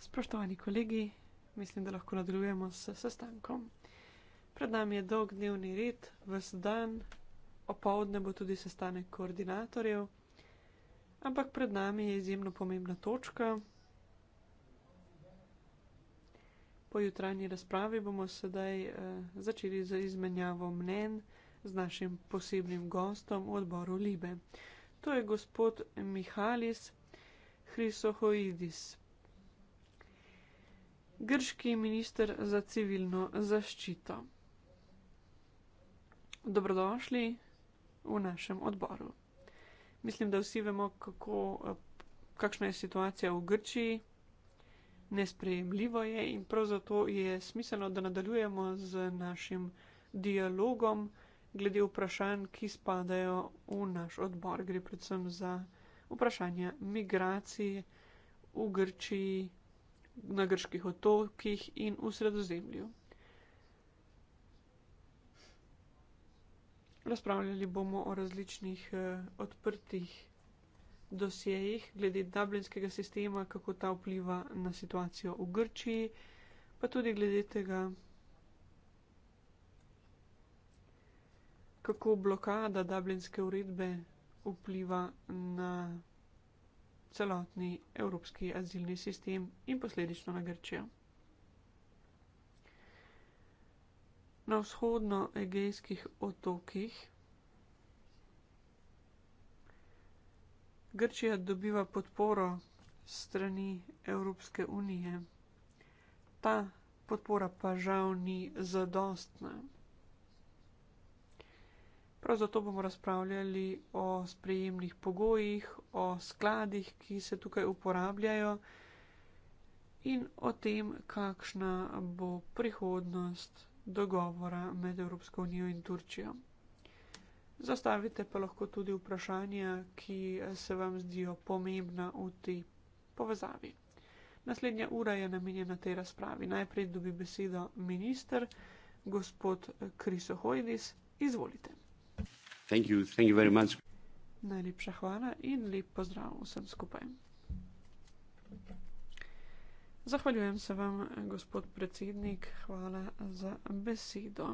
Spoštovani kolegi, mislim, da lahko nadaljujemo s sestankom. Pred nami je dolg dnevni red, vse dan, opovdne bo tudi sestanek koordinatorjev, ampak pred nami je izjemno pomembna točka. Po jutranji razpravi bomo sedaj eh, začeli z izmenjavo mnen z našim posebnim gostom v odboru Libe. To je gospod Mihalis, Hrisohoidis. Grški minister za civilno zaščito. Dobrodošli v našem odboru. Mislim, da vsi vemo, kako, kakšna je situacija v Grčiji. Nesprejemljivo je in prav zato je smiselno, da nadaljujemo z našim dialogom glede vprašanj, ki spadajo v naš odbor. Gre predvsem za vprašanja migracije v Grčiji, na grških otokih in v sredozemlju. Razpravljali bomo o različnih eh, odprtih dosjejih glede dublinskega sistema, kako ta vpliva na situacijo v Grčiji, pa tudi glede tega, kako blokada dublinske uredbe vpliva na celotni evropski azilni sistem in posledično na Grčijo. Na vzhodno-egejskih otokih Grčija dobiva podporo strani Evropske unije. Ta podpora pa žal ni zadostna. Prav zato bomo razpravljali o sprejemnih pogojih, o skladih, ki se tukaj uporabljajo in o tem, kakšna bo prihodnost dogovora med Evropsko unijo in Turčijo. Zastavite pa lahko tudi vprašanja, ki se vam zdijo pomembna v tej povezavi. Naslednja ura je namenjena tej razpravi. Najprej dobi besedo minister, gospod Kriso Hojdis. Izvolite. Thank you. Thank you very much. Najlepša hvala in lep pozdrav vsem skupaj. Zahvaljujem se vam, gospod predsednik, hvala za besedo.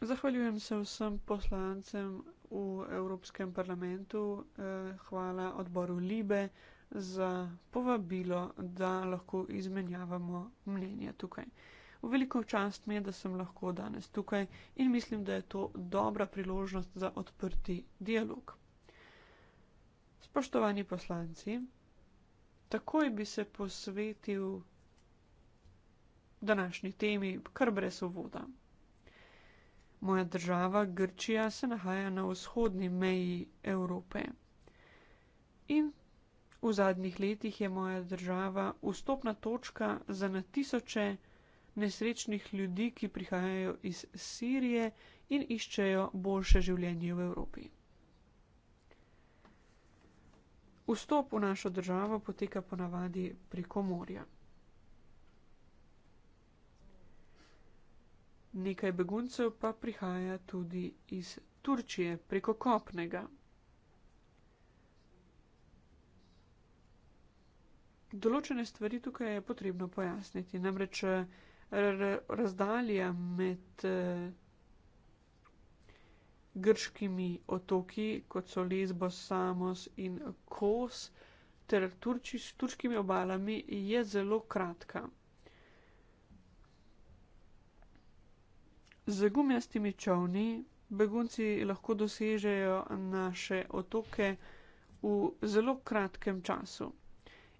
Zahvaljujem se vsem poslancem v Evropskem parlamentu, eh, hvala odboru Libe za povabilo, da lahko izmenjavamo mnenja tukaj. V veliko čast mi je, da sem lahko danes tukaj in mislim, da je to dobra priložnost za odprti dialog. Spoštovani poslanci, takoj bi se posvetil današnji temi, kar brez uvoda. Moja država Grčija se nahaja na vzhodni meji Evrope. In V zadnjih letih je moja država vstopna točka za na tisoče nesrečnih ljudi, ki prihajajo iz Sirije in iščejo boljše življenje v Evropi. Vstop v našo državo poteka ponavadi preko morja. Nekaj beguncev pa prihaja tudi iz Turčije preko kopnega. določene stvari tukaj je potrebno pojasniti. Namreč eh, razdalja med eh, grškimi otoki, kot so Lesbos, Samos in Kos, ter Turči, s turškimi obalami je zelo kratka. Z gumijastimi čovni begunci lahko dosežejo naše otoke v zelo kratkem času.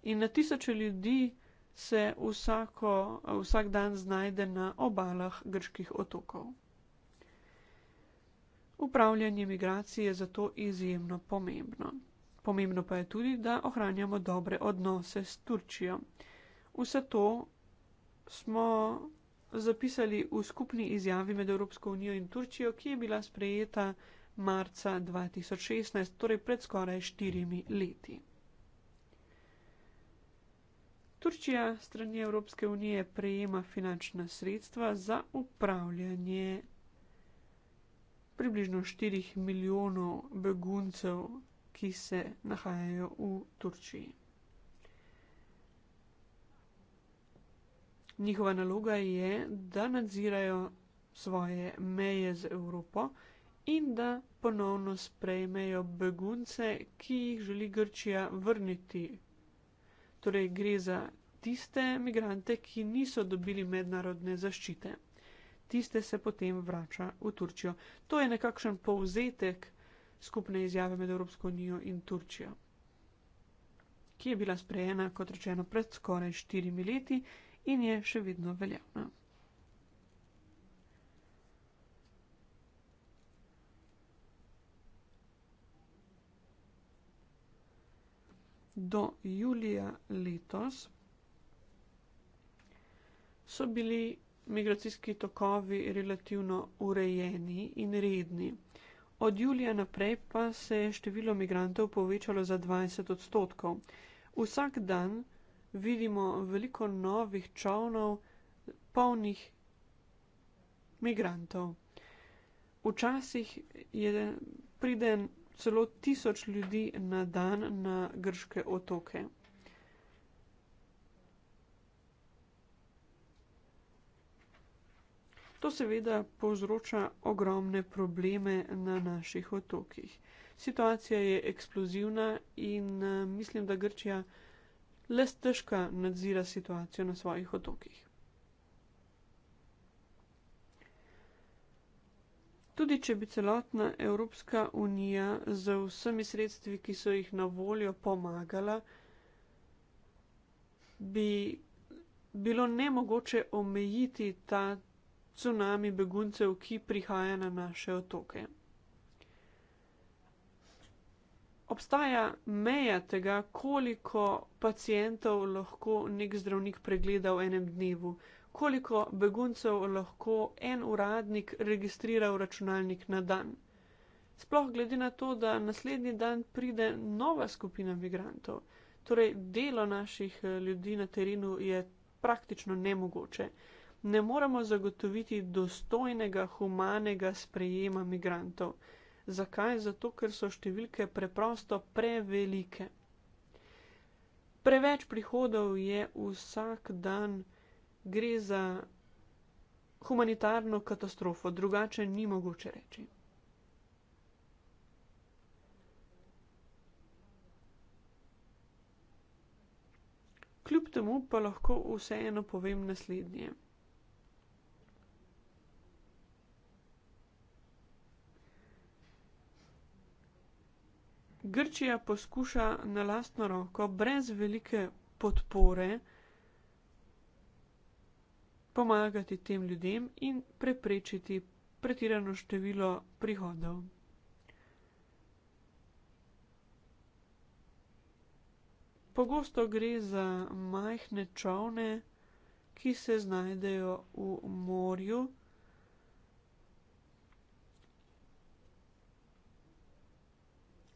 In na tisoče ljudi se vsako, vsak dan znajde na obalah grških otokov. Upravljanje migracij je zato izjemno pomembno. Pomembno pa je tudi, da ohranjamo dobre odnose s Turčijo. Vse to smo zapisali v skupni izjavi med Evropsko unijo in Turčijo, ki je bila sprejeta marca 2016, torej pred skoraj štirimi leti. Turčija strani Evropske unije prejema finančna sredstva za upravljanje približno 4 milijonov beguncev, ki se nahajajo v Turčiji. Njihova naloga je, da nadzirajo svoje meje z Evropo in da ponovno sprejmejo begunce, ki jih želi Grčija vrniti torej gre za tiste migrante, ki niso dobili mednarodne zaščite. Tiste se potem vrača v Turčijo. To je nekakšen povzetek skupne izjave med Evropsko unijo in Turčijo, ki je bila sprejena, kot rečeno, pred skoraj štirimi leti in je še vedno veljavna. do julija letos so bili migracijski tokovi relativno urejeni in redni. Od julija naprej pa se je število migrantov povečalo za 20 odstotkov. Vsak dan vidimo veliko novih čovnov, polnih migrantov. Včasih je priden celo tisoč ljudi na dan na grške otoke. To seveda povzroča ogromne probleme na naših otokih. Situacija je eksplozivna in eh, mislim, da Grčija le stežka nadzira situacijo na svojih otokih. Tudi če bi celotna Evropska unija z vsemi sredstvi, ki so jih na voljo, pomagala, bi bilo nemogoče omejiti ta cunami beguncev, ki prihaja na naše otoke. Obstaja meja tega, koliko pacijentov lahko nek zdravnik pregleda v enem dnevu koliko beguncev lahko en uradnik registrira v računalnik na dan. Sploh glede na to, da naslednji dan pride nova skupina migrantov. Torej, delo naših eh, ljudi na terenu je praktično nemogoče. Ne moremo zagotoviti dostojnega, humanega sprejema migrantov. Zakaj? Zato, ker so številke preprosto prevelike. Preveč prihodov je vsak dan gre za humanitarno katastrofo, drugače ni mogoče reči. Kljub temu pa lahko vseeno povem naslednje. Grčija poskuša na lastno roko, brez velike podpore, pomagati tem ljudem in preprečiti pretirano število prihodov. Pogosto gre za majhne čovne, ki se znajdejo v morju.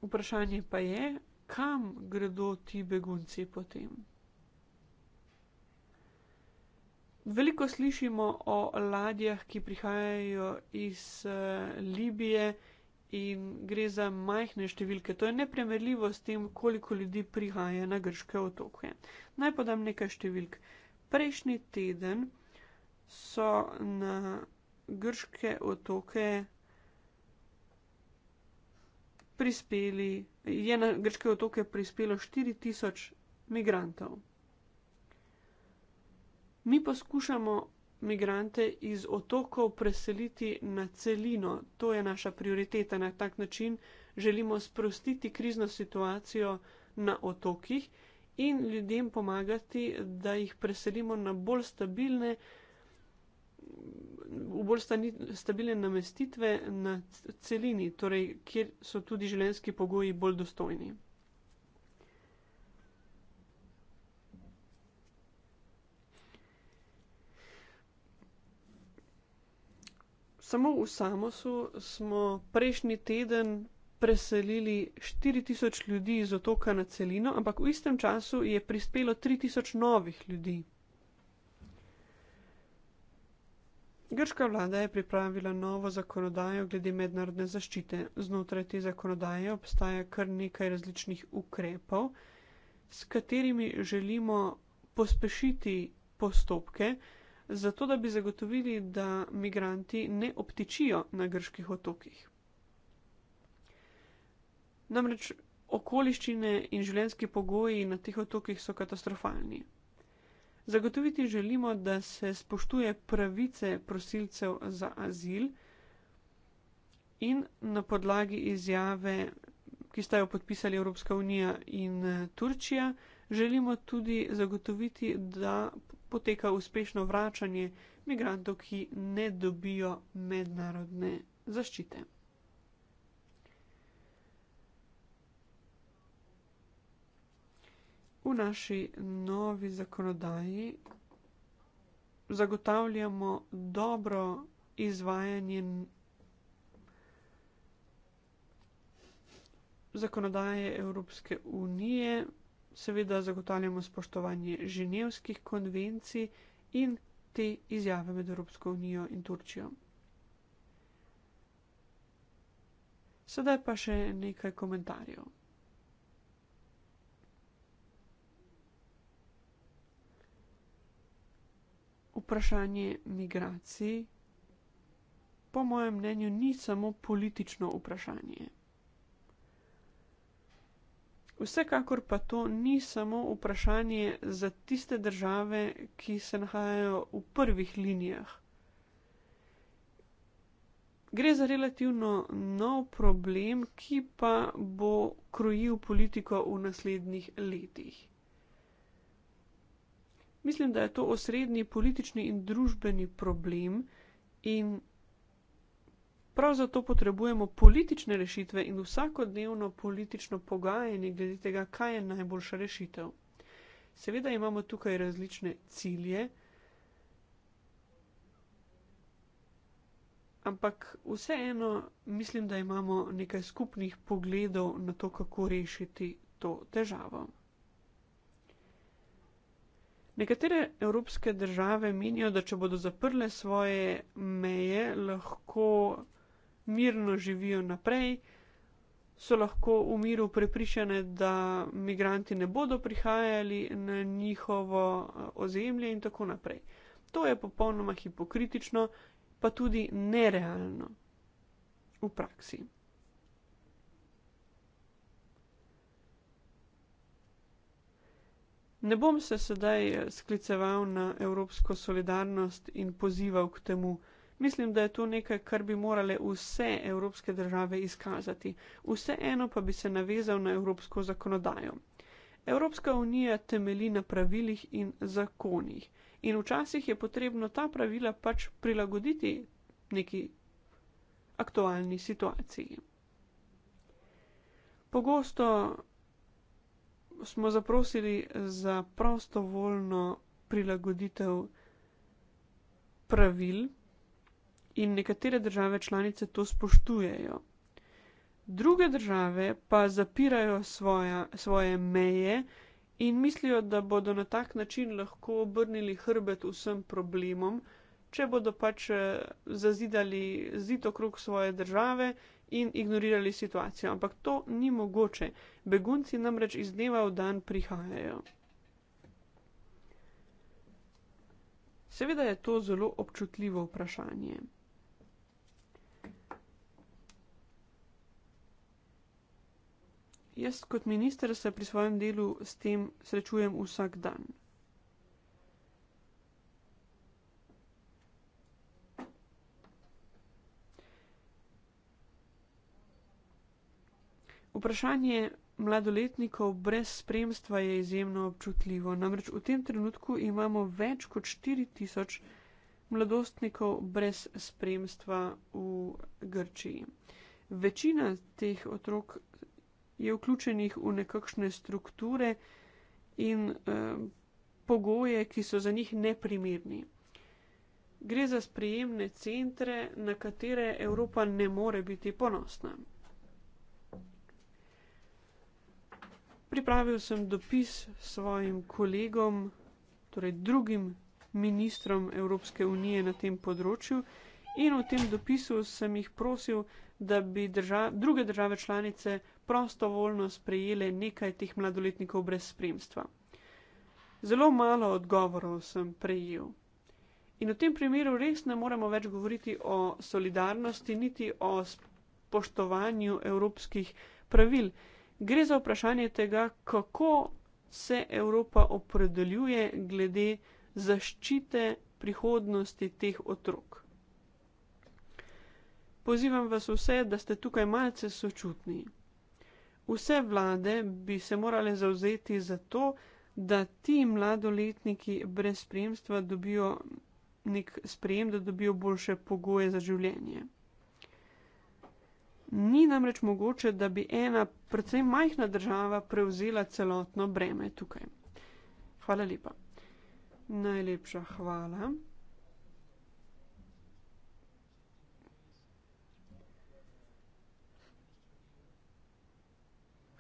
Vprašanje pa je, kam gredo ti begunci potem? Veliko slišimo o ladjah, ki prihajajo iz eh, Libije in gre za majhne številke. To je nepremerljivo s tem, koliko ljudi prihaja na grške otoke. Naj podam nekaj številk. Prejšnji teden so na grške otoke prispeli, je na grške otoke prispelo 4000 migrantov. Mi poskušamo migrante iz otokov preseliti na celino, to je naša prioriteta. Na tak način želimo sprostiti krizno situacijo na otokih in ljudem pomagati, da jih preselimo na bolj stabilne, v bolj stabilne namestitve na celini, torej kjer so tudi življenjski pogoji bolj dostojni. Samo v Samosu smo prejšnji teden preselili 4000 ljudi iz otoka na celino, ampak v istem času je prispelo 3000 novih ljudi. Grška vlada je pripravila novo zakonodajo glede mednarodne zaščite. Znotraj te zakonodaje obstaja kar nekaj različnih ukrepov, s katerimi želimo pospešiti postopke, zato da bi zagotovili, da migranti ne obtičijo na grških otokih. Namreč okoliščine in življenjski pogoji na teh otokih so katastrofalni. Zagotoviti želimo, da se spoštuje pravice prosilcev za azil in na podlagi izjave, ki sta jo podpisali Evropska unija in eh, Turčija, želimo tudi zagotoviti, da poteka uspešno vračanje migrantov, ki ne dobijo mednarodne zaščite. V naši novi zakonodaji zagotavljamo dobro izvajanje zakonodaje Evropske unije seveda zagotavljamo spoštovanje ženevskih konvencij in te izjave med Evropsko unijo in Turčijo. Sedaj pa še nekaj komentarjev. Vprašanje migracij po mojem mnenju ni samo politično vprašanje. Vsekakor pa to ni samo vprašanje za tiste države, ki se nahajajo v prvih linijah. Gre za relativno nov problem, ki pa bo krojil politiko v naslednjih letih. Mislim, da je to osrednji politični in družbeni problem in Prav zato potrebujemo politične rešitve in vsakodnevno politično pogajanje glede tega, kaj je najboljša rešitev. Seveda imamo tukaj različne cilje, ampak vseeno mislim, da imamo nekaj skupnih pogledov na to, kako rešiti to težavo. Nekatere evropske države menijo, da če bodo zaprle svoje meje, lahko mirno živijo naprej, so lahko v miru prepričane, da migranti ne bodo prihajali na njihovo eh, ozemlje in tako naprej. To je popolnoma hipokritično, pa tudi nerealno v praksi. Ne bom se sedaj eh, skliceval na evropsko solidarnost in pozival k temu, Mislim, da je to nekaj, kar bi morale vse evropske države izkazati. Vseeno pa bi se navezal na evropsko zakonodajo. Evropska unija temeli na pravilih in zakonih. In včasih je potrebno ta pravila pač prilagoditi neki aktualni situaciji. Pogosto smo zaprosili za prostovoljno prilagoditev pravil, in nekatere države članice to spoštujejo. Druge države pa zapirajo svoja, svoje meje in mislijo, da bodo na tak način lahko obrnili hrbet vsem problemom, če bodo pač eh, zazidali zid okrog svoje države in ignorirali situacijo. Ampak to ni mogoče. Begunci namreč iz dneva v dan prihajajo. Seveda je to zelo občutljivo vprašanje. Jaz kot minister se pri svojem delu s tem srečujem vsak dan. Vprašanje mladoletnikov brez spremstva je izjemno občutljivo. Namreč v tem trenutku imamo več kot 4000 mladostnikov brez spremstva v Grčiji. Večina teh otrok je vključenih v nekakšne strukture in eh, pogoje, ki so za njih neprimerni. Gre za sprejemne centre, na katere Evropa ne more biti ponosna. Pripravil sem dopis svojim kolegom, torej drugim ministrom Evropske unije na tem področju, in v tem dopisu sem jih prosil, da bi drža druge države članice prostovoljno sprejele nekaj teh mladoletnikov brez spremstva. Zelo malo odgovorov sem prejel. In v tem primeru res ne moremo več govoriti o solidarnosti, niti o spoštovanju evropskih pravil. Gre za vprašanje tega, kako se Evropa opredeljuje glede zaščite prihodnosti teh otrok. Pozivam vas vse, da ste tukaj malce sočutni. Vse vlade bi se morale zauzeti za to, da ti mladoletniki brez spremstva dobijo nek sprejem, da dobijo boljše pogoje za življenje. Ni namreč mogoče, da bi ena precej majhna država prevzela celotno breme tukaj. Hvala lepa. Najlepša hvala.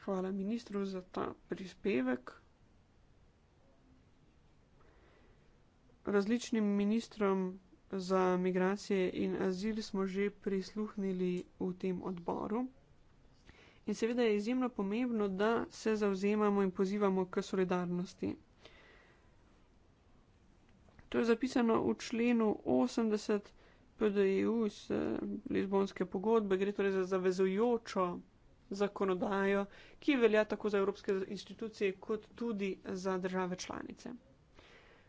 Hvala ministru za ta prispevek. Različnim ministrom za migracije in azil smo že prisluhnili v tem odboru. In seveda je izjemno pomembno, da se zauzemamo in pozivamo k solidarnosti. To je zapisano v členu 80 PDEU iz eh, Lizbonske pogodbe, gre torej za zavezujočo zakonodajo, ki velja tako za evropske institucije, kot tudi za države članice.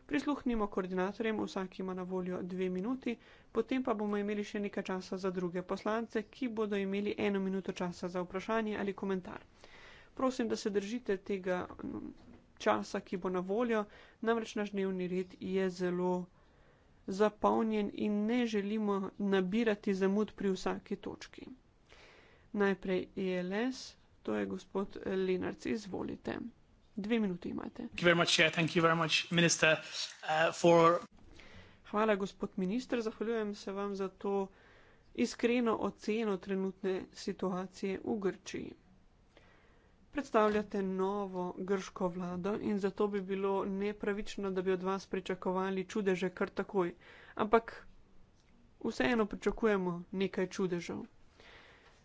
Prisluhnimo koordinatorjem, vsak ima na voljo dve minuti, potem pa bomo imeli še nekaj časa za druge poslance, ki bodo imeli eno minuto časa za vprašanje ali komentar. Prosim, da se držite tega mm, časa, ki bo na voljo, namreč naš dnevni red je zelo zapolnjen in ne želimo nabirati zamud pri vsaki točki. Najprej ILS, e to je gospod Linarc, izvolite. Dve minuti imate. Uh, Hvala, gospod minister, zahvaljujem se vam za to iskreno oceno trenutne situacije v Grčiji. Predstavljate novo grško vlado in zato bi bilo nepravično, da bi od vas pričakovali čudeže kar takoj. Ampak vseeno pričakujemo nekaj čudežev.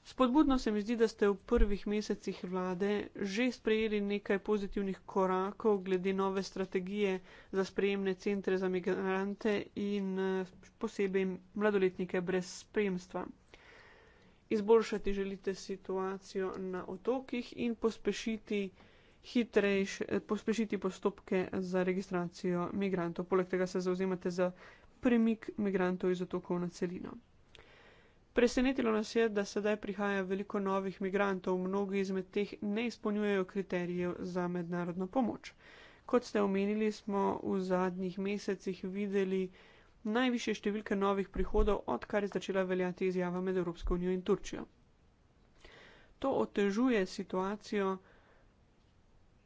Spodbudno se mi zdi, da ste v prvih mesecih vlade že sprejeli nekaj pozitivnih korakov glede nove strategije za sprejemne centre za migrante in eh, posebej mladoletnike brez spremstva. Izboljšati želite situacijo na otokih in pospešiti, hitrejš, eh, pospešiti postopke za registracijo migrantov. Poleg tega se zauzemate za premik migrantov iz otokov na celino. Presenetilo nas je, da sedaj prihaja veliko novih migrantov, mnogi izmed teh ne izpolnjujejo kriterijev za mednarodno pomoč. Kot ste omenili, smo v zadnjih mesecih videli najviše številke novih prihodov, odkar je začela veljati izjava med Evropsko unijo in Turčijo. To otežuje situacijo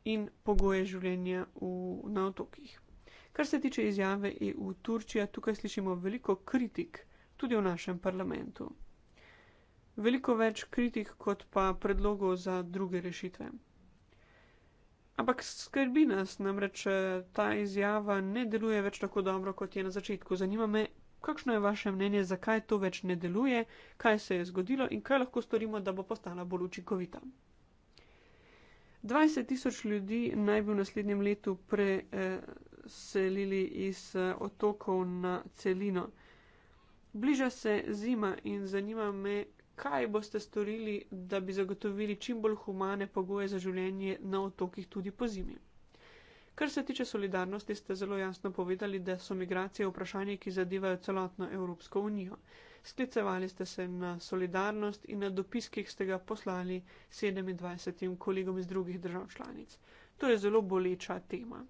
in pogoje življenja v, na otokih. Kar se tiče izjave EU-Turčija, tukaj slišimo veliko kritik, tudi v našem parlamentu veliko več kritik kot pa predlogov za druge rešitve. Ampak skrbi nas, namreč eh, ta izjava ne deluje več tako dobro, kot je na začetku. Zanima me, kakšno je vaše mnenje, zakaj to več ne deluje, kaj se je zgodilo in kaj lahko storimo, da bo postala bolj učinkovita. 20 tisoč ljudi naj bi v naslednjem letu preselili iz eh, otokov na celino. Bliža se zima in zanima me, kaj boste storili, da bi zagotovili čim bolj humane pogoje za življenje na otokih tudi po zimi. Kar se tiče solidarnosti, ste zelo jasno povedali, da so migracije vprašanje, ki zadevajo celotno Evropsko unijo. Sklicevali ste se na solidarnost in na dopis, ki ste ga poslali 27 kolegom iz drugih držav članic. To je zelo boleča tema.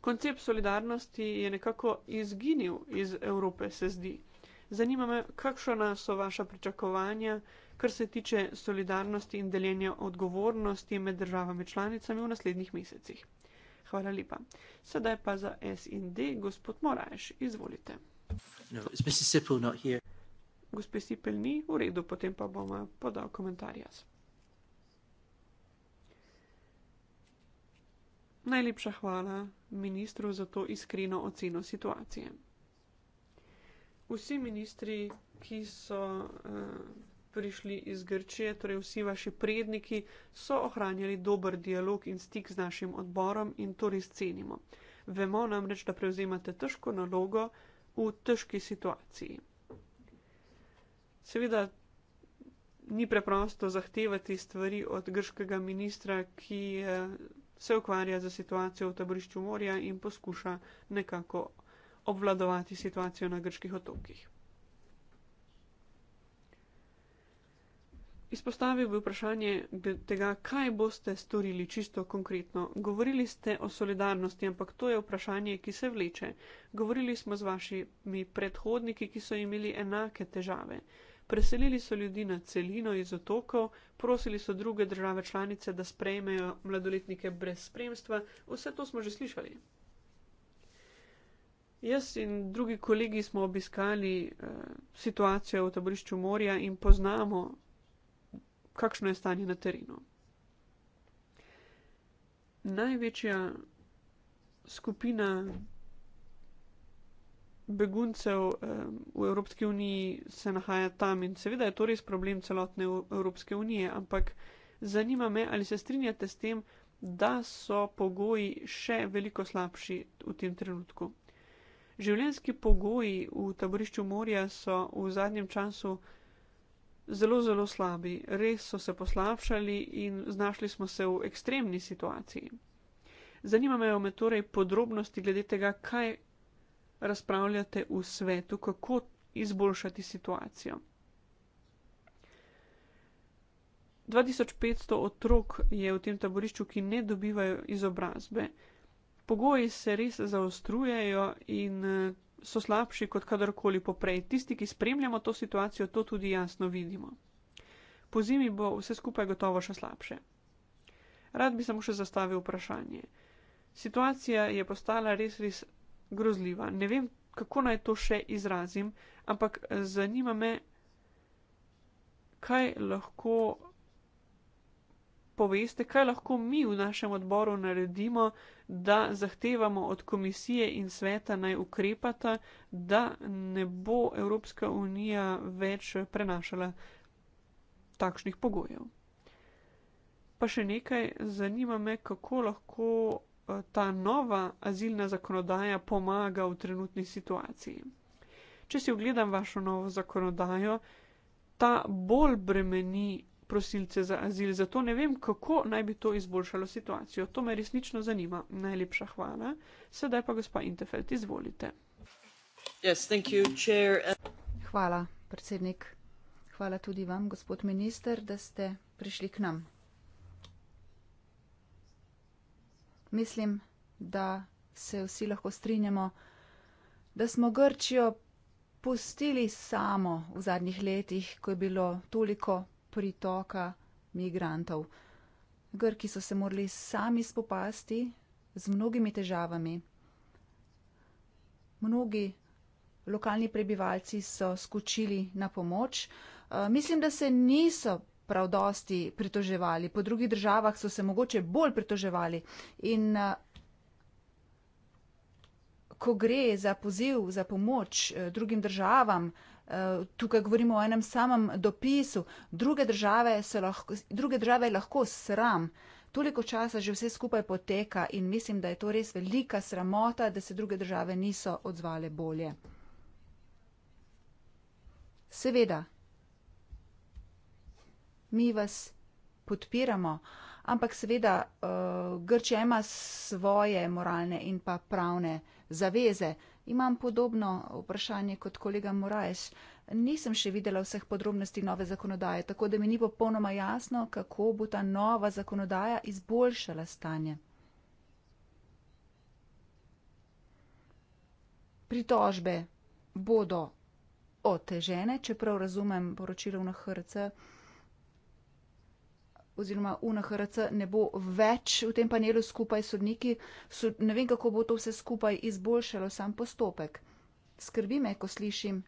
Koncept solidarnosti je nekako izginil iz Evrope, se zdi. Zanima me, kakšna so vaša pričakovanja, kar se tiče solidarnosti in deljenja odgovornosti med državami članicami v naslednjih mesecih. Hvala lepa. Sedaj pa za SND, gospod Morajš, izvolite. No, Gospe Sipel ni, v redu, potem pa bom eh, podal komentar jaz. Najlepša hvala ministru za to iskreno oceno situacije vsi ministri, ki so uh, prišli iz Grčije, torej vsi vaši predniki, so ohranjali dober dialog in stik z našim odborom in to res cenimo. Vemo namreč, da prevzemate težko nalogo v težki situaciji. Seveda ni preprosto zahtevati stvari od grškega ministra, ki. Uh, Se ukvarja za situacijo v taborišču morja in poskuša nekako obvladovati situacijo na grških otokih. Izpostavil bi vprašanje tega, kaj boste storili čisto konkretno. Govorili ste o solidarnosti, ampak to je vprašanje, ki se vleče. Govorili smo z vašimi predhodniki, ki so imeli enake težave. Preselili so ljudi na celino iz otokov, prosili so druge države članice, da sprejmejo mladoletnike brez spremstva. Vse to smo že slišali. Jaz in drugi kolegi smo obiskali eh, situacijo v taborišču morja in poznamo, kakšno je stanje na terenu. Največja skupina beguncev eh, v Evropski uniji se nahaja tam in seveda je to res problem celotne Evropske unije, ampak zanima me, ali se strinjate s tem, da so pogoji še veliko slabši v tem trenutku življenjski pogoji v taborišču morja so v zadnjem času zelo, zelo slabi. Res so se poslabšali in znašli smo se v ekstremni situaciji. Zanimajo me torej podrobnosti glede tega, kaj razpravljate v svetu, kako izboljšati situacijo. 2500 otrok je v tem taborišču, ki ne dobivajo izobrazbe pogoji se res zaostrujejo in eh, so slabši kot kadarkoli poprej. Tisti, ki spremljamo to situacijo, to tudi jasno vidimo. Po zimi bo vse skupaj gotovo še slabše. Rad bi samo še zastavil vprašanje. Situacija je postala res, res grozljiva. Ne vem, kako naj to še izrazim, ampak eh, zanima me, kaj lahko poveste, kaj lahko mi v našem odboru naredimo, da zahtevamo od komisije in sveta naj ukrepata, da ne bo Evropska unija več prenašala takšnih pogojev. Pa še nekaj, zanima me, kako lahko eh, ta nova azilna zakonodaja pomaga v trenutni situaciji. Če si ogledam vašo novo zakonodajo, ta bolj bremeni prosilce za azil, zato ne vem, kako naj bi to izboljšalo situacijo. To me resnično zanima. Najlepša hvala. Sedaj pa gospa Intefeld, izvolite. Yes, you, hvala, predsednik. Hvala tudi vam, gospod minister, da ste prišli k nam. Mislim, da se vsi lahko strinjamo, da smo Grčijo pustili samo v zadnjih letih, ko je bilo toliko pritoka migrantov. Grki so se morali sami spopasti z mnogimi težavami. Mnogi lokalni prebivalci so skočili na pomoč. Eh, mislim, da se niso prav dosti pritoževali. Po drugih državah so se mogoče bolj pritoževali. In eh, ko gre za poziv za pomoč eh, drugim državam, tukaj govorimo o enem samem dopisu, druge države, lahko, druge države lahko sram. Toliko časa že vse skupaj poteka in mislim, da je to res velika sramota, da se druge države niso odzvale bolje. Seveda, mi vas podpiramo, ampak seveda uh, Grčija ima svoje moralne in pa pravne zaveze. Imam podobno vprašanje kot kolega Morajš. Nisem še videla vseh podrobnosti nove zakonodaje, tako da mi ni popolnoma jasno, kako bo ta nova zakonodaja izboljšala stanje. Pritožbe bodo otežene, čeprav razumem poročilo na HRC oziroma UNHRC ne bo več v tem panelu skupaj s sodniki, so, ne vem, kako bo to vse skupaj izboljšalo sam postopek. Skrbi me, ko slišim,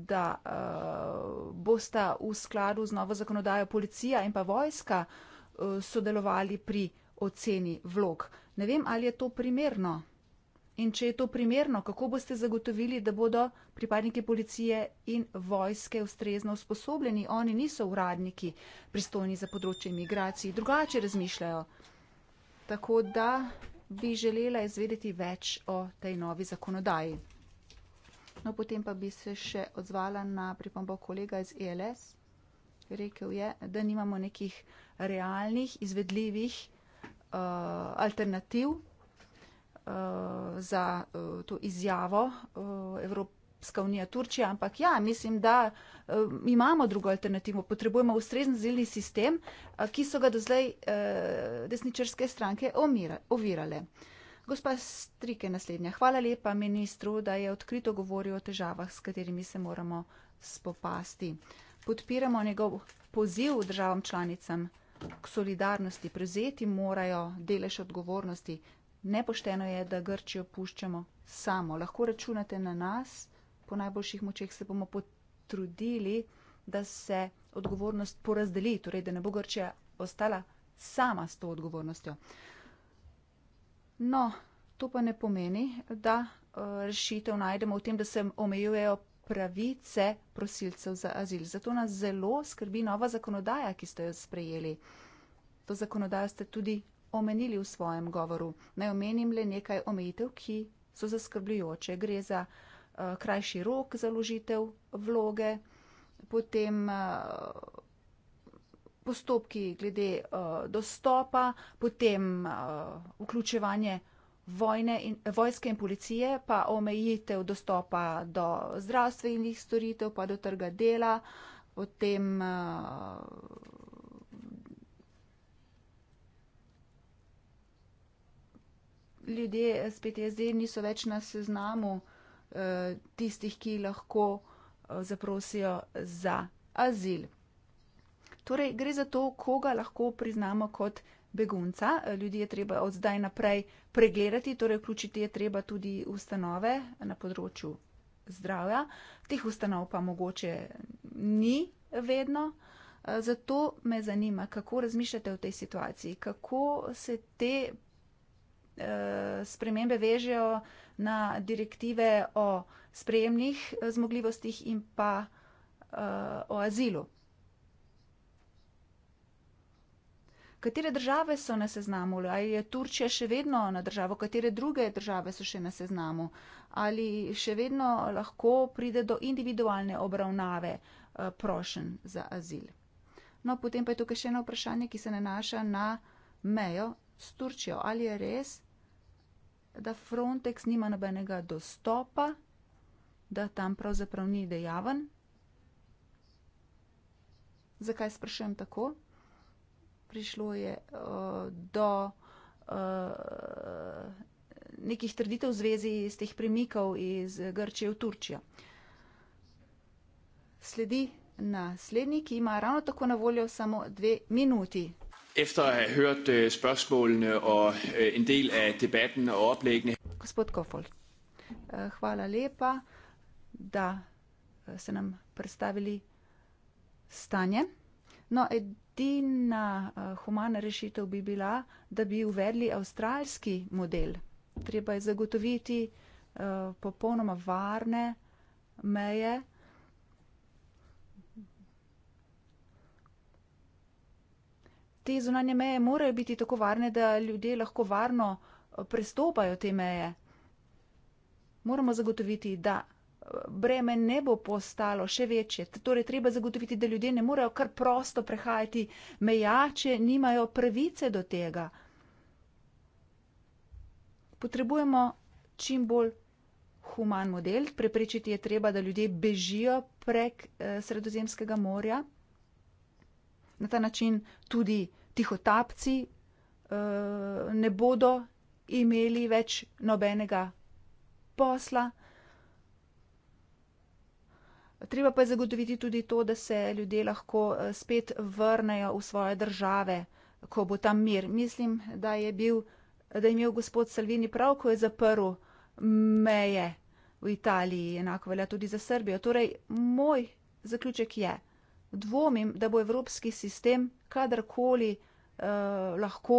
da uh, bosta v skladu z novo zakonodajo policija in pa vojska uh, sodelovali pri oceni vlog. Ne vem, ali je to primerno. In če je to primerno, kako boste zagotovili, da bodo pripadniki policije in vojske ustrezno usposobljeni? Oni niso uradniki pristojni za področje imigracij, drugače razmišljajo. Tako da bi želela izvedeti več o tej novi zakonodaji. No, potem pa bi se še odzvala na pripombo kolega iz ELS. Rekel je, da nimamo nekih realnih, izvedljivih uh, alternativ uh, za uh, to izjavo uh, Evropska unija Turčija, ampak ja, mislim, da uh, imamo drugo alternativo. Potrebujemo ustrezen zilni sistem, uh, ki so ga do zdaj uh, desničarske stranke omira, ovirale. Gospa Strike, naslednja. Hvala lepa ministru, da je odkrito govoril o težavah, s katerimi se moramo spopasti. Podpiramo njegov poziv državam članicam k solidarnosti. Prezeti morajo delež odgovornosti Nepošteno je, da Grčijo puščamo samo. Lahko računate na nas, po najboljših močeh se bomo potrudili, da se odgovornost porazdeli, torej da ne bo Grčija ostala sama s to odgovornostjo. No, to pa ne pomeni, da eh, rešitev najdemo v tem, da se omejujejo pravice prosilcev za azil. Zato nas zelo skrbi nova zakonodaja, ki ste jo sprejeli. To zakonodajo ste tudi omenili v svojem govoru. Naj omenim le nekaj omejitev, ki so zaskrbljujoče. Gre za uh, krajši rok založitev vloge, potem uh, postopki glede uh, dostopa, potem uh, vključevanje in, vojske in policije, pa omejitev dostopa do zdravstvenih storitev, pa do trga dela, potem uh, ljudje s PTSD niso več na seznamu eh, tistih, ki lahko eh, zaprosijo za azil. Torej, gre za to, koga lahko priznamo kot begunca. Eh, ljudje je treba od zdaj naprej pregledati, torej vključiti je treba tudi ustanove na področju zdravja. Teh ustanov pa mogoče ni vedno. Zato me zanima, kako razmišljate o tej situaciji, kako se te Eh, spremembe vežejo na direktive o sprejemnih eh, zmogljivostih in pa eh, o azilu. Katere države so na seznamu? Ali je Turčija še vedno na državo? Katere druge države so še na seznamu? Ali še vedno lahko pride do individualne obravnave prošen za azil? No, potem pa je tukaj še eno vprašanje, ki se nanaša na mejo s Turčijo. Ali je res, da Frontex nima nobenega dostopa, da tam pravzaprav ni dejaven. Zakaj sprašujem tako? Prišlo je uh, do uh, nekih trditev v zvezi s teh premikov iz Grčije v Turčijo. Sledi naslednji, ki ima ravno tako na voljo samo dve minuti. Efter at have hørt øh, spørgsmålene og øh, en del af debatten og oplæggene. Gospod Kofol, eh, hvala lepa, da eh, se nam predstavili stanje. No, edina eh, humana rešitev bi bila, da bi uvedli avstralski model. Treba je zagotoviti popolnoma varne meje, te zunanje meje morajo biti tako varne, da ljudje lahko varno eh, prestopajo te meje. Moramo zagotoviti, da eh, breme ne bo postalo še večje. Torej, treba zagotoviti, da ljudje ne morejo kar prosto prehajati meja, če nimajo pravice do tega. Potrebujemo čim bolj human model. Preprečiti je treba, da ljudje bežijo prek eh, Sredozemskega morja na ta način tudi tihotapci eh, ne bodo imeli več nobenega posla. Treba pa je zagotoviti tudi to, da se ljudje lahko eh, spet vrnejo v svoje države, ko bo tam mir. Mislim, da je bil, da je imel gospod Salvini prav, ko je zaprl meje v Italiji, enako velja tudi za Srbijo. Torej, moj zaključek je, dvomim, da bo evropski sistem kadarkoli eh, lahko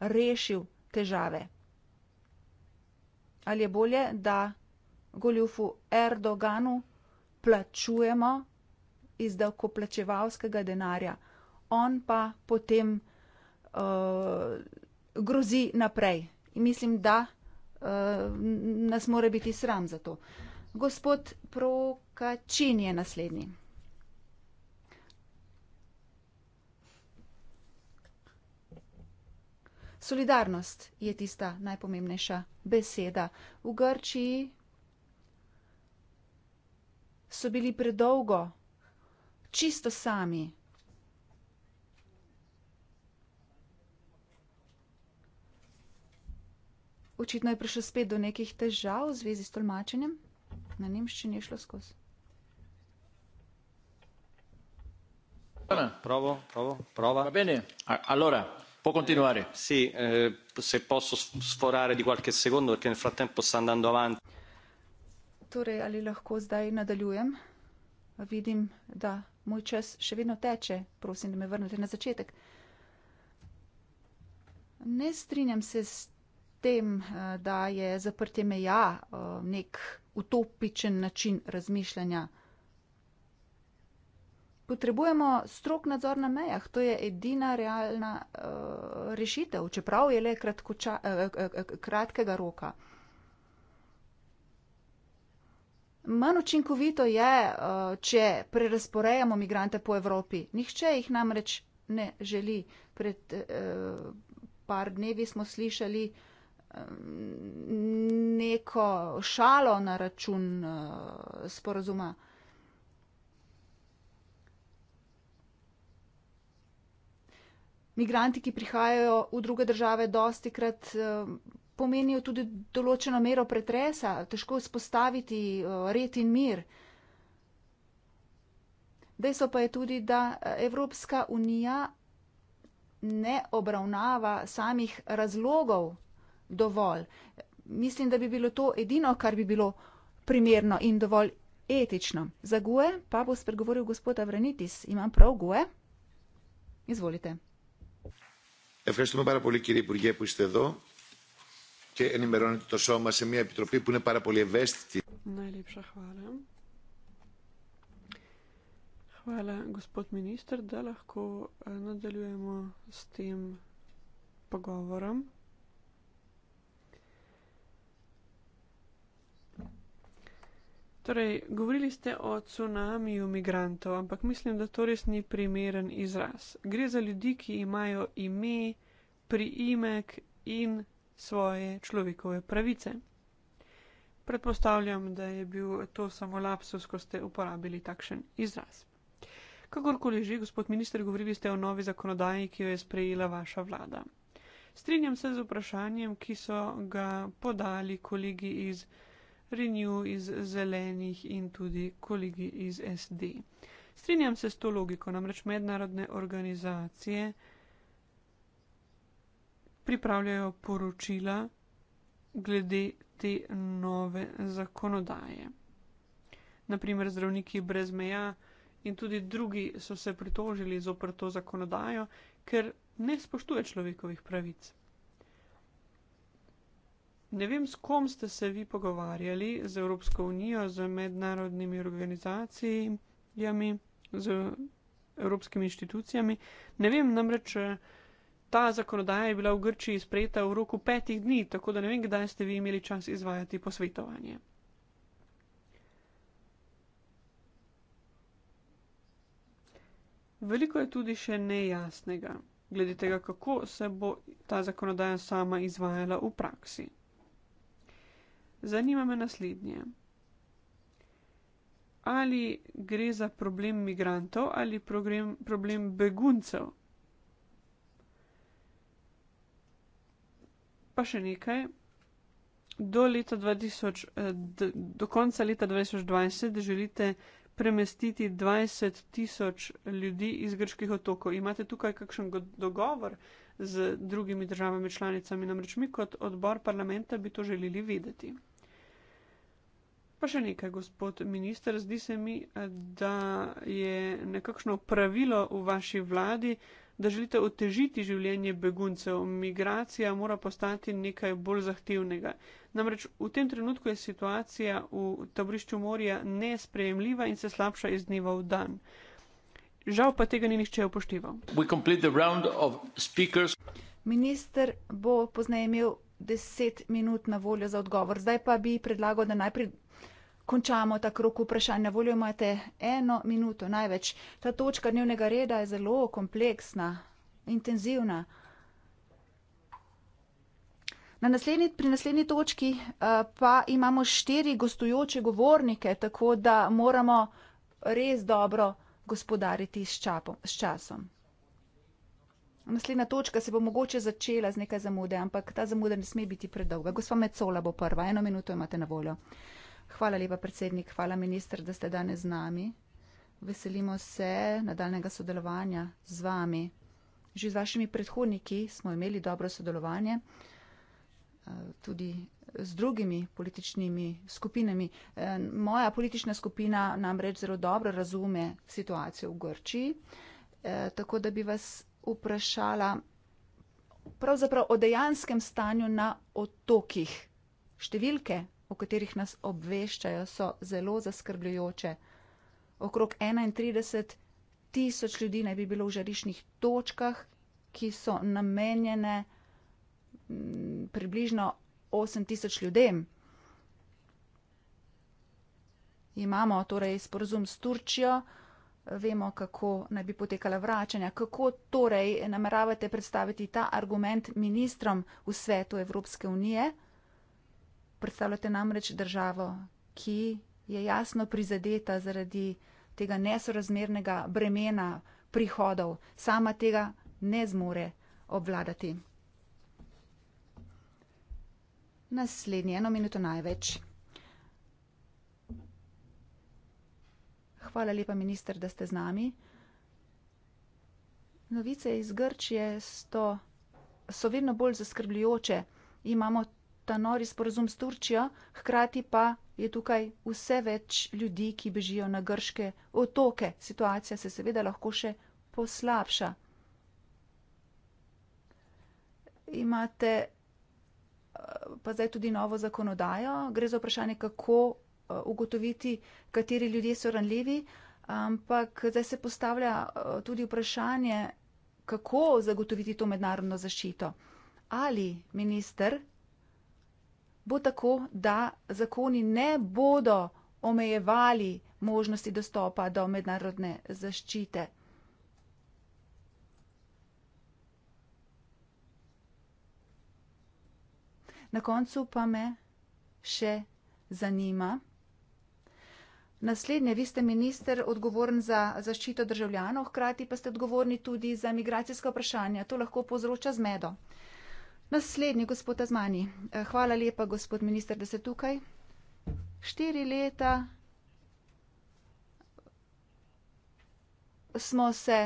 rešil težave. Ali je bolje, da goljufu Erdoganu plačujemo iz davkoplačevalskega denarja, on pa potem eh, grozi naprej. In mislim, da eh, nas mora biti sram za to. Gospod Prokačin je naslednji. Solidarnost je tista najpomembnejša beseda. V Grčiji so bili predolgo čisto sami. Očitno je prišlo spet do nekih težav v zvezi s tolmačenjem. Na nemščini je šlo skozi. Prova, prova, prova. Va bene. Allora può continuare. Sì, eh, se posso sforare di qualche secondo perché nel frattempo sta andando avanti. Torej, ali lahko zdaj nadaljujem? Vidim, da moj čas še vedno teče. Prosim, da me vrnete na začetek. Ne strinjam se s tem, eh, da je zaprtje meja eh, nek utopičen način razmišljanja potrebujemo strok nadzor na mejah. To je edina realna uh, rešitev, čeprav je le kratkoča, uh, kratkega roka. Manj učinkovito je, uh, če prerasporejamo migrante po Evropi. Nihče jih namreč ne želi. Pred uh, par dnevi smo slišali neko šalo na račun uh, sporozuma uh, Migranti, ki prihajajo v druge države, dosti krat eh, pomenijo tudi določeno mero pretresa, težko spostaviti eh, red in mir. Dejstvo pa je tudi, da eh, Evropska unija ne obravnava samih razlogov dovolj. Mislim, da bi bilo to edino, kar bi bilo primerno in dovolj etično. Za Gue pa bo spregovoril gospod Avranitis. Imam prav Gue? Izvolite. Ευχαριστούμε πάρα πολύ κύριε Υπουργέ που είστε εδώ και ενημερώνετε το σώμα σε μια επιτροπή που είναι πάρα πολύ ευαίσθητη. Να λείψα χάρα. Hvala, gospod minister, da lahko eh, nadaljujemo s tem pogovorom. Torej, govorili ste o tsunamiju imigrantov, ampak mislim, da to res ni primeren izraz. Gre za ljudi, ki imajo ime, priimek in svoje človekove pravice. Predpostavljam, da je bil to samo lapsus, ko ste uporabili takšen izraz. Kakorkoli že, gospod minister, govorili ste o novi zakonodaji, ki jo je sprejela vaša vlada. Strinjam se z vprašanjem, ki so ga podali kolegi iz. Renew iz zelenih in tudi kolegi iz SD. Strinjam se s to logiko, namreč mednarodne organizacije pripravljajo poročila glede te nove zakonodaje. Naprimer, zdravniki brez meja in tudi drugi so se pritožili zoprto zakonodajo, ker ne spoštuje človekovih pravic. Ne vem, s kom ste se vi pogovarjali, z Evropsko unijo, z mednarodnimi organizacijami, z evropskimi inštitucijami. Ne vem, namreč eh, ta zakonodaja je bila v Grčiji sprejeta v roku petih dni, tako da ne vem, kdaj ste vi imeli čas izvajati posvetovanje. Veliko je tudi še nejasnega glede tega, kako se bo ta zakonodaja sama izvajala v praksi. Zanima me naslednje. Ali gre za problem migrantov ali problem, problem beguncev? Pa še nekaj. Do, leta 2000, eh, do konca leta 2020 želite premestiti 20 tisoč ljudi iz grških otokov. Imate tukaj kakšen dogovor z drugimi državami članicami? Namreč mi kot odbor parlamenta bi to želeli vedeti. Pa še nekaj, gospod minister, zdi se mi, da je nekakšno pravilo v vaši vladi, da želite otežiti življenje beguncev. Migracija mora postati nekaj bolj zahtevnega. Namreč v tem trenutku je situacija v taborišču morja nesprejemljiva in se slabša iz dneva v dan. Žal pa tega ni nihče upošteval. Minister bo pozneje imel deset minut na voljo za odgovor. Zdaj pa bi predlagal, da najprej končamo ta krok vprašanj. Na voljo imate eno minuto največ. Ta točka dnevnega reda je zelo kompleksna, intenzivna. Na naslednji, pri naslednji točki eh, pa imamo štiri gostujoče govornike, tako da moramo res dobro gospodariti s, čapom, s časom. Naslednja točka se bo mogoče začela z nekaj zamude, ampak ta zamuda ne sme biti predolga. Gospa Mecola bo prva, eno minuto imate na voljo. Hvala lepa, predsednik, hvala, minister, da ste danes z nami. Veselimo se nadaljnega sodelovanja z vami. Že z vašimi predhodniki smo imeli dobro sodelovanje, eh, tudi z drugimi političnimi skupinami. Eh, moja politična skupina namreč zelo dobro razume situacijo v Grčiji, eh, tako da bi vas vprašala pravzaprav o dejanskem stanju na otokih. Številke, o katerih nas obveščajo, so zelo zaskrbljujoče. Okrog 31 tisoč ljudi naj bi bilo v žariščnih točkah, ki so namenjene mm, približno 8 tisoč ljudem. Imamo torej sporozum s Turčijo, vemo, kako naj bi potekala vračanja. Kako torej nameravate predstaviti ta argument ministrom v svetu Evropske unije? predstavljate namreč državo, ki je jasno prizadeta zaradi tega nesorazmernega bremena prihodov, sama tega ne zmore obvladati. Naslednje, eno minuto največ. Hvala lepa, minister, da ste z nami. Novice iz Grčije sto, so vedno bolj zaskrbljujoče. Imamo ta nori sporazum s Turčijo, hkrati pa je tukaj vse več ljudi, ki bežijo na grške otoke. Situacija se seveda lahko še poslabša. Imate eh, pa zdaj tudi novo zakonodajo. Gre za vprašanje, kako eh, ugotoviti, kateri ljudje so ranljivi, ampak zdaj se postavlja eh, tudi vprašanje, kako zagotoviti to mednarodno zaščito. Ali minister bo tako, da zakoni ne bodo omejevali možnosti dostopa do mednarodne zaščite. Na koncu pa me še zanima. Naslednje, vi ste minister odgovoren za zaščito državljanov, hkrati pa ste odgovorni tudi za migracijska vprašanja. To lahko povzroča zmedo. Naslednji gospod Azmani. Eh, hvala lepa, gospod minister, da ste tukaj. Štiri leta smo se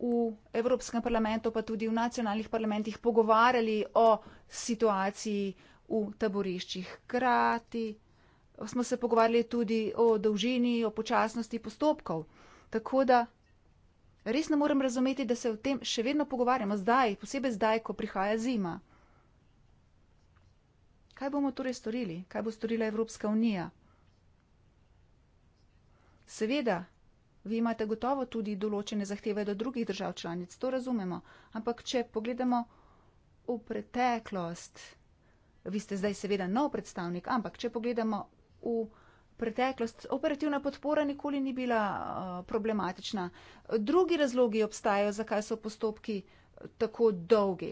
v Evropskem parlamentu, pa tudi v nacionalnih parlamentih pogovarjali o situaciji v taboriščih. Krati smo se pogovarjali tudi o dolžini, o počasnosti postopkov. Tako da Res ne morem razumeti, da se o tem še vedno pogovarjamo zdaj, posebej zdaj, ko prihaja zima. Kaj bomo torej storili? Kaj bo storila Evropska unija? Seveda, vi imate gotovo tudi določene zahteve do drugih držav članic, to razumemo. Ampak, če pogledamo v preteklost, vi ste zdaj seveda nov predstavnik, ampak, če pogledamo v preteklost, preteklost, operativna podpora nikoli ni bila eh, problematična. Drugi razlogi obstajajo, zakaj so postopki eh, tako dolgi.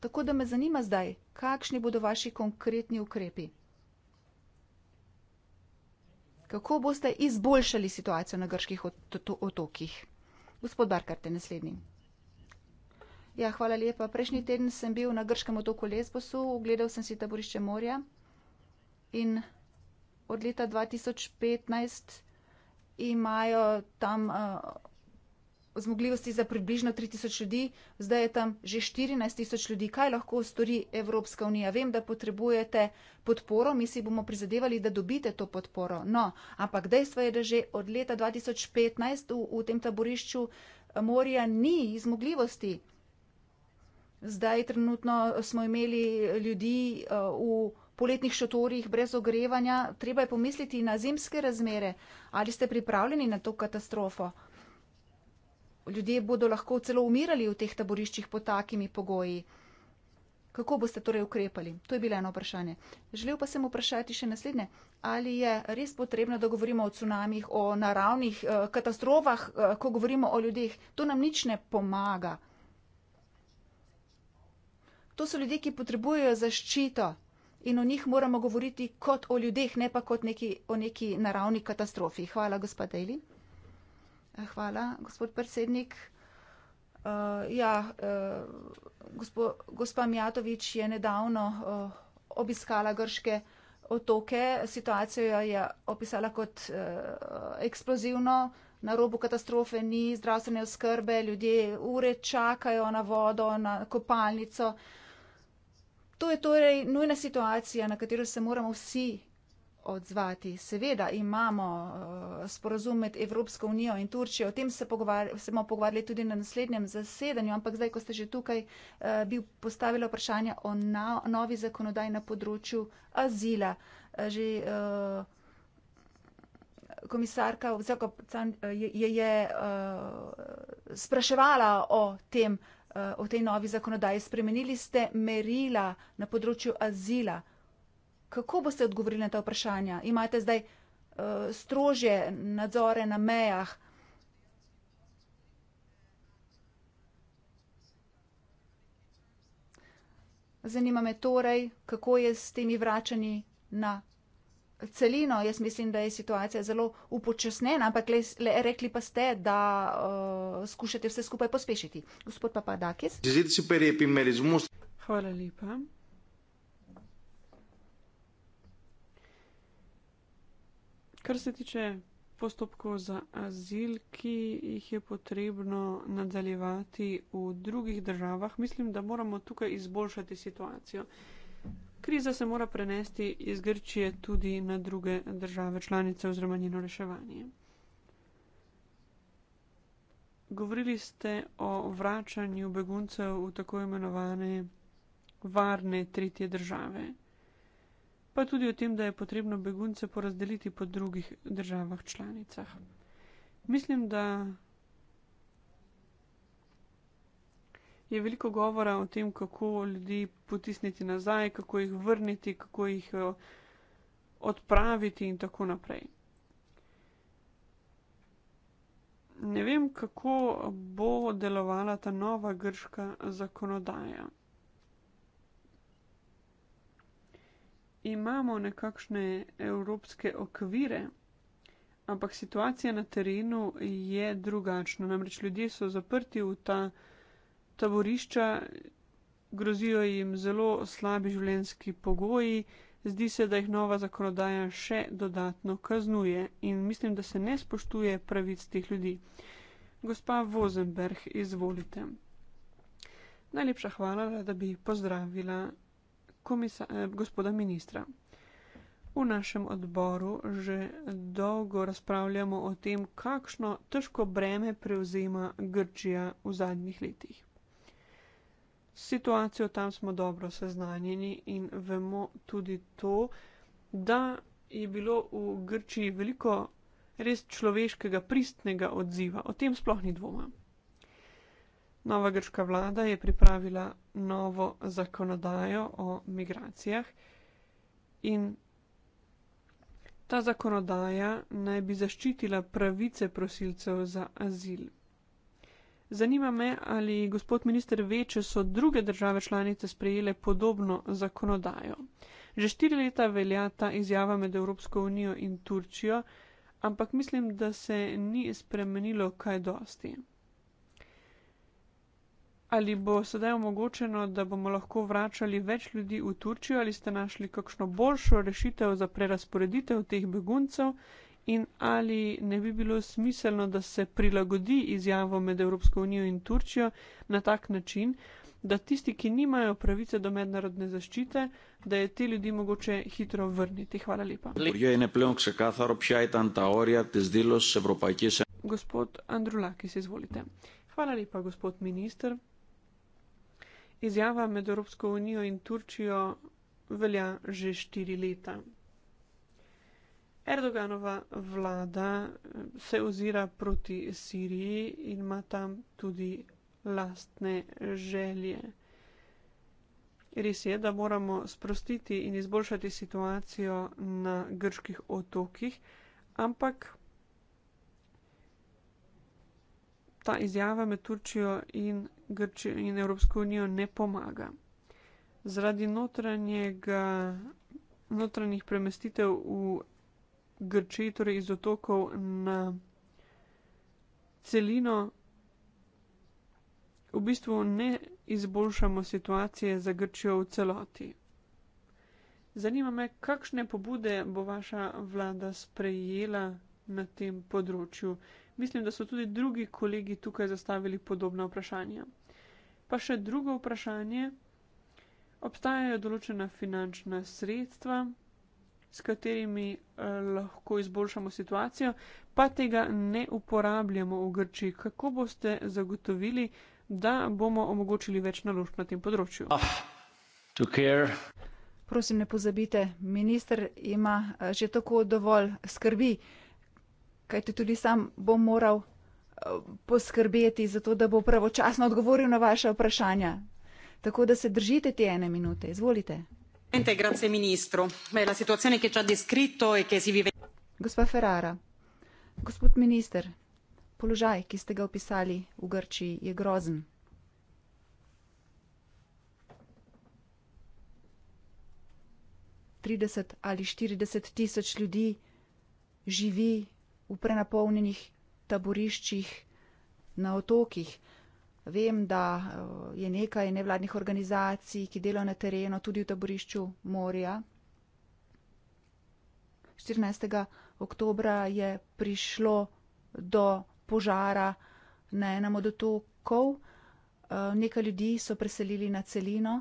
Tako da me zanima zdaj, kakšni bodo vaši konkretni ukrepi. Kako boste izboljšali situacijo na grških otokih? Gospod Barkarte, naslednji. Ja, hvala lepa. Prejšnji teden sem bil na grškem otoku Lesbosu, ogledal sem si taborišče morja in od leta 2015 imajo tam uh, zmogljivosti za približno 3000 ljudi, zdaj je tam že 14 tisoč ljudi. Kaj lahko stori Evropska unija? Vem, da potrebujete podporo, mi si bomo prizadevali, da dobite to podporo. No, ampak dejstvo je, da že od leta 2015 v, v tem taborišču eh, morja ni zmogljivosti. Zdaj trenutno smo imeli ljudi uh, v poletnih šotorjih brez ogrevanja, treba je pomisliti na zimske razmere. Ali ste pripravljeni na to katastrofo? Ljudje bodo lahko celo umirali v teh taboriščih pod takimi pogoji. Kako boste torej ukrepali? To je bilo eno vprašanje. Želel pa sem vprašati še naslednje. Ali je res potrebno, da govorimo o cunamih, o naravnih eh, katastrofah, eh, ko govorimo o ljudeh? To nam nič ne pomaga. To so ljudje, ki potrebujejo zaščito in o njih moramo govoriti kot o ljudeh, ne pa kot neki, o neki naravni katastrofi. Hvala, gospod Dejli. Eh, hvala, gospod predsednik. Uh, ja, uh, gospo, gospa Mjatovič je nedavno uh, obiskala grške otoke. Situacijo je opisala kot uh, eksplozivno. Na robu katastrofe ni zdravstvene oskrbe, ljudje ure čakajo na vodo, na kopalnico. Uh, To je torej nujna situacija, na katero se moramo vsi odzvati. Seveda imamo uh, eh, sporozum med Evropsko unijo in Turčijo, o tem se, se bomo pogovarjali tudi na naslednjem zasedanju, ampak zdaj, ko ste že tukaj, uh, bi postavila vprašanje o na novi zakonodaj na področju azila. Uh, že uh, komisarka je, je uh, spraševala o tem, uh, Eh, v tej novi zakonodaji. Spremenili ste merila na področju azila. Kako boste odgovorili na ta vprašanja? Imate zdaj uh, eh, strože nadzore na mejah? Zanima me torej, kako je s temi vračanji na celino. Jaz mislim, da je situacija zelo upočasnjena, ampak le, le rekli pa ste, da uh, skušate vse skupaj pospešiti. Gospod Papadakis. Hvala lepa. Kar se tiče postopkov za azil, ki jih je potrebno nadaljevati v drugih državah, mislim, da moramo tukaj izboljšati situacijo. Uh, kriza se mora prenesti iz Grčije tudi na druge države članice oziroma njeno reševanje. Govorili ste o vračanju beguncev v tako imenovane varne tretje države, pa tudi o tem, da je potrebno begunce porazdeliti po drugih državah članicah. Mislim, da je veliko govora o tem, kako ljudi potisniti nazaj, kako jih vrniti, kako jih eh, odpraviti in tako naprej. Ne vem, kako bo delovala ta nova grška zakonodaja. Imamo nekakšne evropske okvire, ampak situacija na terenu je drugačna. Namreč ljudje so zaprti v ta taborišča, grozijo jim zelo slabi življenjski pogoji, zdi se, da jih nova zakonodaja še dodatno kaznuje in mislim, da se ne spoštuje pravic teh ljudi. Gospa Vozenberg, izvolite. Najlepša hvala, da bi pozdravila komisa, eh, gospoda ministra. V našem odboru že dolgo razpravljamo o tem, kakšno težko breme prevzema Grčija v zadnjih letih situacijo tam smo dobro seznanjeni in vemo tudi to, da je bilo v Grčiji veliko res človeškega, pristnega odziva. O tem sploh ni dvoma. Nova grška vlada je pripravila novo zakonodajo o migracijah in ta zakonodaja naj bi zaščitila pravice prosilcev za azil. Zanima me, ali gospod minister ve, če so druge države članice sprejele podobno zakonodajo. Že štiri leta velja ta izjava med Evropsko unijo in Turčijo, ampak mislim, da se ni spremenilo kaj dosti. Ali bo sedaj omogočeno, da bomo lahko vračali več ljudi v Turčijo, ali ste našli kakšno boljšo rešitev za prerasporeditev teh beguncev in ali ne bi bilo smiselno, da se prilagodi izjavo med Evropsko unijo in Turčijo na tak način, da tisti, ki nimajo pravice do mednarodne zaščite, da je te ljudi mogoče hitro vrniti. Hvala lepa. Gospod Andrulakis, izvolite. Hvala lepa, gospod minister. Izjava med Evropsko unijo in Turčijo velja že štiri leta. Erdoganova vlada eh, se ozira proti Siriji in ima tam tudi lastne želje. Res je, da moramo sprostiti in izboljšati situacijo na grških otokih, ampak ta izjava med Turčijo in, Grčijo in Evropsko unijo ne pomaga. Zaradi notranjih premestitev v Grčiji, torej iz otokov na celino, v bistvu ne izboljšamo situacije za Grčijo v celoti. Zanima me, kakšne pobude bo vaša vlada sprejela na tem področju. Mislim, da so tudi drugi kolegi tukaj zastavili podobna vprašanja. Pa še drugo vprašanje. Obstajajo določena finančna sredstva, s katerimi eh, lahko izboljšamo situacijo, pa tega ne uporabljamo v Grči. Kako boste zagotovili, da bomo omogočili več naložb na tem področju? Oh, Prosim, ne pozabite, minister ima eh, že tako dovolj skrbi, kajte tudi sam bo moral eh, poskrbeti za to, da bo pravočasno odgovoril na vaše vprašanja. Tako da se držite te ene minute, izvolite presidente grazie ministro beh, la situazione che ci ha descritto e che si vive. gospa ferrara gospod minister položaj ki ste ga opisali v grčiji je grozen. trideset ali štirideset tisoč ljudi živi v prenapolnjenih taboriščih na otokih. Vem, da eh, je nekaj nevladnih organizacij, ki delajo na terenu, tudi v taborišču Morja. 14. oktobra je prišlo do požara na enem od otokov. Eh, nekaj ljudi so preselili na celino.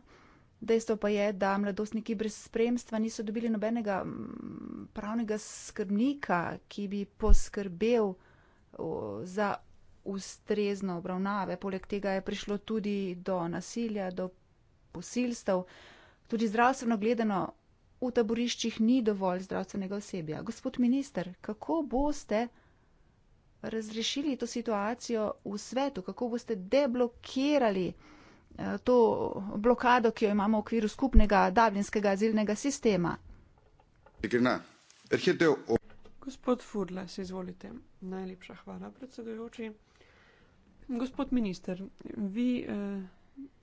Dejstvo pa je, da mladostniki brez spremstva niso dobili nobenega mm, pravnega skrbnika, ki bi poskrbel za ustrezne obravnave. Poleg tega je prišlo tudi do nasilja, do posilstev. Tudi zdravstveno gledano v taboriščih ni dovolj zdravstvenega osebja. Gospod minister, kako boste razrešili to situacijo v svetu, kako boste deblokirali eh, to blokado, ki jo imamo v okviru skupnega davljinskega azilnega sistema? Gospod Furla, se izvolite. Najlepša hvala, predsedujoči. Gospod minister, vi eh,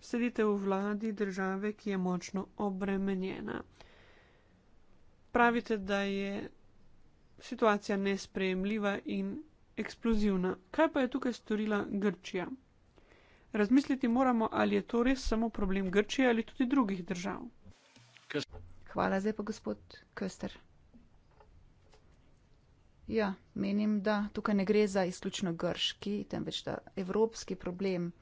sedite v vladi države, ki je močno obremenjena. Pravite, da je situacija nesprejemljiva in eksplozivna. Kaj pa je tukaj storila Grčija? Razmisliti moramo, ali je to res samo problem Grčije ali tudi drugih držav. Hvala zdaj pa gospod Köster. Ja, menim, da tukaj ne gre za izključno grški, temveč da evropski problem.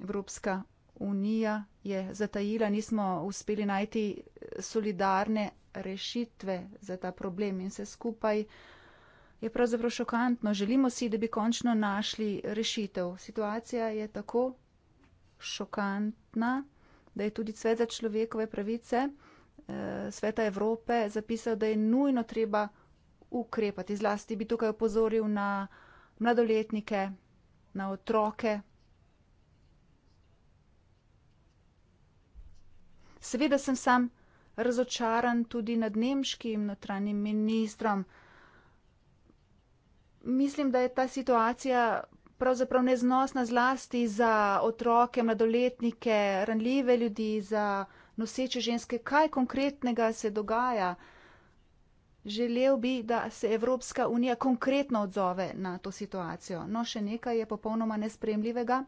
Evropska unija je zatajila, nismo uspeli najti solidarne rešitve za ta problem in se skupaj je pravzaprav šokantno. Želimo si, da bi končno našli rešitev. Situacija je tako šokantna, da je tudi Cvet za človekove pravice eh, Sveta Evrope zapisal, da je nujno treba ukrepati. Zlasti bi tukaj upozoril na mladoletnike, na otroke. Seveda sem sam razočaran tudi nad nemškim notranjim ministrom. Mislim, da je ta situacija pravzaprav neznosna zlasti za otroke, mladoletnike, ranljive ljudi, za noseče ženske. Kaj konkretnega se dogaja? Želel bi, da se Evropska unija konkretno odzove na to situacijo. No, še nekaj je popolnoma nespremljivega.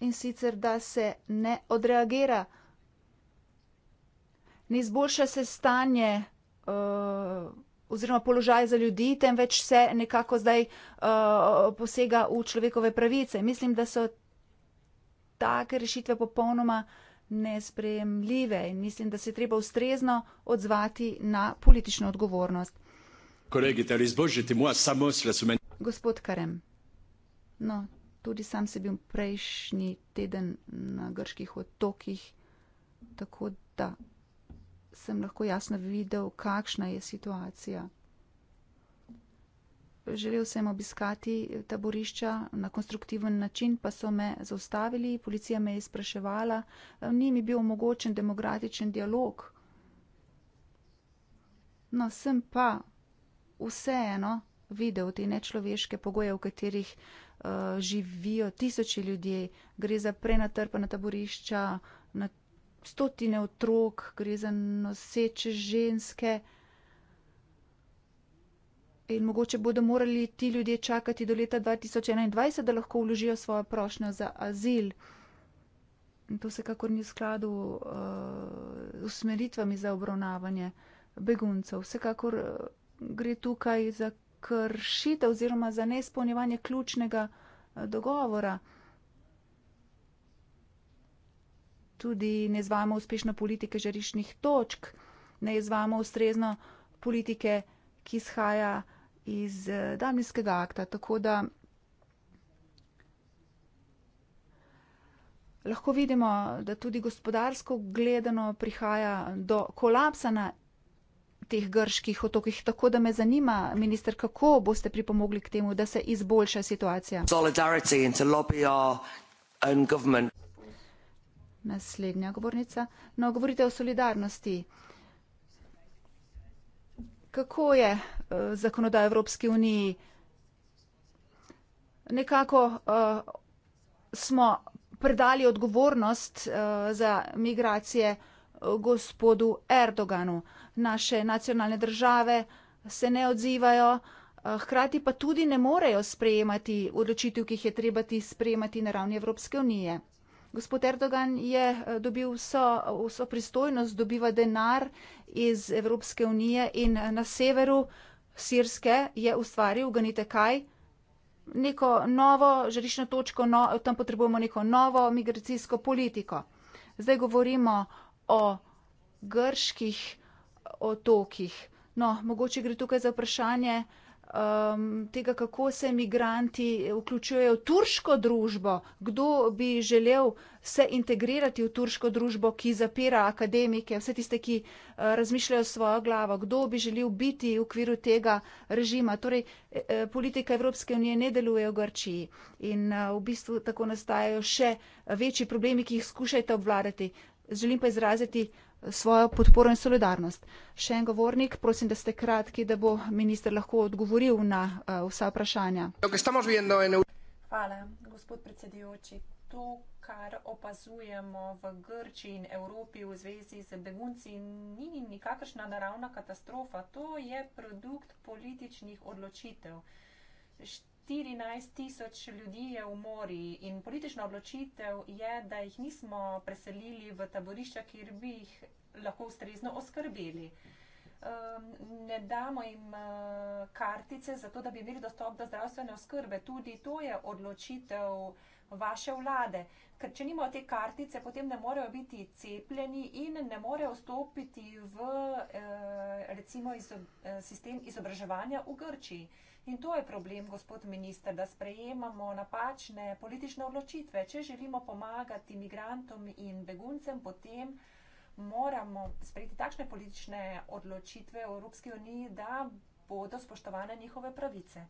In sicer, da se ne odreagira, ne izboljša se stanje uh, oziroma položaj za ljudi, temveč se nekako zdaj uh, posega v človekove pravice. Mislim, da so take rešitve popolnoma uh, nesprejemljive in mislim, da se treba ustrezno odzvati na politično odgovornost. Kolegite, ali izbožite moja samost, da so meni. Gospod Karem, no, tudi sam sem bil prejšnji teden na grških otokih, tako da sem lahko jasno videl, kakšna je situacija želel sem obiskati taborišča na konstruktiven način, pa so me zaustavili, policija me je spraševala, ni mi bil omogočen demokratičen dialog. No, sem pa vseeno videl te nečloveške pogoje, v katerih uh, živijo tisoči ljudje, gre za prenatrpana taborišča, na stotine otrok, gre za noseče ženske in mogoče bodo morali ti ljudje čakati do leta 2021, da lahko vložijo svojo prošnjo za azil. In to se kakor ni v skladu eh, z uh, usmeritvami za obravnavanje beguncev. Vsekakor eh, gre tukaj za kršitev oziroma za neizpolnjevanje ključnega eh, dogovora. Tudi ne izvajamo uspešno politike žariščnih točk, ne izvajamo ustrezno politike, ki izhaja iz eh, Damljinskega akta. Tako da lahko vidimo, da tudi gospodarsko gledano prihaja do kolapsa na teh grških otokih. Tako da me zanima, minister, kako boste pripomogli k temu, da se izboljša situacija. Naslednja govornica. No, govorite o solidarnosti kako je uh, zakonodaja Evropske unije? Nekako uh, smo predali odgovornost uh, za migracije gospodu Erdoganu. Naše nacionalne države se ne odzivajo, uh, hkrati pa tudi ne morejo sprejemati odločitev, ki jih je treba sprejemati na ravni Evropske unije. Gospod Erdogan je eh, dobil vso, vso pristojnost, dobiva denar iz Evropske unije in eh, na severu Sirske je ustvaril, ganite kaj, neko novo žarišno točko, no, tam potrebujemo neko novo migracijsko politiko. Zdaj govorimo o grških otokih. No, mogoče gre tukaj za vprašanje, um, tega, kako se imigranti vključujejo v turško družbo, kdo bi želel se integrirati v turško družbo, ki zapira akademike, vse tiste, ki uh, razmišljajo svojo glavo, kdo bi želel biti v okviru tega režima. Torej, eh, politika Evropske unije ne deluje v Grčiji in uh, v bistvu tako nastajajo še večji problemi, ki jih skušajte obvladati. Želim pa izraziti uh, svojo podporo in solidarnost. Še en govornik, prosim, da ste kratki, da bo minister lahko odgovoril na uh, vsa vprašanja. Hvala, gospod predsedujoči. To, kar opazujemo v Grči in Evropi v zvezi z begunci, ni nikakršna naravna katastrofa. To je produkt političnih odločitev. 14 tisoč ljudi je v mori in politična odločitev je, da jih nismo preselili v taborišča, kjer bi jih lahko ustrezno oskrbeli. Ehm, ne damo jim eh, kartice za to, da bi imeli dostop do zdravstvene oskrbe. Tudi to je odločitev vaše vlade. Ker če nimajo te kartice, potem ne morejo biti cepljeni in ne morejo vstopiti v eh, recimo izob, eh, sistem izobraževanja v Grčiji. In to je problem, gospod minister, da sprejemamo napačne politične odločitve. Če želimo pomagati imigrantom in beguncem, potem moramo sprejeti takšne politične odločitve v Evropski uniji, da bodo spoštovane njihove pravice.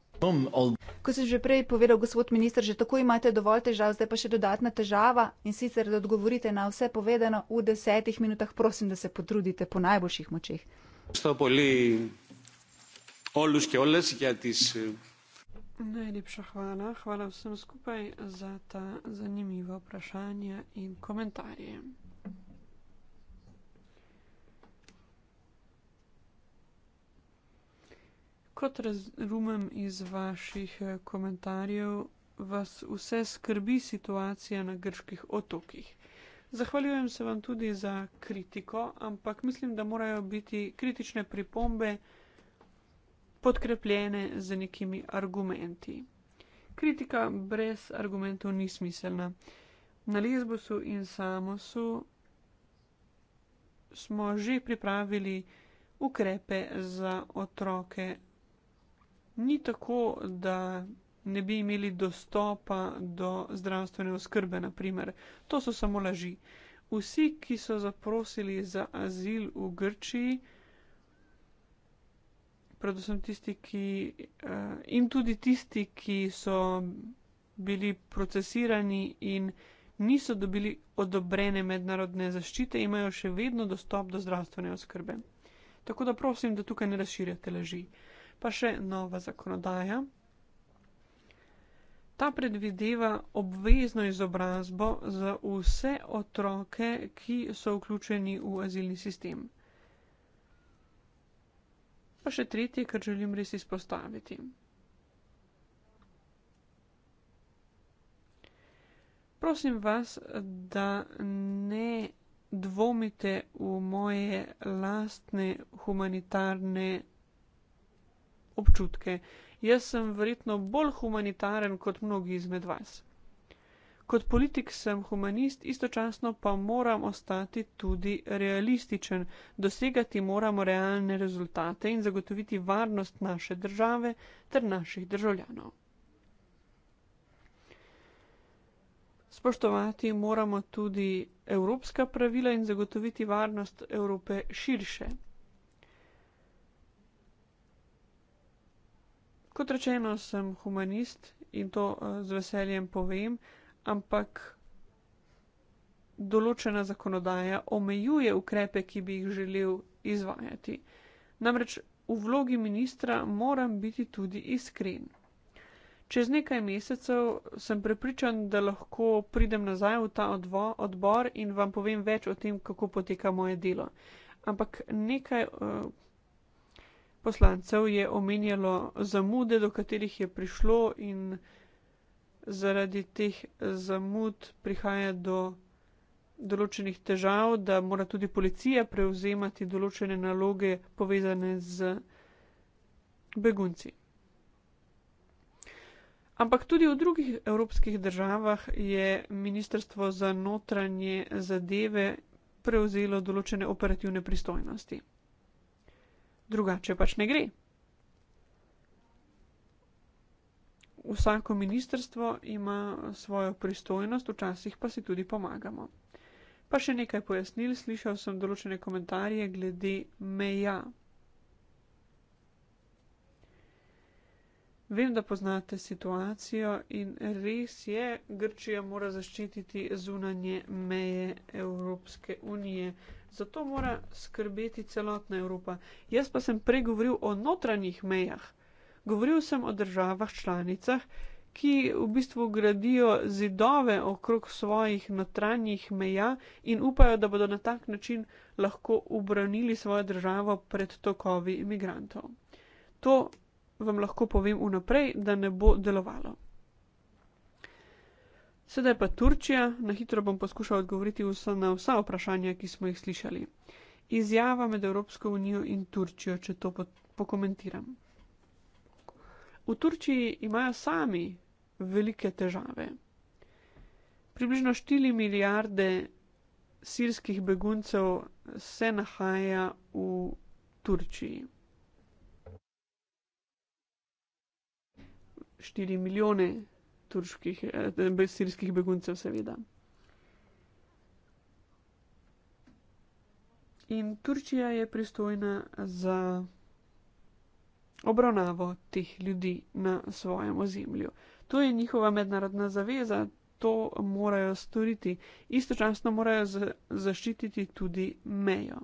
Ko si že prej povedal, gospod minister, že tako imate dovolj težav, zdaj pa še dodatna težava in sicer, da odgovorite na vse povedano v desetih minutah, prosim, da se potrudite po najboljših močeh. Olus ki olus, ja tis. Najlepša hvala. Hvala vsem skupaj za ta zanimiva vprašanja in komentarje. Kot razumem iz vaših eh, komentarjev, vas vse skrbi situacija na grških otokih. Zahvaljujem se vam tudi za kritiko, ampak mislim, da morajo biti kritične pripombe podkrepljene z nekimi argumenti. Kritika brez argumentov ni smiselna. Na Lizbusu in Samosu smo že pripravili ukrepe za otroke. Ni tako, da ne bi imeli dostopa do zdravstvene oskrbe, naprimer. To so samo laži. Vsi, ki so zaprosili za azil v Grčiji, predvsem tisti, ki uh, in tudi tisti, ki so bili procesirani in niso dobili odobrene mednarodne zaščite, imajo še vedno dostop do zdravstvene oskrbe. Tako da prosim, da tukaj ne razširjate laži. Pa še nova zakonodaja. Ta predvideva obvezno izobrazbo za vse otroke, ki so vključeni v azilni sistem pa še tretje, kar želim res izpostaviti. Prosim vas, da ne dvomite v moje lastne humanitarne občutke. Jaz sem verjetno bolj humanitaren kot mnogi izmed vas. Kot politik sem humanist, istočasno pa moram ostati tudi realističen. Dosegati moramo realne rezultate in zagotoviti varnost naše države ter naših državljanov. Spoštovati moramo tudi evropska pravila in zagotoviti varnost Evrope širše. Kot rečeno, sem humanist in to eh, z veseljem povem ampak določena zakonodaja omejuje ukrepe, ki bi jih želel izvajati. Namreč v vlogi ministra moram biti tudi iskren. Čez nekaj mesecev sem prepričan, da lahko pridem nazaj v ta odvo, odbor in vam povem več o tem, kako poteka moje delo. Ampak nekaj uh, poslancev je omenjalo zamude, do katerih je prišlo in zaradi teh zamud prihaja do določenih težav, da mora tudi policija prevzemati določene naloge povezane z begunci. Ampak tudi v drugih evropskih državah je Ministrstvo za notranje zadeve prevzelo določene operativne pristojnosti. Drugače pač ne gre. vsako ministrstvo ima svojo pristojnost, včasih pa si tudi pomagamo. Pa še nekaj pojasnil, slišal sem določene komentarje glede meja. Vem, da poznate situacijo in res je, Grčija mora zaščititi zunanje meje Evropske unije. Zato mora skrbeti celotna Evropa. Jaz pa sem pregovoril o notranjih mejah. Govoril sem o državah članicah, ki v bistvu gradijo zidove okrog svojih notranjih meja in upajo, da bodo na tak način lahko obranili svojo državo pred tokovi imigrantov. To vam lahko povem vnaprej, da ne bo delovalo. Sedaj pa Turčija, na hitro bom poskušal odgovoriti vsa na vsa vprašanja, ki smo jih slišali. Izjava med Evropsko unijo in Turčijo, če to pokomentiram. Po V Turčiji imajo sami velike težave. Približno 4 milijarde sirskih beguncev se nahaja v Turčiji. 4 milijone turških, eh, sirskih beguncev, seveda. In Turčija je pristojna za obravnavo teh ljudi na svojem ozemlju. To je njihova mednarodna zaveza, to morajo storiti. Istočasno morajo zaščititi tudi mejo.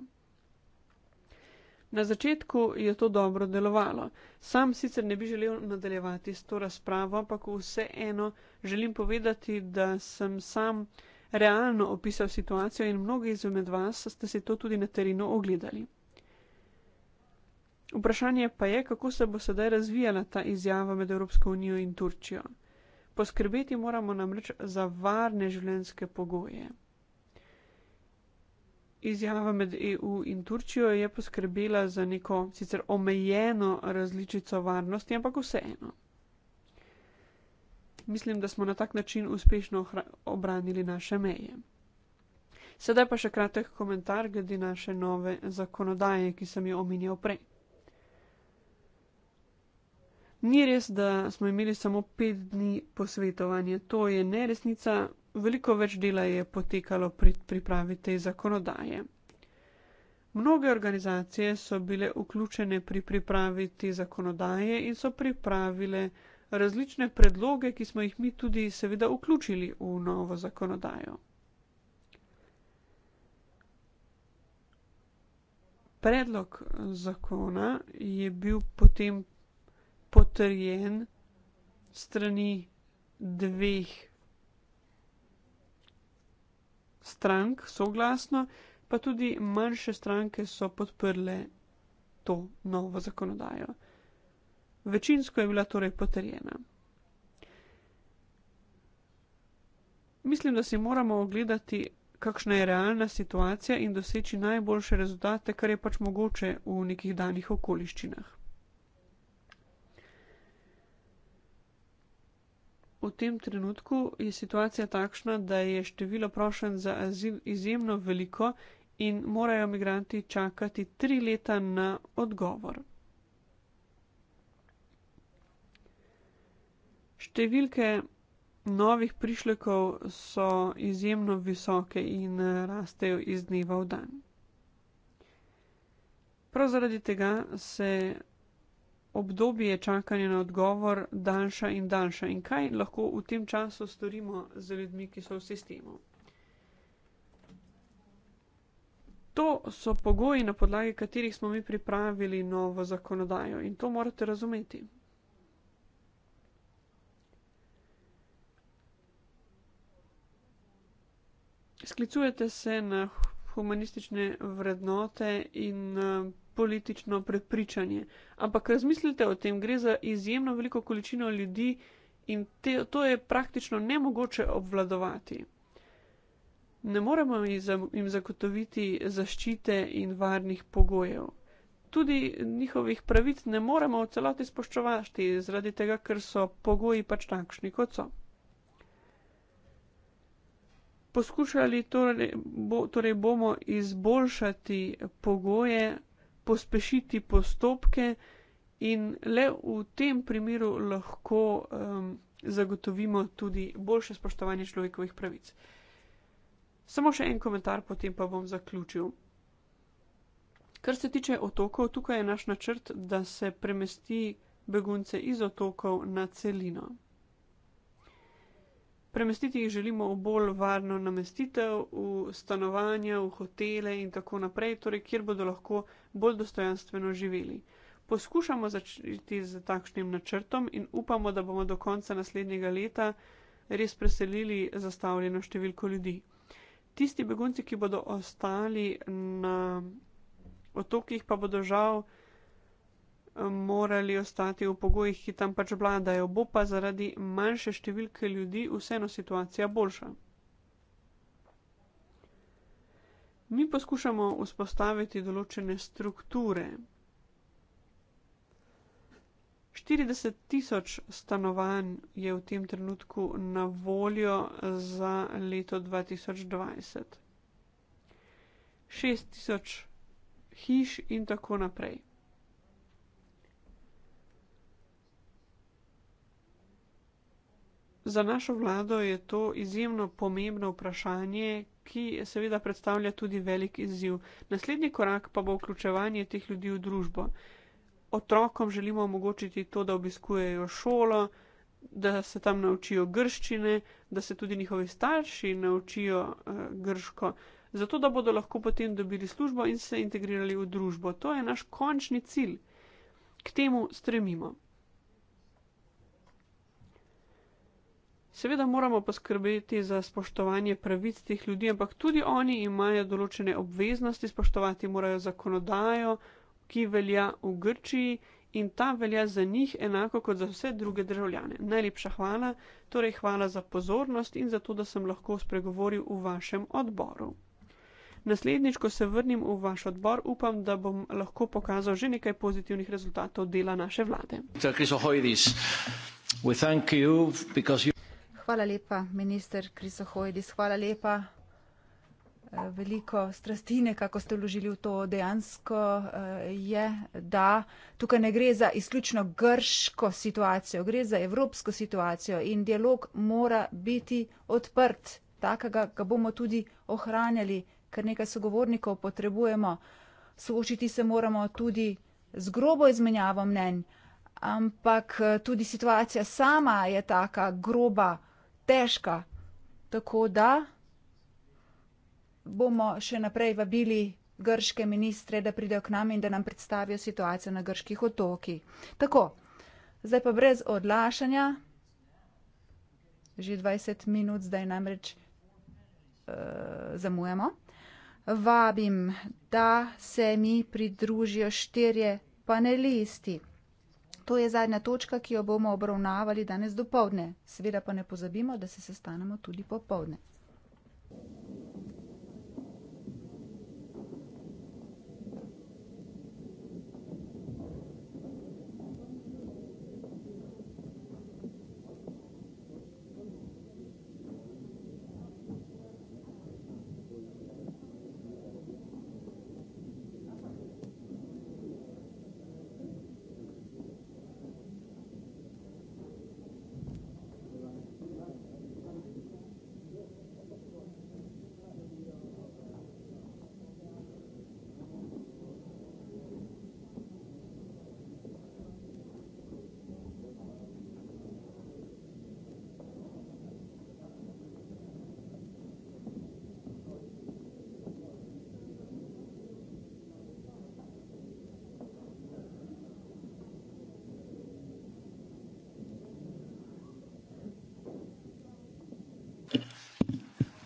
Na začetku je to dobro delovalo. Sam sicer ne bi želel nadaljevati s to razpravo, ampak vseeno želim povedati, da sem sam realno opisal situacijo in mnogi izmed vas ste se to tudi na terenu ogledali. Vprašanje pa je, kako se bo sedaj razvijala ta izjava med Evropsko unijo in Turčijo. Poskrbeti moramo namreč za varne življenjske pogoje. Izjava med EU in Turčijo je poskrbela za neko sicer omejeno različico varnosti, ampak vseeno. Mislim, da smo na tak način uspešno obranili naše meje. Sedaj pa še kratek komentar glede naše nove zakonodaje, ki sem jo omenjal prej. Ni res, da smo imeli samo pet dni posvetovanja, to je neresnica, veliko več dela je potekalo pri pripravi te zakonodaje. Mnoge organizacije so bile vključene pri pripravi te zakonodaje in so pripravile različne predloge, ki smo jih mi tudi seveda vključili v novo zakonodajo. Predlog zakona je bil potem potrjen strani dveh strank soglasno, pa tudi manjše stranke so podprle to novo zakonodajo. Večinsko je bila torej potrjena. Mislim, da si moramo ogledati, kakšna je realna situacija in doseči najboljše rezultate, kar je pač mogoče v nekih danih okoliščinah. v tem trenutku je situacija takšna, da je število prošenj za azil izjemno veliko in morajo imigranti čakati tri leta na odgovor. Številke novih prišlekov so izjemno visoke in eh, rastejo iz dneva v dan. Prav zaradi tega se obdobje čakanja na odgovor daljša in daljša. In kaj lahko v tem času storimo z ljudmi, ki so v sistemu? To so pogoji, na podlagi katerih smo mi pripravili novo zakonodajo in to morate razumeti. Sklicujete se na humanistične vrednote in eh, politično prepričanje. Ampak razmislite o tem, gre za izjemno veliko količino ljudi in te, to je praktično nemogoče obvladovati. Ne moremo jim zagotoviti zaščite in varnih pogojev. Tudi njihovih pravic ne moremo v celoti spoščovati, zaradi tega, ker so pogoji pač takšni, kot so. Poskušali torej, bo, torej bomo izboljšati pogoje, pospešiti postopke in le v tem primeru lahko um, zagotovimo tudi boljše spoštovanje človekovih pravic. Samo še en komentar, potem pa bom zaključil. Kar se tiče otokov, tukaj je naš načrt, da se premesti begunce iz otokov na celino. Premestiti jih želimo v bolj varno namestitev, v stanovanja, v hotele in tako naprej, torej kjer bodo lahko bolj dostojanstveno živeli. Poskušamo začeti z takšnim načrtom in upamo, da bomo do konca naslednjega leta res preselili zastavljeno številko ljudi. Tisti begunci, ki bodo ostali na otokih, pa bodo žal morali ostati v pogojih, ki tam pač vladajo, bo pa zaradi manjše številke ljudi vseeno situacija boljša. Mi poskušamo vzpostaviti določene strukture. 40 tisoč stanovanj je v tem trenutku na voljo za leto 2020. 6 tisoč hiš in tako naprej. Za našo vlado je to izjemno pomembno vprašanje, ki seveda predstavlja tudi velik izziv. Naslednji korak pa bo vključevanje teh ljudi v družbo. Otrokom želimo omogočiti to, da obiskujejo šolo, da se tam naučijo grščine, da se tudi njihovi starši naučijo uh, grško, zato da bodo lahko potem dobili službo in se integrirali v družbo. To je naš končni cilj. K temu stremimo. Seveda moramo poskrbeti za spoštovanje pravic teh ljudi, ampak tudi oni imajo določene obveznosti, spoštovati morajo zakonodajo, ki velja v Grčiji in ta velja za njih enako kot za vse druge državljane. Najlepša hvala, torej hvala za pozornost in za to, da sem lahko spregovoril v vašem odboru. Naslednjič, ko se vrnim v vaš odbor, upam, da bom lahko pokazal že nekaj pozitivnih rezultatov dela naše vlade. Hvala lepa, minister Krisohojdis, hvala lepa. Eh, veliko strastine, kako ste vložili v to, dejansko eh, je, da tukaj ne gre za izključno grško situacijo, gre za evropsko situacijo in dialog mora biti odprt, takega ga bomo tudi ohranjali, ker nekaj sogovornikov potrebujemo. Soočiti se moramo tudi z grobo izmenjavo mnenj, ampak eh, tudi situacija sama je taka groba težka. Tako da bomo še naprej vabili grške ministre, da pridejo k nam in da nam predstavijo situacijo na grških otokih. Tako, zdaj pa brez odlašanja, že 20 minut zdaj namreč uh, zamujamo, vabim, da se mi pridružijo štirje panelisti. To je zadnja točka, ki jo bomo obravnavali danes dopovdne. Seveda pa ne pozabimo, da se sestanemo tudi popovdne.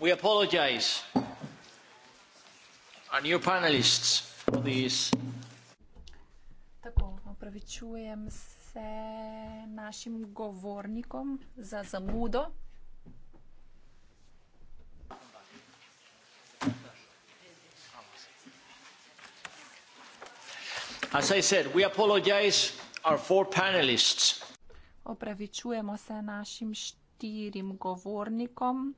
we apologize our new panelists for this tako opravičujem se našim govornikom za zamudo as i said we apologize our four panelists opravičujemo se našim štirim govornikom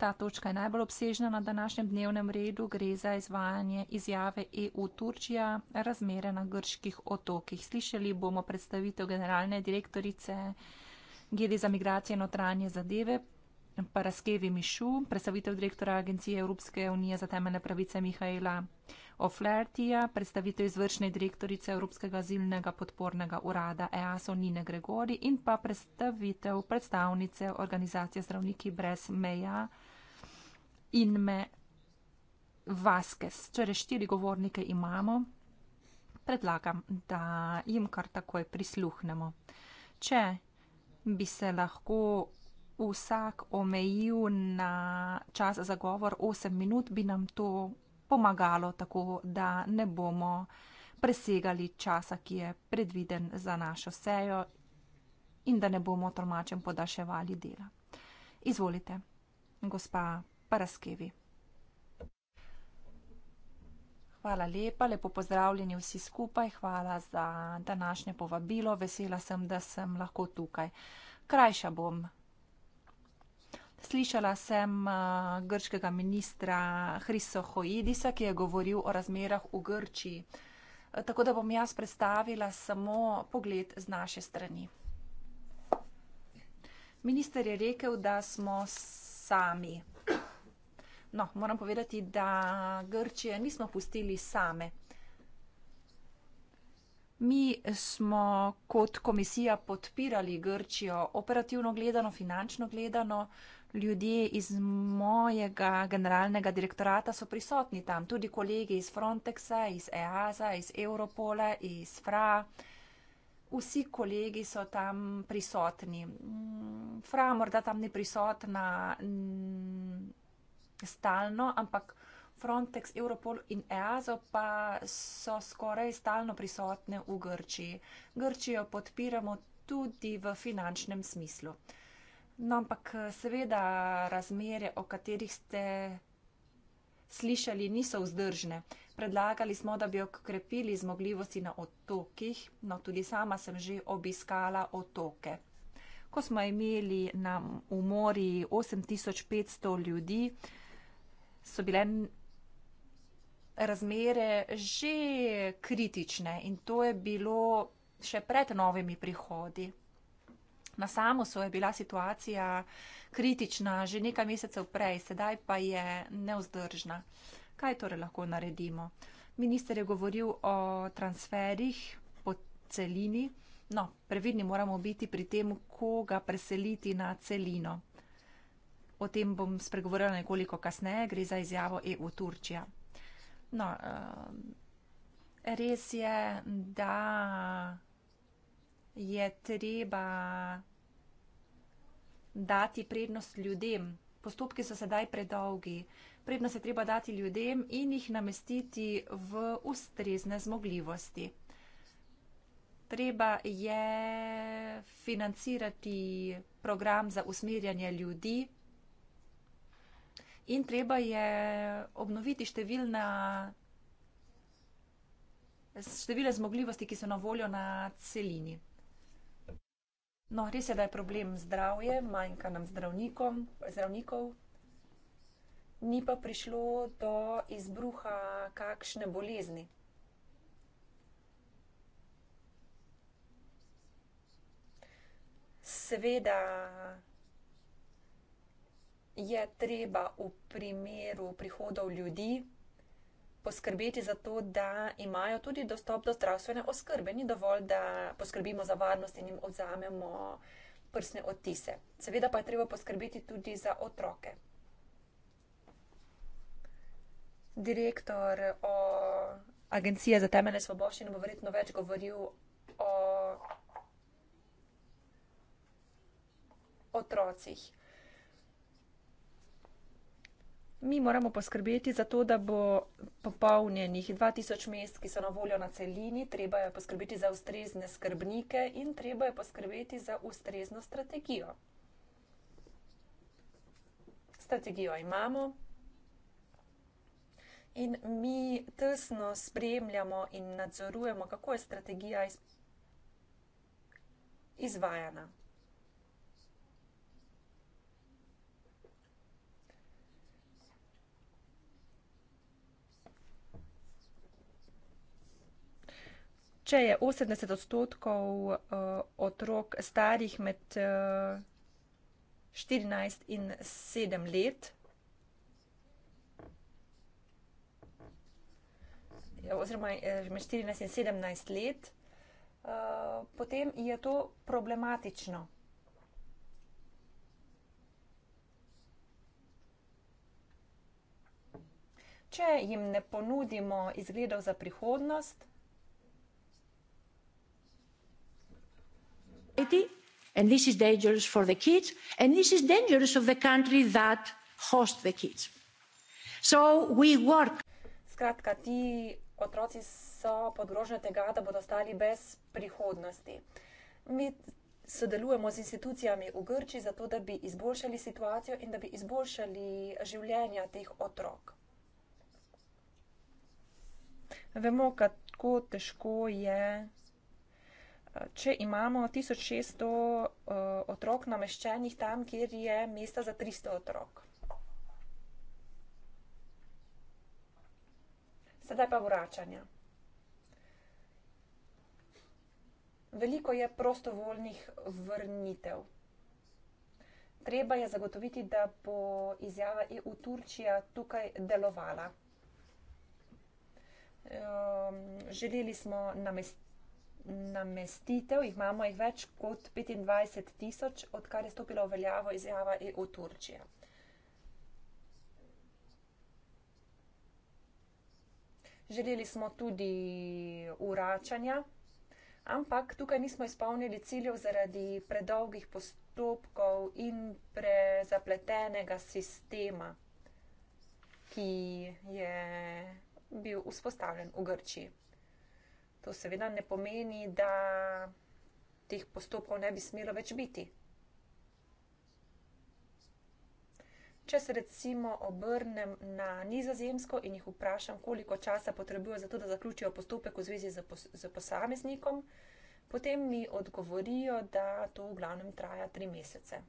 Ta točka je najbolj obsežna na današnjem dnevnem redu, gre za izvajanje izjave EU Turčija, razmere na grških otokih. Slišali bomo predstavitev generalne direktorice GD za migracije in otranje zadeve, Paraskevi Mišu, predstavitev direktora Agencije Evropske unije za temeljne pravice Mihajla Oflertija, predstavitev izvršne direktorice Evropskega azilnega podpornega urada EASO Nine Gregori in pa predstavitev predstavnice organizacije Zdravniki brez meja in me Vaskes. Če rečemo, torej štiri govornike imamo, predlagam, da jim kar takoj prisluhnemo. Če bi se lahko vsak omejil na čas za govor 8 minut, bi nam to pomagalo, tako da ne bomo presegali časa, ki je predviden za našo sejo in da ne bomo tolmačem podaljševali dela. Izvolite, gospa Paraskevi. Hvala lepa, lepo pozdravljeni vsi skupaj, hvala za današnje povabilo, vesela sem, da sem lahko tukaj. Krajša bom. Slišala sem uh, grškega ministra Hriso Hoidisa, ki je govoril o razmerah v Grčiji. Uh, tako da bom jaz predstavila samo pogled z naše strani. Minister je rekel, da smo sami. No, moram povedati, da Grčije nismo pustili same. Mi smo kot komisija podpirali Grčijo operativno gledano, finančno gledano. Ljudje iz mojega generalnega direktorata so prisotni tam, tudi kolegi iz Frontexa, iz EASA, iz Europola, iz FRA. Vsi kolegi so tam prisotni. Mm, FRA morda tam ni prisotna stalno, ampak Frontex, Europol in EASO pa so skoraj stalno prisotne v Grčiji. Grčijo podpiramo tudi v finančnem smislu. No, ampak seveda razmere, o katerih ste slišali, niso vzdržne. Predlagali smo, da bi okrepili zmogljivosti na otokih, no tudi sama sem že obiskala otoke. Ko smo imeli na, v mori 8500 ljudi, so bile razmere že kritične in to je bilo še pred novimi prihodi. Na samo so je bila situacija kritična že nekaj mesecev prej, sedaj pa je neuzdržna. Kaj torej lahko naredimo? Minister je govoril o transferih po celini. No, previdni moramo biti pri tem, koga preseliti na celino. O tem bom spregovorila nekoliko kasneje, gre za izjavo EU Turčija. No, eh, res je, da je treba dati prednost ljudem. Postopki so sedaj predolgi. Prednost je treba dati ljudem in jih namestiti v ustrezne zmogljivosti. Treba je financirati program za usmerjanje ljudi, in treba je obnoviti številna, številne zmogljivosti, ki so na voljo na celini. No, res je, da je problem zdravje, manjka nam zdravnikov, ni pa prišlo do izbruha kakšne bolezni. Seveda je treba v primeru prihodov ljudi poskrbeti za to, da imajo tudi dostop do zdravstvene oskrbe. Ni dovolj, da poskrbimo za varnost in jim odzamemo prsne odtise. Seveda pa je treba poskrbeti tudi za otroke. Direktor o Agencije za temeljne svoboščine bo verjetno več govoril o otrocih. Mi moramo poskrbeti za to, da bo popolnjenih 2000 mest, ki so na voljo na celini, treba je poskrbeti za ustrezne skrbnike in treba je poskrbeti za ustrezno strategijo. Strategijo imamo in mi tesno spremljamo in nadzorujemo, kako je strategija izvajana. Če je 80 odstotkov uh, otrok starih med uh, eh, 14 in 7 let, oziroma eh, med 14 in 17 let, uh, potem je to problematično. Če jim ne ponudimo izgledov za prihodnost, society and this is dangerous for the kids and this is dangerous for the country that hosts the kids. So we work. Skratka, ti otroci so pod grožnjo tega, da bodo ostali brez prihodnosti. Mi sodelujemo z institucijami v Grčiji, zato da bi izboljšali situacijo in da bi izboljšali življenja teh otrok. Vemo, kako težko je če imamo 1600 eh, otrok nameščenih tam, kjer je mesta za 300 otrok. Sedaj pa vračanja. Veliko je prostovoljnih vrnitev. Treba je zagotoviti, da bo izjava EU Turčija tukaj delovala. Ehm, želeli smo namestiti namestitev, jih imamo jih več kot 25 tisoč, odkar je stopila v veljavo izjava EU Turčija. Želeli smo tudi uračanja, ampak tukaj nismo izpolnili ciljev zaradi predolgih postopkov in prezapletenega sistema, ki je bil vzpostavljen v Grčiji. To seveda ne pomeni, da teh postopkov ne bi smelo več biti. Če se recimo obrnem na nizozemsko in jih vprašam, koliko časa potrebujo za to, da zaključijo postopek v zvezi z posameznikom, potem mi odgovorijo, da to v glavnem traja tri mesece.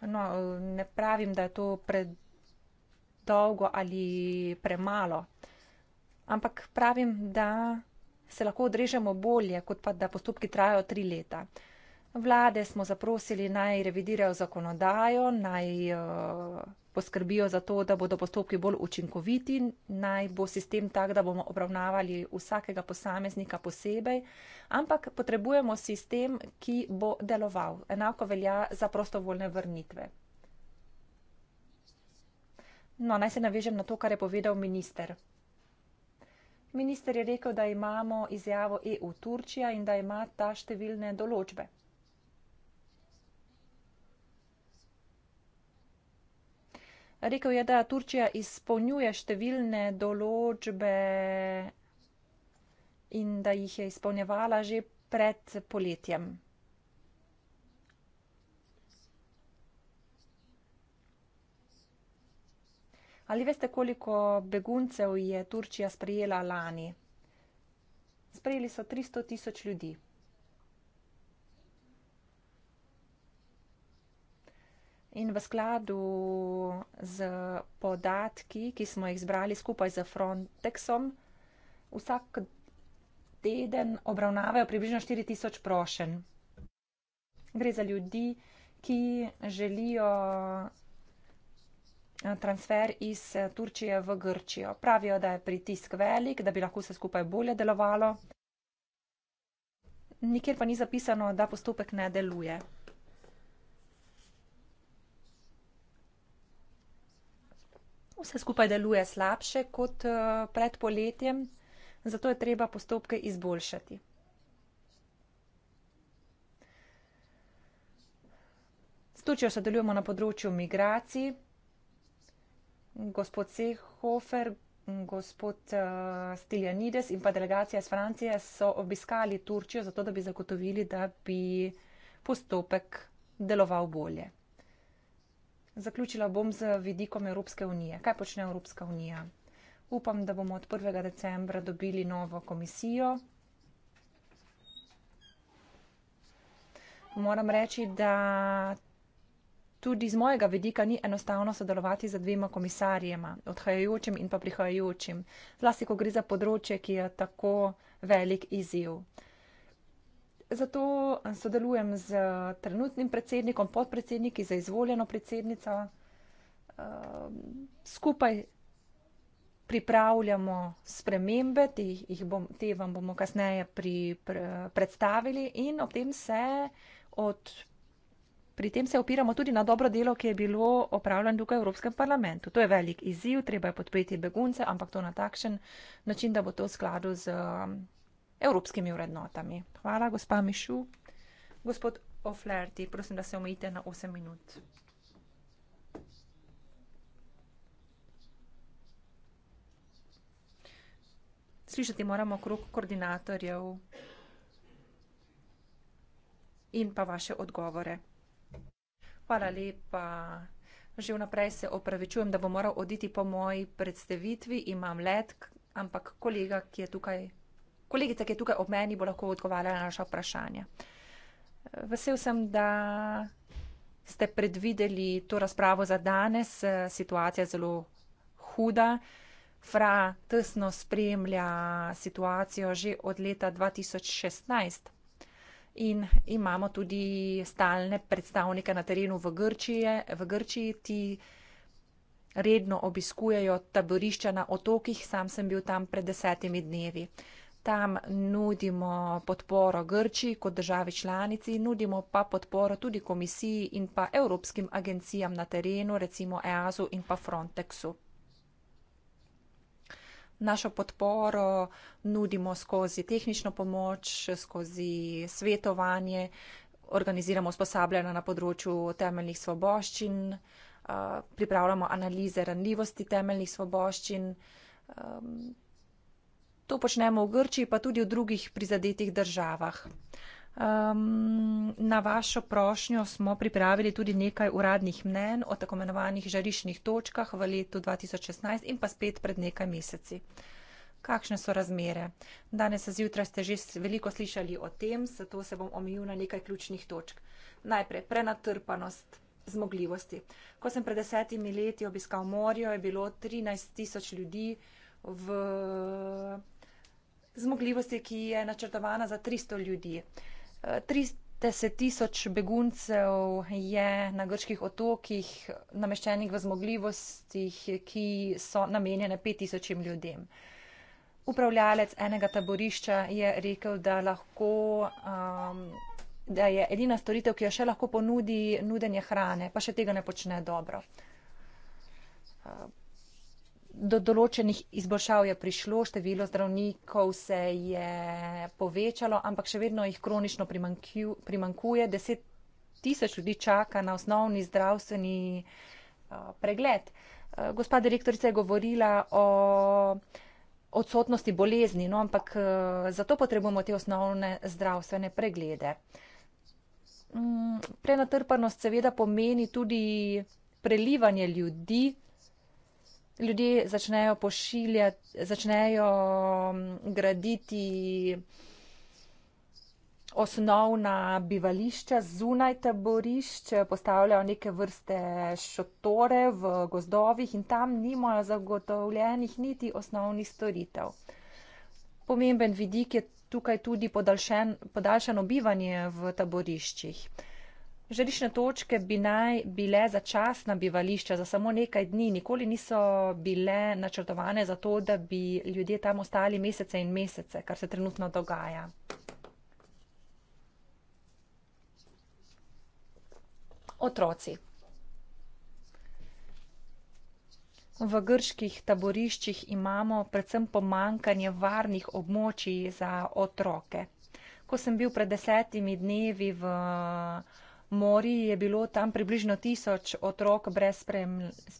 No, ne pravim, da je to predolgo ali premalo, ampak pravim, da se lahko odrežemo bolje, kot pa da postopki trajajo tri leta. Vlade smo zaprosili naj revidirajo zakonodajo, naj. Uh, poskrbijo za to, da bodo postopki bolj učinkoviti, naj bo sistem tak, da bomo obravnavali vsakega posameznika posebej, ampak potrebujemo sistem, ki bo deloval. Enako velja za prostovoljne vrnitve. No, naj se navežem na to, kar je povedal minister. Minister je rekel, da imamo izjavo EU Turčija in da ima ta številne določbe. Rekl je, da Turčija izpolnjuje številne določbe in da jih je izpolnjevala že pred poletjem. Ali veste, koliko beguncev je Turčija sprejela lani? Sprejeli so 300 tisoč ljudi. In v skladu z podatki, ki smo jih zbrali skupaj z Frontexom, vsak teden obravnavajo približno 4000 prošen. Gre za ljudi, ki želijo eh, transfer iz eh, Turčije v Grčijo. Pravijo, da je pritisk velik, da bi lahko vse skupaj bolje delovalo. Nikjer pa ni zapisano, da postopek ne deluje. vse skupaj deluje slabše kot eh, pred poletjem, zato je treba postopke izboljšati. S Turčijo sodelujemo na področju migracij. Gospod Sehofer, gospod eh, Stiljanides in pa delegacija iz Francije so obiskali Turčijo, zato da bi zagotovili, da bi postopek deloval bolje. Zaključila bom z vidikom Evropske unije. Kaj počne Evropska unija? Upam, da bomo od 1. decembra dobili novo komisijo. Moram reči, da tudi z mojega vidika ni enostavno sodelovati z dvema komisarjema, odhajajočim in pa prihajajočim, zlasti ko gre za področje, ki je tako velik izziv. Zato eh, sodelujem z eh, trenutnim predsednikom, podpredsedniki za izvoljeno predsednico. Ehm, skupaj pripravljamo spremembe, te, bom, te vam bomo kasneje pri, pre, predstavili in ob tem se od. Pri tem se opiramo tudi na dobro delo, ki je bilo opravljeno tukaj v Evropskem parlamentu. To je velik izziv, treba je podpreti begunce, ampak to na takšen način, da bo to v skladu z evropskimi vrednotami. Hvala, gospa Mišu. Gospod Oflerti, prosim, da se omejite na 8 minut. Slišati moramo okrog koordinatorjev in pa vaše odgovore. Hvala lepa. Že vnaprej se opravičujem, da bom moral oditi po moji predstavitvi. Imam let, ampak kolega, ki je tukaj kolegica, ki je tukaj ob meni, bo lahko odgovarjala na naša vprašanja. Vesel sem, da ste predvideli to razpravo za danes. Situacija je zelo huda. Fra tesno spremlja situacijo že od leta 2016 in imamo tudi stalne predstavnike na terenu v Grčiji, v Grčiji ti redno obiskujejo taborišča na otokih, sam sem bil tam pred desetimi dnevi. Tam nudimo podporo Grčiji kot državi članici, nudimo pa podporo tudi komisiji in pa evropskim agencijam na terenu, recimo EASU in pa Frontexu. Našo podporo nudimo skozi tehnično pomoč, skozi svetovanje, organiziramo usposabljanja na področju temeljnih svoboščin, pripravljamo analize ranljivosti temeljnih svoboščin. To počnemo v Grčiji, pa tudi v drugih prizadetih državah. Um, na vašo prošnjo smo pripravili tudi nekaj uradnih mnen o tako imenovanih žariščnih točkah v letu 2016 in pa spet pred nekaj meseci. Kakšne so razmere? Danes zjutraj ste že veliko slišali o tem, zato se bom omejil na nekaj ključnih točk. Najprej prenatrpanost zmogljivosti. Ko sem pred desetimi leti obiskal morjo, je bilo 13 tisoč ljudi v zmogljivosti, ki je načrtovana za 300 ljudi. 30 eh, tisoč beguncev je na grških otokih nameščenih v zmogljivostih, ki so namenjene 5000 ljudem. Upravljalec enega taborišča je rekel, da, lahko, um, da je edina storitev, ki jo še lahko ponudi, nudenje hrane, pa še tega ne počne dobro. Uh, do določenih izboljšav je prišlo, število zdravnikov se je povečalo, ampak še vedno jih kronično primankuje. Deset tisoč ljudi čaka na osnovni zdravstveni pregled. Gospa direktorica je govorila o odsotnosti bolezni, no, ampak zato potrebujemo te osnovne zdravstvene preglede. Mm, prenatrpanost seveda pomeni tudi prelivanje ljudi ljudje začnejo pošiljati, začnejo mm, graditi osnovna bivališča zunaj taborišč, postavljajo neke vrste šotore v gozdovih in tam nimajo zagotovljenih niti osnovnih storitev. Pomemben vidik je tukaj tudi podaljšen, podaljšano bivanje v taboriščih. Žarišne točke bi naj bile začasna bivališča za samo nekaj dni, nikoli niso bile načrtovane za to, da bi ljudje tam ostali mesece in mesece, kar se trenutno dogaja. Otroci. V grških taboriščih imamo predvsem pomankanje varnih območij za otroke. Ko sem bil pred desetimi dnevi v Mori je bilo tam približno tisoč otrok brez, sprem,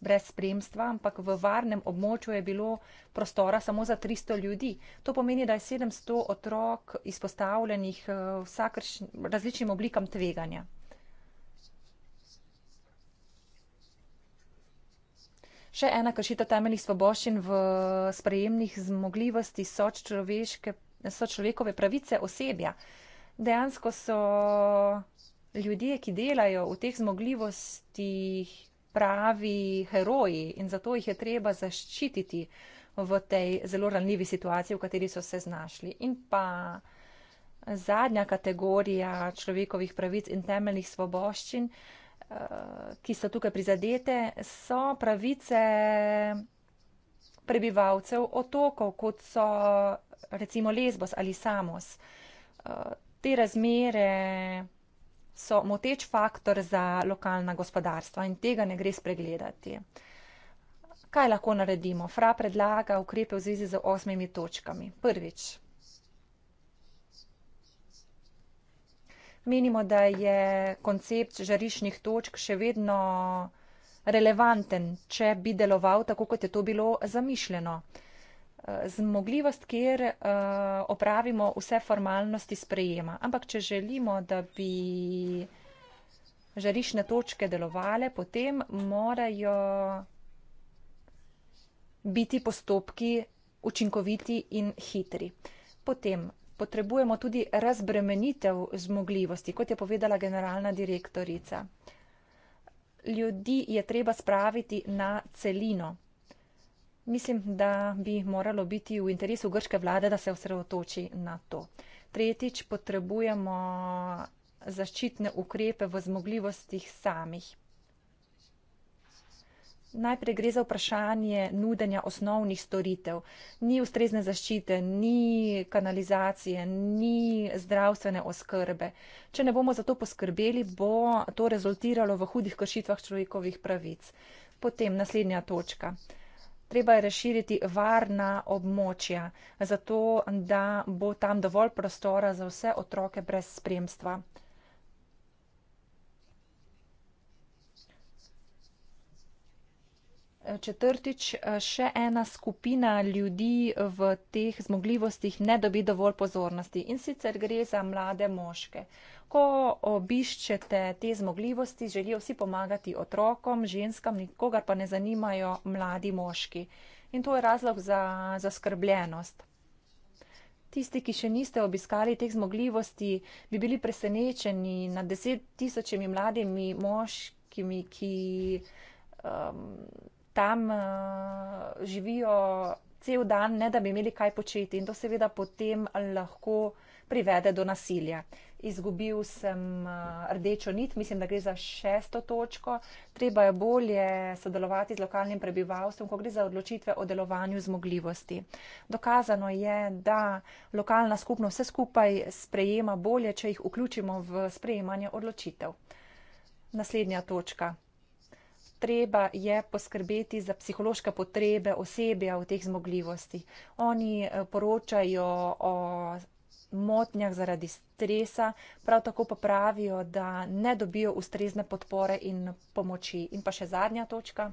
brez spremstva, ampak v varnem območju je bilo prostora samo za 300 ljudi. To pomeni, da je 700 otrok izpostavljenih eh, različnim oblikam tveganja. Še ena kršita temeljnih svoboščin v sprejemnih zmogljivosti sočloveške, sočlovekove pravice osebja. Dejansko so ljudje, ki delajo v teh zmogljivostih, pravi heroji in zato jih je treba zaščititi v tej zelo ranljivi situaciji, v kateri so se znašli. In pa zadnja kategorija človekovih pravic in temeljnih svoboščin, eh, ki so tukaj prizadete, so pravice prebivalcev otokov, kot so recimo Lesbos ali Samos. Eh, te razmere so moteč faktor za lokalna gospodarstva in tega ne gre spregledati. Kaj lahko naredimo? Fra predlaga ukrepe v zvezi z osmimi točkami. Prvič. Menimo, da je koncept žariščnih točk še vedno relevanten, če bi deloval tako, kot je to bilo zamišljeno. Eh, zmogljivost, kjer eh, opravimo vse formalnosti sprejema. Ampak če želimo, da bi žarišne točke delovale, potem morajo biti postopki učinkoviti in hitri. Potem potrebujemo tudi razbremenitev zmogljivosti, kot je povedala generalna direktorica. Ljudi je treba spraviti na celino. Mislim, da bi moralo biti v interesu grške vlade, da se osredotoči na to. Tretjič, potrebujemo zaščitne ukrepe v zmogljivostih samih. Najprej gre za vprašanje nudenja osnovnih storitev. Ni ustrezne zaščite, ni kanalizacije, ni zdravstvene oskrbe. Če ne bomo za to poskrbeli, bo to rezultiralo v hudih kršitvah človekovih pravic. Potem naslednja točka treba je razširiti varna območja, zato da bo tam dovolj prostora za vse otroke brez spremstva. Četrtič, še ena skupina ljudi v teh zmogljivostih ne dobi dovolj pozornosti in sicer gre za mlade moške lahko obiščete te zmogljivosti, želijo vsi pomagati otrokom, ženskam, nikogar pa ne zanimajo mladi moški. In to je razlog za zaskrbljenost. Tisti, ki še niste obiskali teh zmogljivosti, bi bili presenečeni nad deset tisočimi mladimi moškimi, ki um, tam uh, živijo cel dan, ne da bi imeli kaj početi. In to seveda potem lahko privede do nasilja. Izgubil sem rdečo nit, mislim, da gre za šesto točko. Treba je bolje sodelovati z lokalnim prebivalstvom, ko gre za odločitve o delovanju zmogljivosti. Dokazano je, da lokalna skupnost vse skupaj sprejema bolje, če jih vključimo v sprejemanje odločitev. Naslednja točka. Treba je poskrbeti za psihološke potrebe osebja v teh zmogljivosti. Oni eh, poročajo o motnjah zaradi stresa, prav tako pa pravijo, da ne dobijo ustrezne podpore in pomoči. In pa še zadnja točka.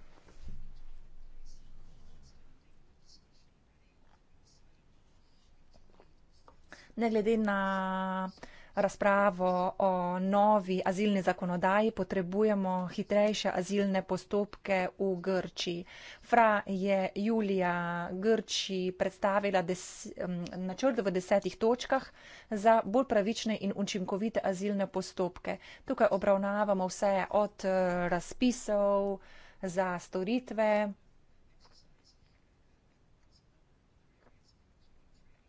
Ne glede na razpravo o novi azilni zakonodaji potrebujemo hitrejše azilne postopke v Grčiji. Fra je Julija Grčiji predstavila des, načrt v desetih točkah za bolj pravične in učinkovite azilne postopke. Tukaj obravnavamo vse od eh, razpisov za storitve,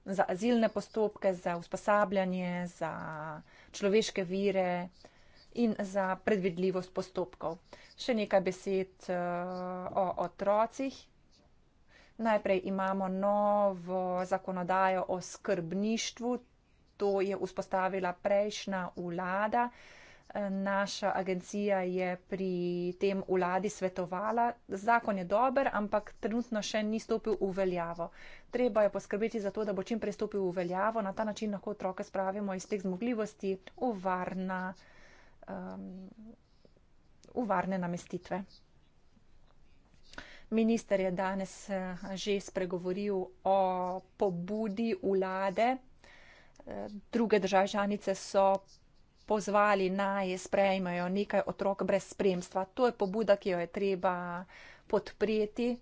za azilne postopke, za usposabljanje, za človeške vire in za predvidljivost postopkov. Še nekaj besed eh, o otrocih. Najprej imamo novo zakonodajo o skrbništvu. To je vzpostavila prejšnja vlada. Eh, naša agencija je pri tem vladi svetovala. Zakon je dober, ampak trenutno še ni stopil v veljavo treba je poskrbeti za to, da bo čim prej stopil v veljavo. Na ta način lahko otroke spravimo iz teh zmogljivosti v, varna, um, v varne namestitve. Minister je danes eh, že spregovoril o pobudi vlade. Eh, druge države članice so pozvali naj sprejmejo nekaj otrok brez spremstva. To je pobuda, ki jo je treba podpreti.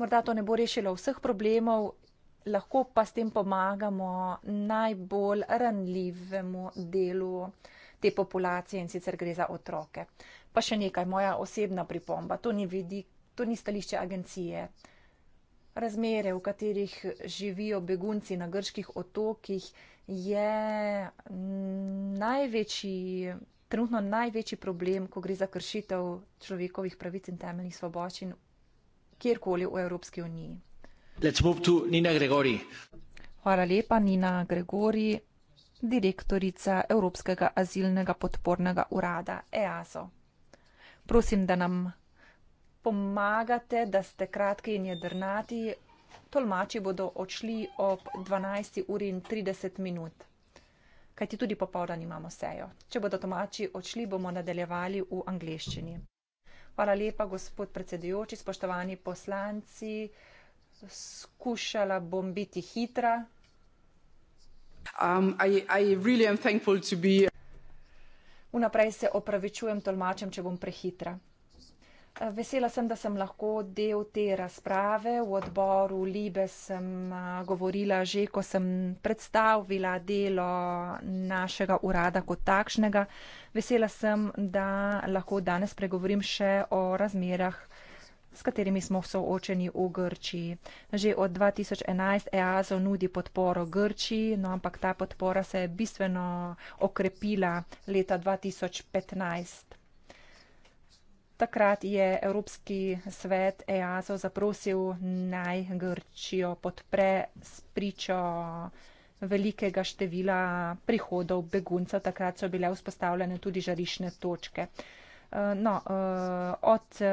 Morda to ne bo rešilo vseh problemov, lahko pa s tem pomagamo najbolj ranljivemu delu te populacije in sicer gre za otroke. Pa še nekaj, moja osebna pripomba, to ni vidik, to ni stališče agencije. Razmere, v katerih živijo begunci na grških otokih, je največji, trenutno največji problem, ko gre za kršitev človekovih pravic in temeljnih svoboščin kjerkoli v Evropski uniji. Hvala lepa, Nina Gregori, direktorica Evropskega azilnega podpornega urada EASO. Prosim, da nam pomagate, da ste kratki in jedrnati. Tolmači bodo odšli ob 12. uri in 30 minut, kajti tudi popovdan imamo sejo. Če bodo tolmači odšli, bomo nadaljevali v angleščini. Hvala lepa, gospod predsedujoči, spoštovani poslanci. Skušala bom biti hitra. Um, I, I really be... Vnaprej se opravičujem tolmačem, če bom prehitra. Eh, vesela sem, da sem lahko del te razprave. V odboru Libe sem eh, govorila že, ko sem predstavila delo našega urada kot takšnega. Vesela sem, da lahko danes pregovorim še o razmerah, s katerimi smo soočeni v Grčiji. Že od 2011 EASO nudi podporo Grčiji, no ampak ta podpora se je bistveno okrepila leta 2015. Takrat je Evropski svet EASO zaprosil naj Grčijo podpre s pričo velikega števila prihodov beguncev. Takrat so bile vzpostavljene tudi žarišne točke. Eh, no, eh, od eh,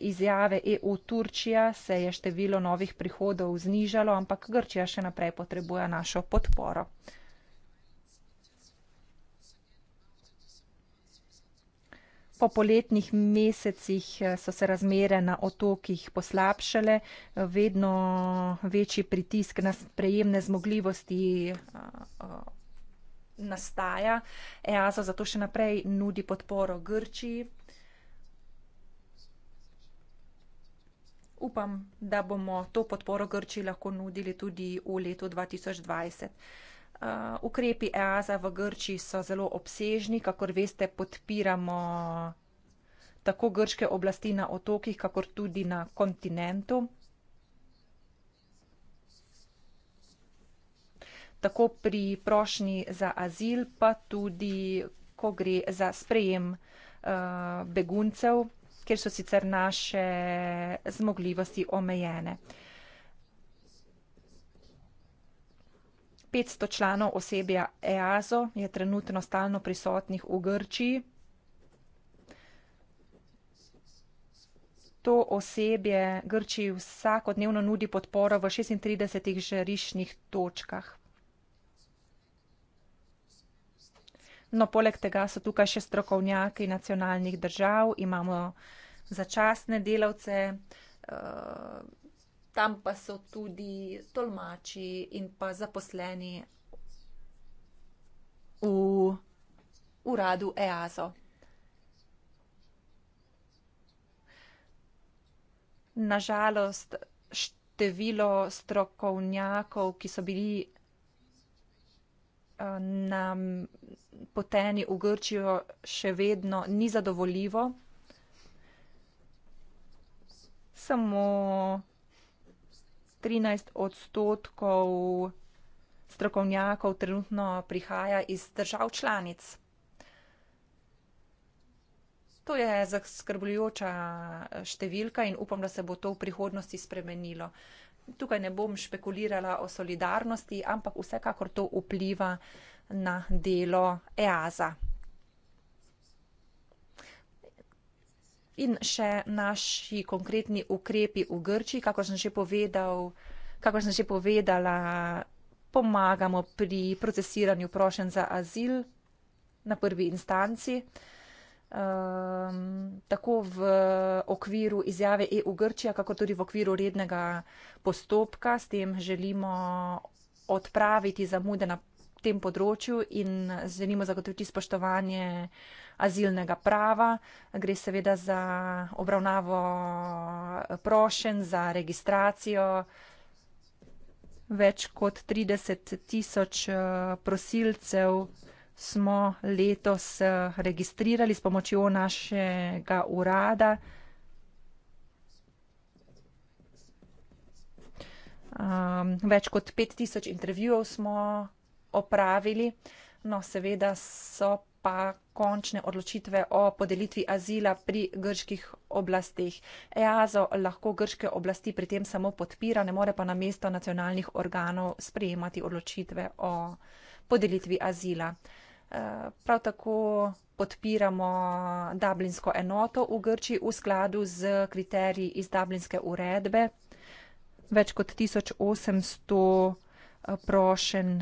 izjave EU Turčija se je število novih prihodov znižalo, ampak Grčija še naprej potrebuje našo podporo. Po poletnih mesecih eh, so se razmere na otokih poslabšale, eh, vedno večji pritisk na sprejemne zmogljivosti eh, nastaja. EASO zato še naprej nudi podporo Grčiji. Upam, da bomo to podporo Grčiji lahko nudili tudi v letu 2020. Uh, ukrepi EASA v Grčiji so zelo obsežni, kakor veste, podpiramo tako grške oblasti na otokih, kakor tudi na kontinentu. Tako pri prošnji za azil, pa tudi, ko gre za sprejem uh, beguncev, ker so sicer naše zmogljivosti omejene. 500 članov osebja EASO je trenutno stalno prisotnih v Grčiji. To osebje Grčiji vsakodnevno nudi podporo v 36 žariščnih točkah. No, poleg tega so tukaj še strokovnjaki nacionalnih držav, imamo začasne delavce. Uh, tam pa so tudi tolmači in pa zaposleni v uradu EASO. Nažalost, število strokovnjakov, ki so bili eh, nam poteni v Grčijo, še vedno ni zadovoljivo. Samo 13 odstotkov strokovnjakov trenutno prihaja iz držav članic. To je zaskrbljujoča številka in upam, da se bo to v prihodnosti spremenilo. Tukaj ne bom špekulirala o solidarnosti, ampak vsekakor to vpliva na delo EASA. In še naši konkretni ukrepi v Grči, kako sem že povedal, kako sem že povedala, pomagamo pri procesiranju prošen za azil na prvi instanci. Um, tako v okviru izjave EU Grčija, kako tudi v okviru rednega postopka, s tem želimo odpraviti zamude na tem področju in želimo zagotoviti spoštovanje azilnega prava. Gre seveda za obravnavo prošen, za registracijo. Več kot 30 tisoč eh, prosilcev smo letos eh, registrirali s pomočjo našega urada. Um, več kot 5000 intervjujev smo opravili. No, seveda so pa končne odločitve o podelitvi azila pri grških oblastih. EASO lahko grške oblasti pri tem samo podpira, ne more pa na mesto nacionalnih organov sprejemati odločitve o podelitvi azila. E, prav tako podpiramo Dublinsko enoto v Grčiji v skladu z kriteriji iz Dublinske uredbe. Več kot 1800 e, prošen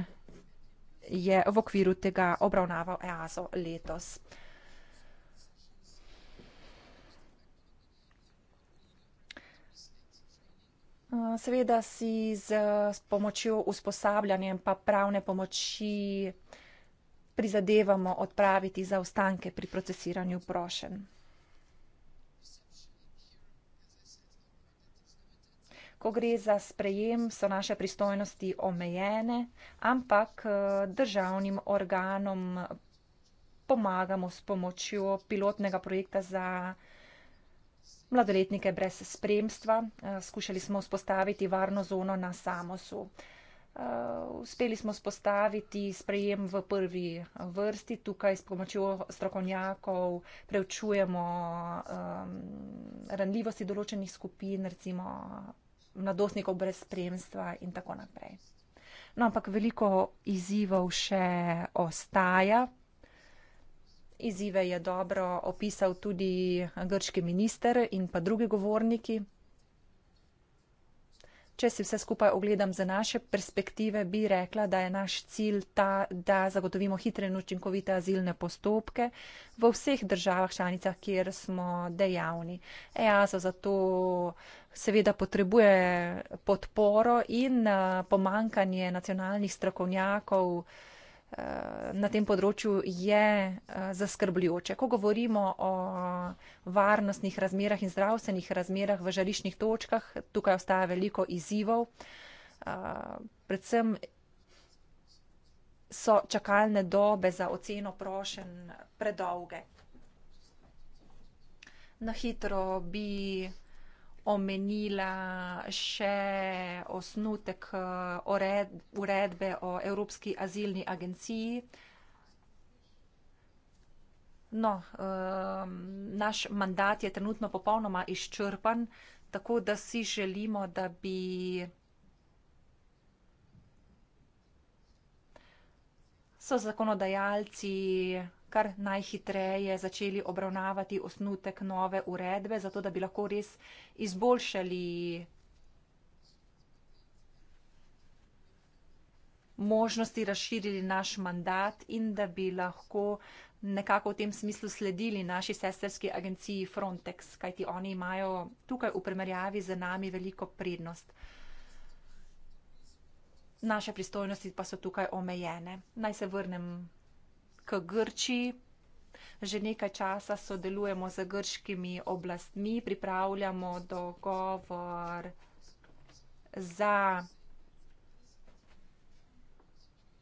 je v okviru tega obravnaval EASO letos. Eh, seveda si z pomočjo usposabljanjem pa pravne pomoči prizadevamo odpraviti zaostanke pri procesiranju prošen. ko gre za sprejem, so naše pristojnosti omejene, ampak eh, državnim organom pomagamo s pomočjo pilotnega projekta za mladoletnike brez spremstva. Eh, skušali smo spostaviti varno zono na Samosu. Eh, uspeli smo spostaviti sprejem v prvi vrsti, tukaj s pomočjo strokovnjakov preučujemo um, ranljivosti določenih skupin, recimo mladostnikov brez spremstva in tako naprej. No, ampak veliko izzivov še ostaja. Izive je dobro opisal tudi grški minister in pa drugi govorniki. Če si vse skupaj ogledam za naše perspektive, bi rekla, da je naš cilj ta, da zagotovimo hitre in učinkovite azilne postopke v vseh državah članicah, kjer smo dejavni. EASO zato uh, seveda potrebuje podporo in eh, pomankanje nacionalnih strokovnjakov eh, na tem področju je eh, zaskrbljujoče. Ko govorimo o varnostnih razmerah in zdravstvenih razmerah v žariščnih točkah, tukaj ostaja veliko izzivov. Predvsem so čakalne dobe za oceno prošen predolge. Na hitro bi omenila še osnutek eh, uredbe o Evropski azilni agenciji. No, ehm, naš mandat je trenutno popolnoma izčrpan, tako da si želimo, da bi so zakonodajalci kar najhitreje začeli obravnavati osnutek nove uredbe, zato da bi lahko res izboljšali možnosti, razširili naš mandat in da bi lahko nekako v tem smislu sledili naši sesterski agenciji Frontex, kajti oni imajo tukaj v primerjavi z nami veliko prednost. Naše pristojnosti pa so tukaj omejene. Naj se vrnem k Grčiji. Že nekaj časa sodelujemo z grškimi oblastmi, pripravljamo dogovor za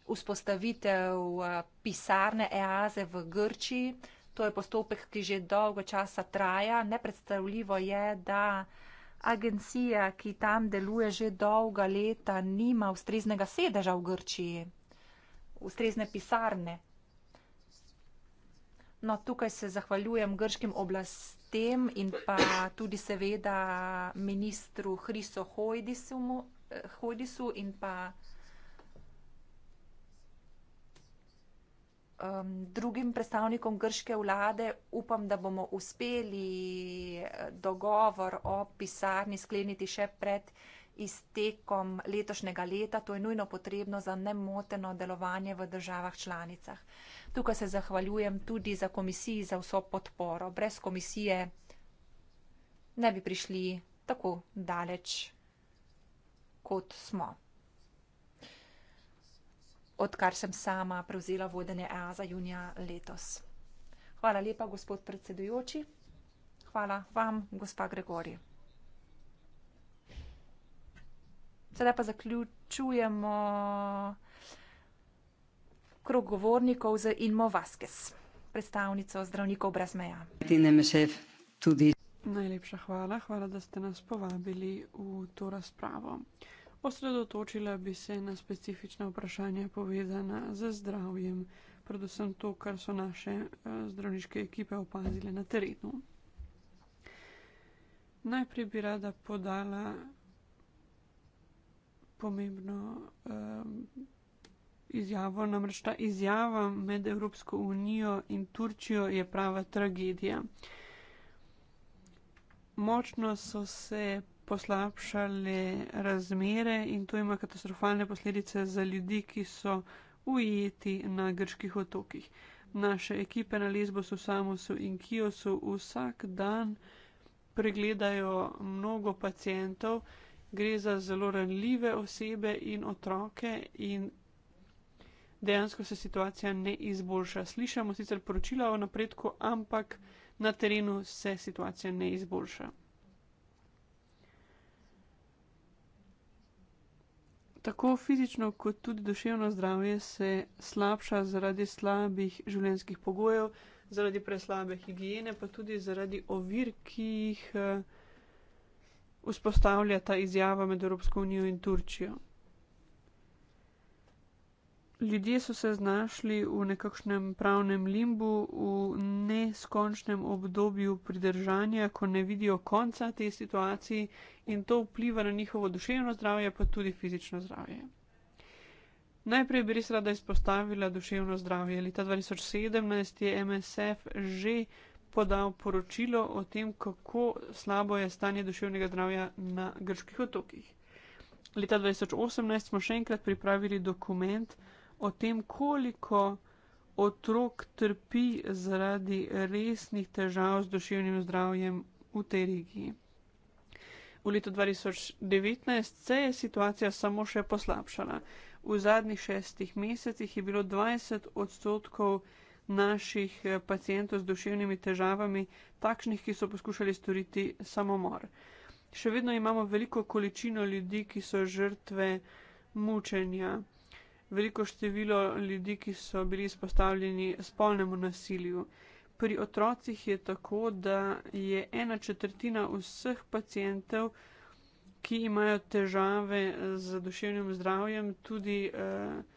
vzpostavitev eh, pisarne EAZE v Grčiji. To je postopek, ki že dolgo časa traja. Nepredstavljivo je, da agencija, ki tam deluje že dolga leta, nima ustreznega sedeža v Grčiji, ustrezne pisarne. No, tukaj se zahvaljujem grškim oblastem in pa tudi seveda ministru Hriso Hojdisu eh, in pa drugim predstavnikom grške vlade. Upam, da bomo uspeli eh, dogovor o pisarni skleniti še pred vsega iztekom letošnjega leta. To je nujno potrebno za nemoteno delovanje v državah članicah. Tukaj se zahvaljujem tudi za komisiji za vso podporo. Brez komisije ne bi prišli tako daleč, kot smo. Odkar sem sama prevzela vodenje EASA junija letos. Hvala lepa, gospod predsedujoči. Hvala vam, gospa Gregorij. Sedaj pa zaključujemo krog govornikov z Inmo Vaskes, predstavnico zdravnikov brez meja. Najlepša hvala, hvala, da ste nas povabili v to razpravo. Osredotočila bi se na specifična vprašanja povezana z zdravjem, predvsem to, kar so naše eh, zdravniške ekipe opazile na terenu. Najprej bi rada podala pomembno um, izjavo. Namreč ta izjava med Evropsko unijo in Turčijo je prava tragedija. Močno so se poslabšale razmere in to ima katastrofalne posledice za ljudi, ki so ujeti na grških otokih. Naše ekipe na Lesbosu, Samosu in Kijosu vsak dan pregledajo mnogo pacijentov, gre za zelo ranljive osebe in otroke in dejansko se situacija ne izboljša. Slišamo sicer poročila o napredku, ampak na terenu se situacija ne izboljša. Tako fizično kot tudi duševno zdravje se slabša zaradi slabih življenjskih pogojev, zaradi preslabe higiene, pa tudi zaradi ovir, ki jih uh, vzpostavlja ta izjava med Evropsko unijo in Turčijo. Ljudje so se znašli v nekakšnem pravnem limbu, v neskončnem obdobju pridržanja, ko ne vidijo konca tej situaciji in to vpliva na njihovo duševno zdravje, pa tudi fizično zdravje. Najprej bi res rada izpostavila duševno zdravje. Leta 2017 je MSF že podal poročilo o tem, kako slabo je stanje duševnega zdravja na grških otokih. Leta 2018 smo še enkrat pripravili dokument o tem, koliko otrok trpi zaradi resnih težav z duševnim zdravjem v tej regiji. V letu 2019 se je situacija samo še poslabšala. V zadnjih šestih mesecih je bilo 20 odstotkov naših eh, pacijentov z duševnimi težavami, takšnih, ki so poskušali storiti samomor. Še vedno imamo veliko količino ljudi, ki so žrtve mučenja, veliko število ljudi, ki so bili izpostavljeni spolnemu nasilju. Pri otrocih je tako, da je ena četrtina vseh pacijentov, ki imajo težave z duševnim zdravjem, tudi eh,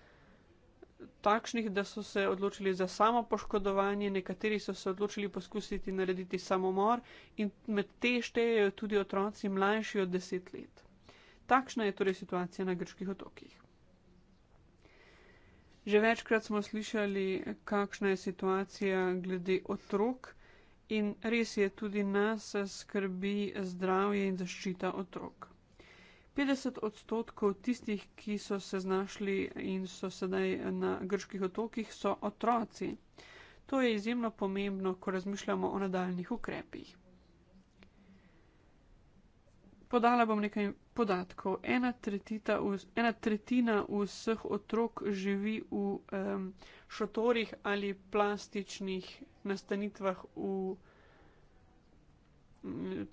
takšnih, da so se odločili za samo poškodovanje, nekateri so se odločili poskusiti narediti samomor in med te štejejo tudi otroci mlajši od deset let. Takšna je torej situacija na grških otokih. Že večkrat smo slišali, kakšna je situacija glede otrok in res je tudi nas skrbi zdravje in zaščita otrok. 50 odstotkov tistih, ki so se znašli in so sedaj na grških otokih, so otroci. To je izjemno pomembno, ko razmišljamo o nadaljnih ukrepih. Podala bom nekaj podatkov. Ena tretjina, ena tretjina vseh otrok živi v um, šotorih ali plastičnih nastanitvah v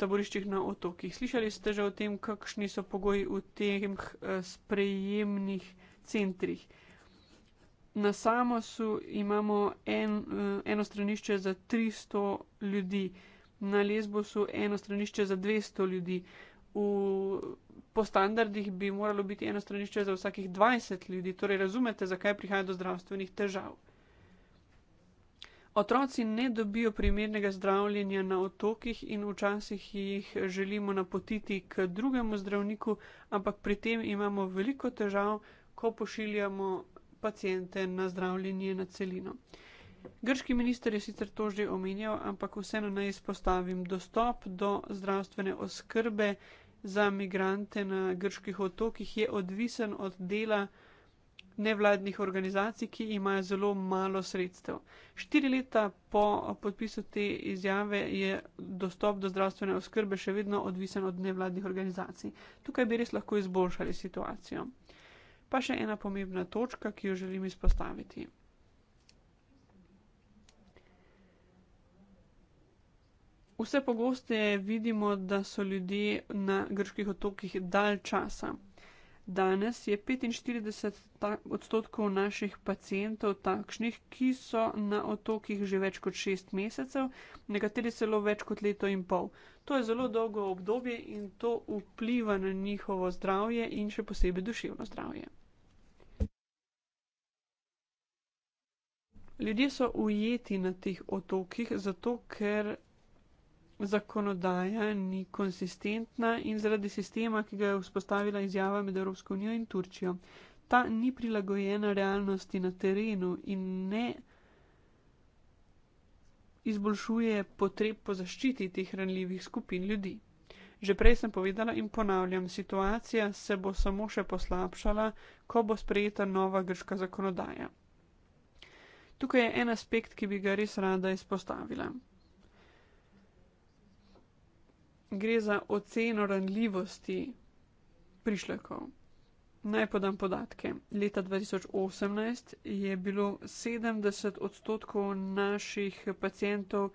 taboriščih na otokih. Slišali ste že o tem, kakšni so pogoji v tem eh, sprejemnih centrih. Na Samosu imamo en, eh, eno stranišče za 300 ljudi, na Lesbosu eno stranišče za 200 ljudi. V, po standardih bi moralo biti eno stranišče za vsakih 20 ljudi, torej razumete, zakaj prihaja do zdravstvenih težav. Otroci ne dobijo primernega zdravljenja na otokih in včasih jih želimo napotiti k drugemu zdravniku, ampak pri tem imamo veliko težav, ko pošiljamo pacijente na zdravljenje na celino. Grški minister je sicer to že omenjal, ampak vseeno naj izpostavim dostop do zdravstvene oskrbe za migrante na grških otokih je odvisen od dela nevladnih organizacij, ki imajo zelo malo sredstev. Štiri leta po podpisu te izjave je dostop do zdravstvene oskrbe še vedno odvisen od nevladnih organizacij. Tukaj bi res lahko izboljšali situacijo. Pa še ena pomembna točka, ki jo želim izpostaviti. Vse pogosteje vidimo, da so ljudje na grških otokih dalj časa. Danes je 45 odstotkov naših pacijentov takšnih, ki so na otokih že več kot šest mesecev, nekateri celo več kot leto in pol. To je zelo dolgo obdobje in to vpliva na njihovo zdravje in še posebej duševno zdravje. Ljudje so ujeti na teh otokih, zato ker zakonodaja ni konsistentna in zaradi sistema, ki ga je vzpostavila izjava med Evropsko unijo in Turčijo. Ta ni prilagojena realnosti na terenu in ne izboljšuje potreb po zaščiti teh ranljivih skupin ljudi. Že prej sem povedala in ponavljam, situacija se bo samo še poslabšala, ko bo sprejeta nova grška zakonodaja. Tukaj je en aspekt, ki bi ga res rada izpostavila gre za oceno ranljivosti prišlekov. Naj podam podatke. Leta 2018 je bilo 70 odstotkov naših pacijentov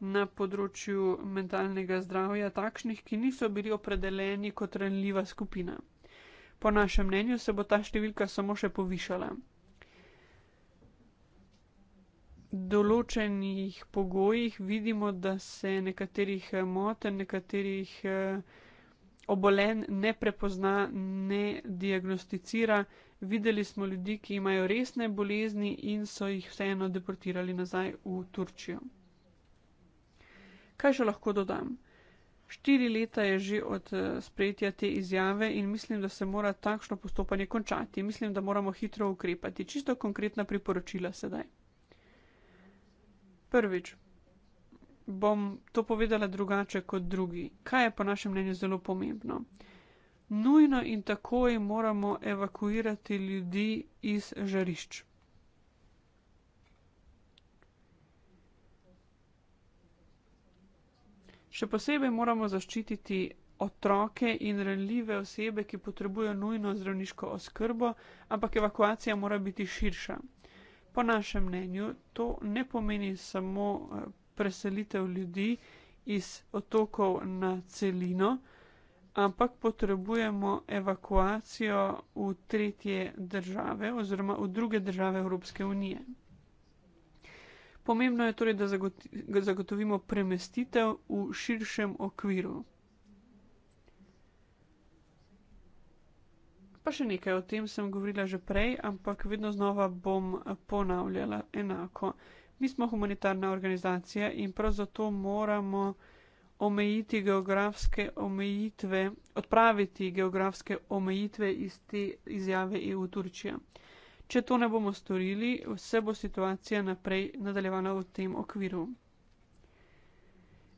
na področju mentalnega zdravja takšnih, ki niso bili opredeljeni kot ranljiva skupina. Po našem mnenju se bo ta številka samo še povišala določenih pogojih vidimo, da se nekaterih eh, motenj, nekaterih eh, obolenj ne prepozna, ne diagnosticira. Videli smo ljudi, ki imajo resne bolezni in so jih vseeno deportirali nazaj v Turčijo. Kaj še lahko dodam? Štiri leta je že od eh, sprejetja te izjave in mislim, da se mora takšno postopanje končati. Mislim, da moramo hitro ukrepati. Čisto konkretna priporočila sedaj. Prvič, bom to povedala drugače kot drugi. Kaj je po našem mnenju zelo pomembno? Nujno in takoj moramo evakuirati ljudi iz žarišč. Še posebej moramo zaščititi otroke in renljive osebe, ki potrebujejo nujno zdravniško oskrbo, ampak evakuacija mora biti širša. Po našem mnenju to ne pomeni samo eh, preselitev ljudi iz otokov na celino, ampak potrebujemo evakuacijo v tretje države oziroma v druge države Evropske unije. Pomembno je torej, da zagotovimo premestitev v širšem okviru. pa še nekaj o tem sem govorila že prej, ampak vedno znova bom ponavljala enako. Mi smo humanitarna organizacija in prav zato moramo omejiti geografske omejitve, odpraviti geografske omejitve iz te izjave EU Turčija. Če to ne bomo storili, vse bo situacija naprej nadaljevala v tem okviru.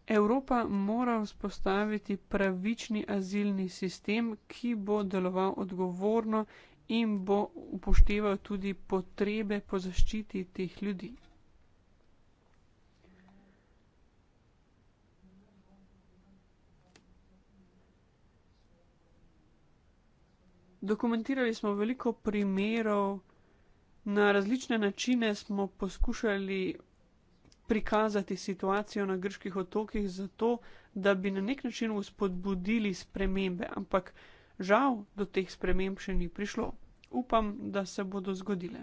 Evropa mora vzpostaviti pravični azilni sistem, ki bo deloval odgovorno in bo upošteval tudi potrebe po zaščiti teh ljudi. Dokumentirali smo veliko primerov, na različne načine smo poskušali prikazati situacijo na grških otokih, zato da bi na nek način uspodbudili spremembe, ampak žal do teh sprememb še ni prišlo. Upam, da se bodo zgodile.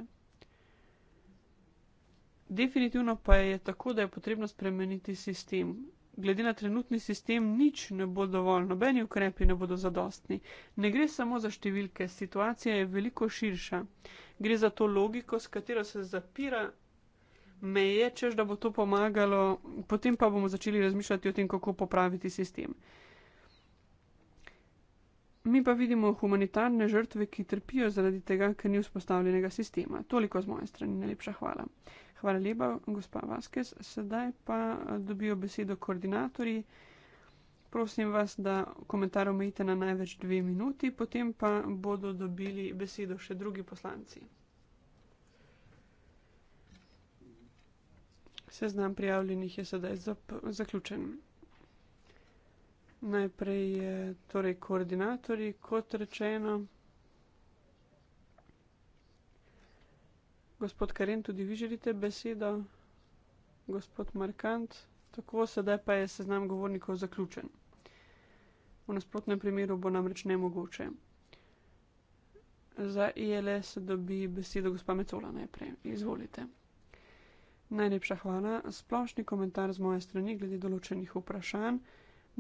Definitivno pa je tako, da je potrebno spremeniti sistem. Glede na trenutni sistem, nič ne bo dovolj, nobeni ukrepi ne bodo zadostni. Ne gre samo za številke, situacija je veliko širša. Gre za to logiko, s katero se zapira meje, češ da bo to pomagalo, potem pa bomo začeli razmišljati o tem, kako popraviti sistem. Mi pa vidimo humanitarne žrtve, ki trpijo zaradi tega, ker ni vzpostavljenega sistema. Toliko z moje strani, najlepša hvala. Hvala lepa, gospa Vaskes. Sedaj pa dobijo besedo koordinatorji. Prosim vas, da komentar omejite na največ dve minuti, potem pa bodo dobili besedo še drugi poslanci. Seznam prijavljenih je sedaj zap, zaključen. Najprej je torej koordinatorji, kot rečeno. Gospod Karen, tudi vi želite besedo? Gospod Markant, tako sedaj pa je seznam govornikov zaključen. V nasprotnem primeru bo namreč nemogoče. Za ILS e dobi besedo gospa Mecola najprej. Izvolite. Najlepša hvala. Splošni komentar z moje strani glede določenih vprašanj.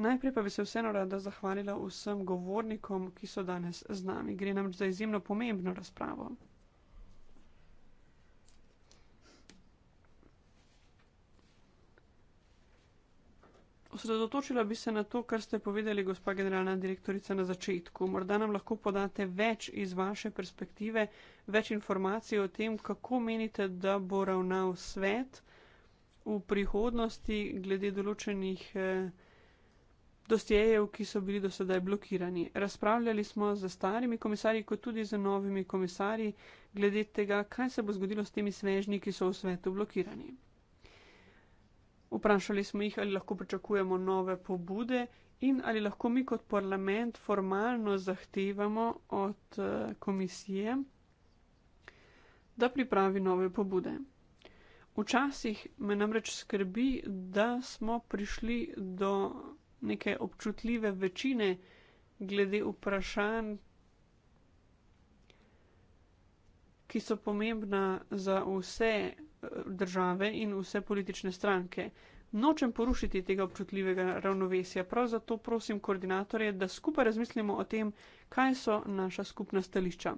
Najprej pa bi se vseeno rada zahvalila vsem govornikom, ki so danes z nami. Gre namreč za izjemno pomembno razpravo. Osredotočila bi se na to, kar ste povedali, gospa generalna direktorica, na začetku. Morda nam lahko podate več iz vaše perspektive, več informacij o tem, kako menite, da bo ravnal svet v prihodnosti glede določenih eh, dostjejev, ki so bili do sedaj blokirani. Razpravljali smo z starimi komisarji, kot tudi z novimi komisarji, glede tega, kaj se bo zgodilo s temi svežniki, ki so v svetu blokirani. Vprašali smo jih, ali lahko pričakujemo nove pobude in ali lahko mi kot parlament formalno zahtevamo od eh, komisije, da pripravi nove pobude. Včasih me namreč skrbi, da smo prišli do neke občutljive večine glede vprašanj, ki so pomembna za vse države in vse politične stranke. Nočem porušiti tega občutljivega ravnovesja, prav zato prosim koordinatorje, da skupaj razmislimo o tem, kaj so naša skupna stališča.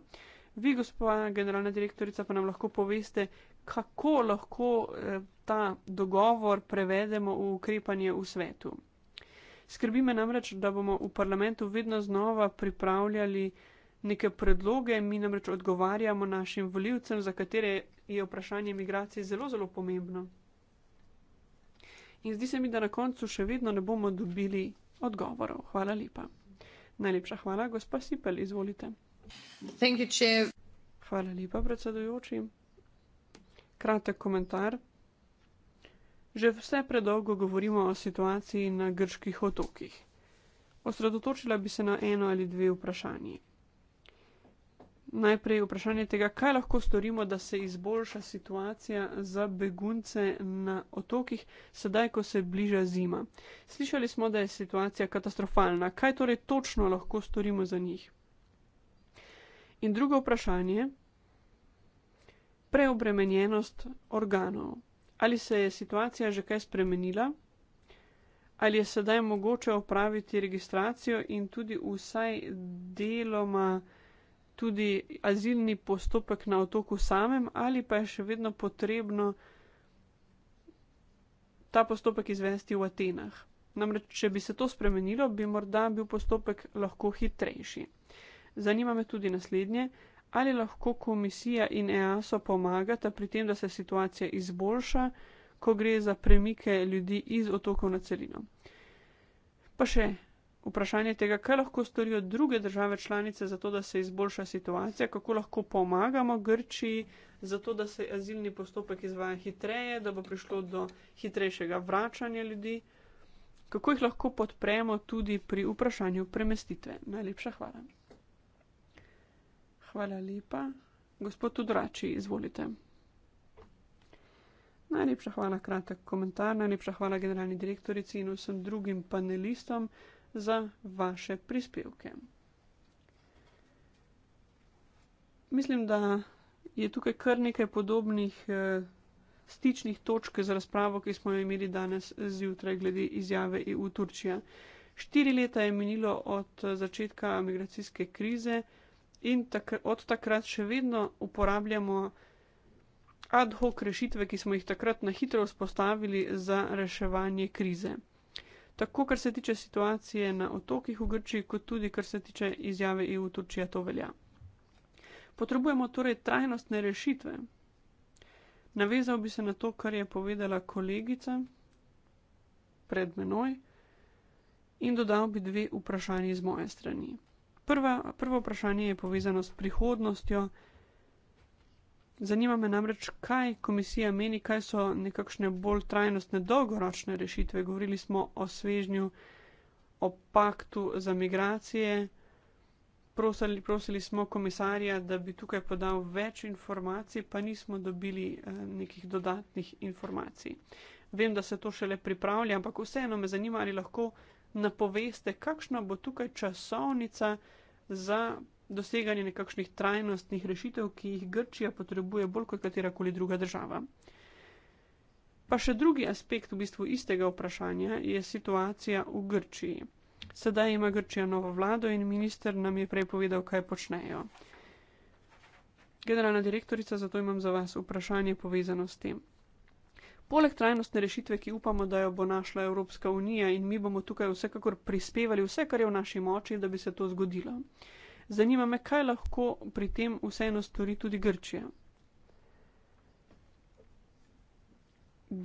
Vi, gospod generalna direktorica, pa nam lahko poveste, kako lahko eh, ta dogovor prevedemo v ukrepanje v svetu. Skrbi me namreč, da bomo v parlamentu vedno znova pripravljali neke predloge, mi namreč odgovarjamo našim voljivcem, za katere je vprašanje migracij zelo, zelo pomembno. In zdi se mi, da na koncu še vedno ne bomo dobili odgovorov. Hvala lepa. Najlepša hvala, gospa Sipel, izvolite. You, hvala lepa, predsedujoči. Kratek komentar. Že vse predolgo govorimo o situaciji na grških otokih. Osredotočila bi se na eno ali dve vprašanji najprej vprašanje tega, kaj lahko storimo, da se izboljša situacija za begunce na otokih, sedaj, ko se bliža zima. Slišali smo, da je situacija katastrofalna. Kaj torej točno lahko storimo za njih? In drugo vprašanje. Preobremenjenost organov. Ali se je situacija že kaj spremenila? Ali je sedaj mogoče opraviti registracijo in tudi vsaj deloma tudi azilni postopek na otoku samem, ali pa je še vedno potrebno ta postopek izvesti v Atenah. Namreč, če bi se to spremenilo, bi morda bil postopek lahko hitrejši. Zanima me tudi naslednje, ali lahko komisija in EASO pomagata pri tem, da se situacija izboljša, ko gre za premike ljudi iz otokov na celino. Pa še vprašanje tega, kaj lahko storijo druge države članice za to, da se izboljša situacija, kako lahko pomagamo Grčiji za to, da se azilni postopek izvaja hitreje, da bo prišlo do hitrejšega vračanja ljudi, kako jih lahko podpremo tudi pri vprašanju premestitve. Najlepša hvala. Hvala lepa. Gospod Tudorači, izvolite. Najlepša hvala, kratek komentar. Najlepša hvala generalni direktorici in vsem drugim panelistom za vaše prispevke. Mislim, da je tukaj kar nekaj podobnih eh, stičnih točk z razpravo, ki smo jo imeli danes zjutraj glede izjave EU Turčija. Štiri leta je minilo od eh, začetka migracijske krize in tak od takrat še vedno uporabljamo ad hoc rešitve, ki smo jih takrat na hitro vzpostavili za reševanje krize tako kar se tiče situacije na otokih v Grčiji, kot tudi kar se tiče izjave EU Turčija, to velja. Potrebujemo torej trajnostne rešitve. Navezal bi se na to, kar je povedala kolegica pred menoj in dodal bi dve vprašanji z moje strani. Prva, prvo vprašanje je povezano s prihodnostjo Zanima me namreč, kaj komisija meni, kaj so nekakšne bolj trajnostne dolgoročne rešitve. Govorili smo o svežnju, o paktu za migracije. Prosili, prosili smo komisarja, da bi tukaj podal več informacij, pa nismo dobili eh, nekih dodatnih informacij. Vem, da se to šele pripravlja, ampak vseeno me zanima, ali lahko napoveste, kakšna bo tukaj časovnica za doseganje nekakšnih trajnostnih rešitev, ki jih Grčija potrebuje bolj kot katerakoli druga država. Pa še drugi aspekt v bistvu istega vprašanja je situacija v Grčiji. Sedaj ima Grčija novo vlado in minister nam je prej povedal, kaj počnejo. Generalna direktorica, zato imam za vas vprašanje povezano s tem. Poleg trajnostne rešitve, ki upamo, da jo bo našla Evropska unija in mi bomo tukaj vsekakor prispevali vse, kar je v naši moči, da bi se to zgodilo. Zanima me, kaj lahko pri tem vseeno stori tudi Grčija.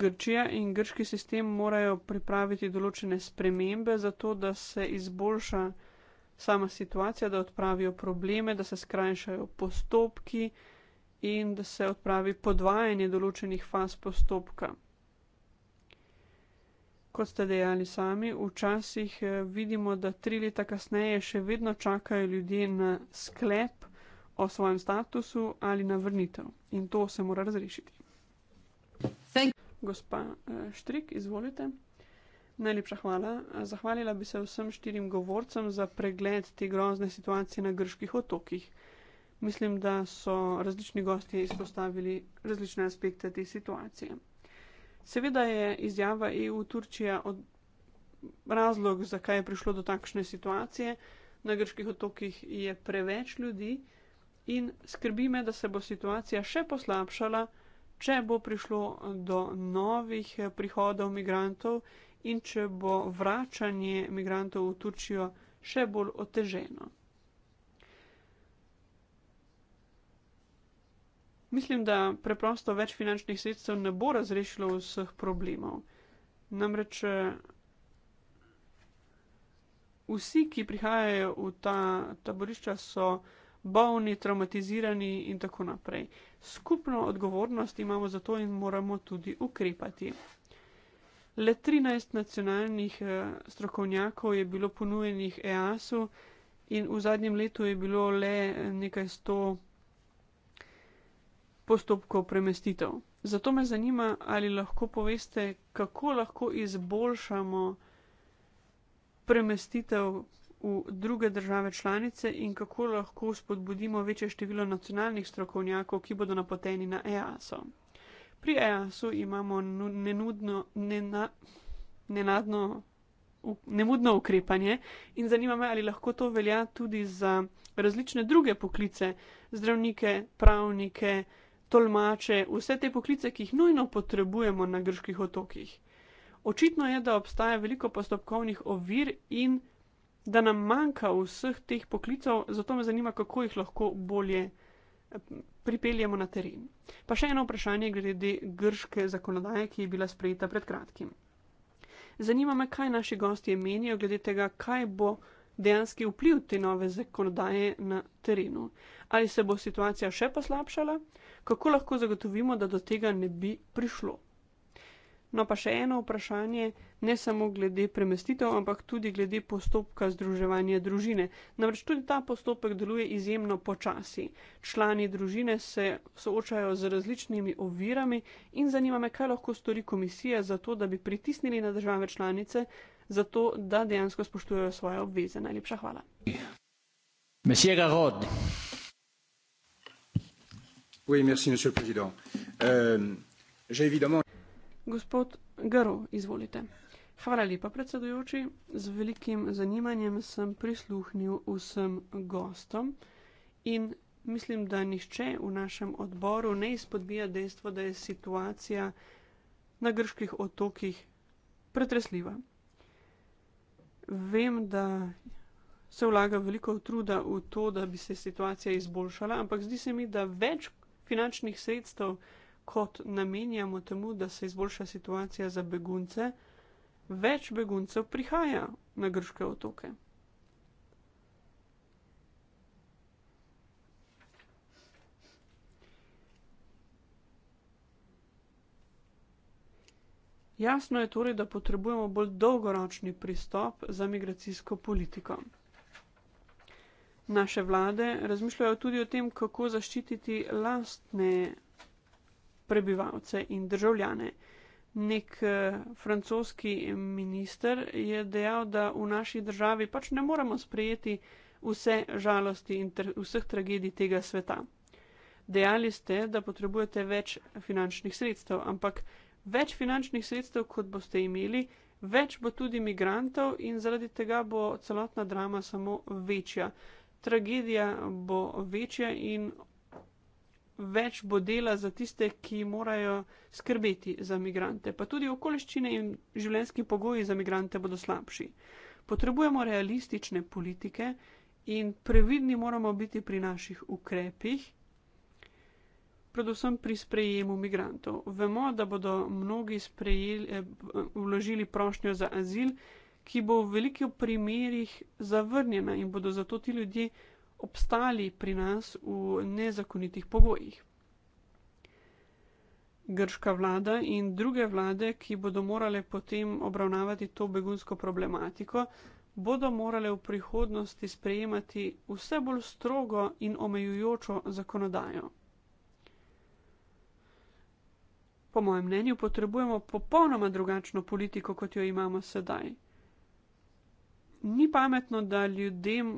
Grčija in grški sistem morajo pripraviti določene spremembe, zato da se izboljša sama situacija, da odpravijo probleme, da se skrajšajo postopki in da se odpravi podvajanje določenih faz postopka kot ste dejali sami, včasih eh, vidimo, da tri leta kasneje še vedno čakajo ljudje na sklep o svojem statusu ali na vrnitev. In to se mora razrešiti. Thank Gospa eh, Štrik, izvolite. Najlepša hvala. Zahvalila bi se vsem štirim govorcem za pregled te grozne situacije na grških otokih. Mislim, da so različni gostje izpostavili različne aspekte te situacije. Seveda je izjava EU Turčija od razlog, zakaj je prišlo do takšne situacije. Na grških otokih je preveč ljudi in skrbi me, da se bo situacija še poslabšala, če bo prišlo do novih eh, prihodov migrantov in če bo vračanje migrantov v Turčijo še bolj oteženo. Mislim, da preprosto več finančnih sredstev ne bo razrešilo vseh problemov. Namreč eh, vsi, ki prihajajo v ta taborišča, so bolni, traumatizirani in tako naprej. Skupno odgovornost imamo za to in moramo tudi ukrepati. Le 13 nacionalnih eh, strokovnjakov je bilo ponujenih EAS-u in v zadnjem letu je bilo le eh, nekaj sto postopkov premestitev. Zato me zanima, ali lahko poveste, kako lahko izboljšamo premestitev v druge države članice in kako lahko spodbudimo večje število nacionalnih strokovnjakov, ki bodo napoteni na EASO. Pri EASO imamo nenudno, nena, nenadno, nemudno ukrepanje in zanima me, ali lahko to velja tudi za različne druge poklice, zdravnike, pravnike, tolmače, vse te poklice, ki jih nujno potrebujemo na grških otokih. Očitno je, da obstaja veliko postopkovnih ovir in da nam manjka vseh teh poklicov, zato me zanima, kako jih lahko bolje eh, pripeljemo na teren. Pa še eno vprašanje glede grške zakonodaje, ki je bila sprejeta pred kratkim. Zanima me, kaj naši gosti menijo glede tega, kaj bo dejanski vpliv te nove zakonodaje na terenu? Ali se bo situacija še poslabšala? Kako lahko zagotovimo, da do tega ne bi prišlo? No, pa še eno vprašanje, ne samo glede premestitev, ampak tudi glede postopka združevanja družine. Namreč tudi ta postopek deluje izjemno počasi. Člani družine se soočajo z različnimi ovirami in zanima me, kaj lahko stori komisija za to, da bi pritisnili na države članice, za to, da dejansko spoštujejo svoje obveze. Najlepša hvala. Monsieur Garod. Oui, merci, monsieur le président. Euh, j'ai évidemment... Gospod Garo, izvolite. Hvala lepa, predsedujoči. Z velikim zanimanjem sem prisluhnil vsem gostom in mislim, da nišče v našem odboru ne izpodbija dejstvo, da je situacija na grških otokih pretresljiva. Vem, da se vlaga veliko truda v to, da bi se situacija izboljšala, ampak zdi se mi, da več finančnih sredstev, kot namenjamo temu, da se izboljša situacija za begunce, več beguncev prihaja na grške otoke. Jasno je torej, da potrebujemo bolj dolgoročni pristop za migracijsko politiko. Naše vlade razmišljajo tudi o tem, kako zaščititi lastne prebivalce in državljane. Nek eh, francoski minister je dejal, da v naši državi pač ne moremo sprejeti vse žalosti in vseh tragedij tega sveta. Dejali ste, da potrebujete več finančnih sredstev, ampak več finančnih sredstev, kot boste imeli, več bo tudi imigrantov in zaradi tega bo celotna drama samo večja. Tragedija bo večja in več bo dela za tiste, ki morajo skrbeti za imigrante. Pa tudi okoliščine in življenjski pogoji za imigrante bodo slabši. Potrebujemo realistične politike in previdni moramo biti pri naših ukrepih predvsem pri sprejemu migrantov. Vemo, da bodo mnogi sprejeli, eh, vložili prošnjo za azil, ki bo v veliki primerjih zavrnjena in bodo zato ti ljudje obstali pri nas v nezakonitih pogojih. Grška vlada in druge vlade, ki bodo morale potem obravnavati to begunsko problematiko, bodo morale v prihodnosti sprejemati vse bolj strogo in omejujočo zakonodajo. Po mojem mnenju potrebujemo popolnoma drugačno politiko, kot jo imamo sedaj. Ni pametno, da ljudem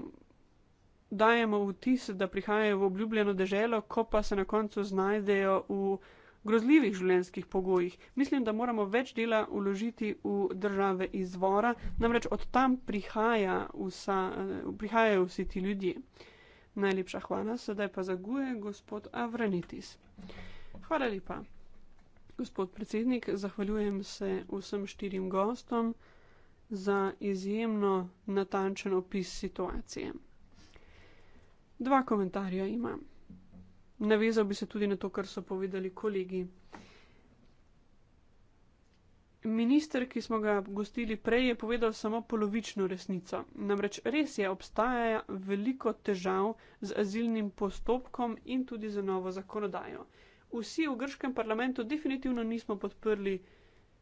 dajemo vtis, da prihajajo v obljubljeno deželo, ko pa se na koncu znajdejo v grozljivih življenjskih pogojih. Mislim, da moramo več dela uložiti v države izvora, namreč od tam prihaja vsa, eh, prihajajo vsi ti ljudje. Najlepša hvala, sedaj pa zaguje gospod Avranitis. Hvala lepa. Gospod predsednik, zahvaljujem se vsem štirim gostom za izjemno natančen opis situacije. Dva komentarja imam. Navezal bi se tudi na to, kar so povedali kolegi. Minister, ki smo ga gostili prej, je povedal samo polovično resnico. Namreč res je, obstaja veliko težav z azilnim postopkom in tudi z novo zakonodajo vsi v grškem parlamentu definitivno nismo podprli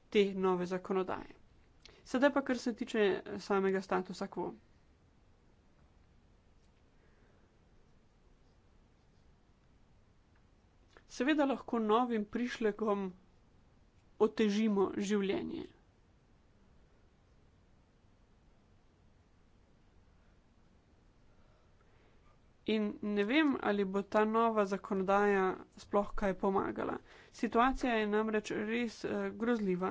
te nove zakonodaje. Sedaj pa, kar se tiče eh, samega statusa quo. Seveda lahko novim prišlekom otežimo življenje. In ne vem, ali bo ta nova zakonodaja sploh kaj pomagala. Situacija je namreč res eh, grozljiva.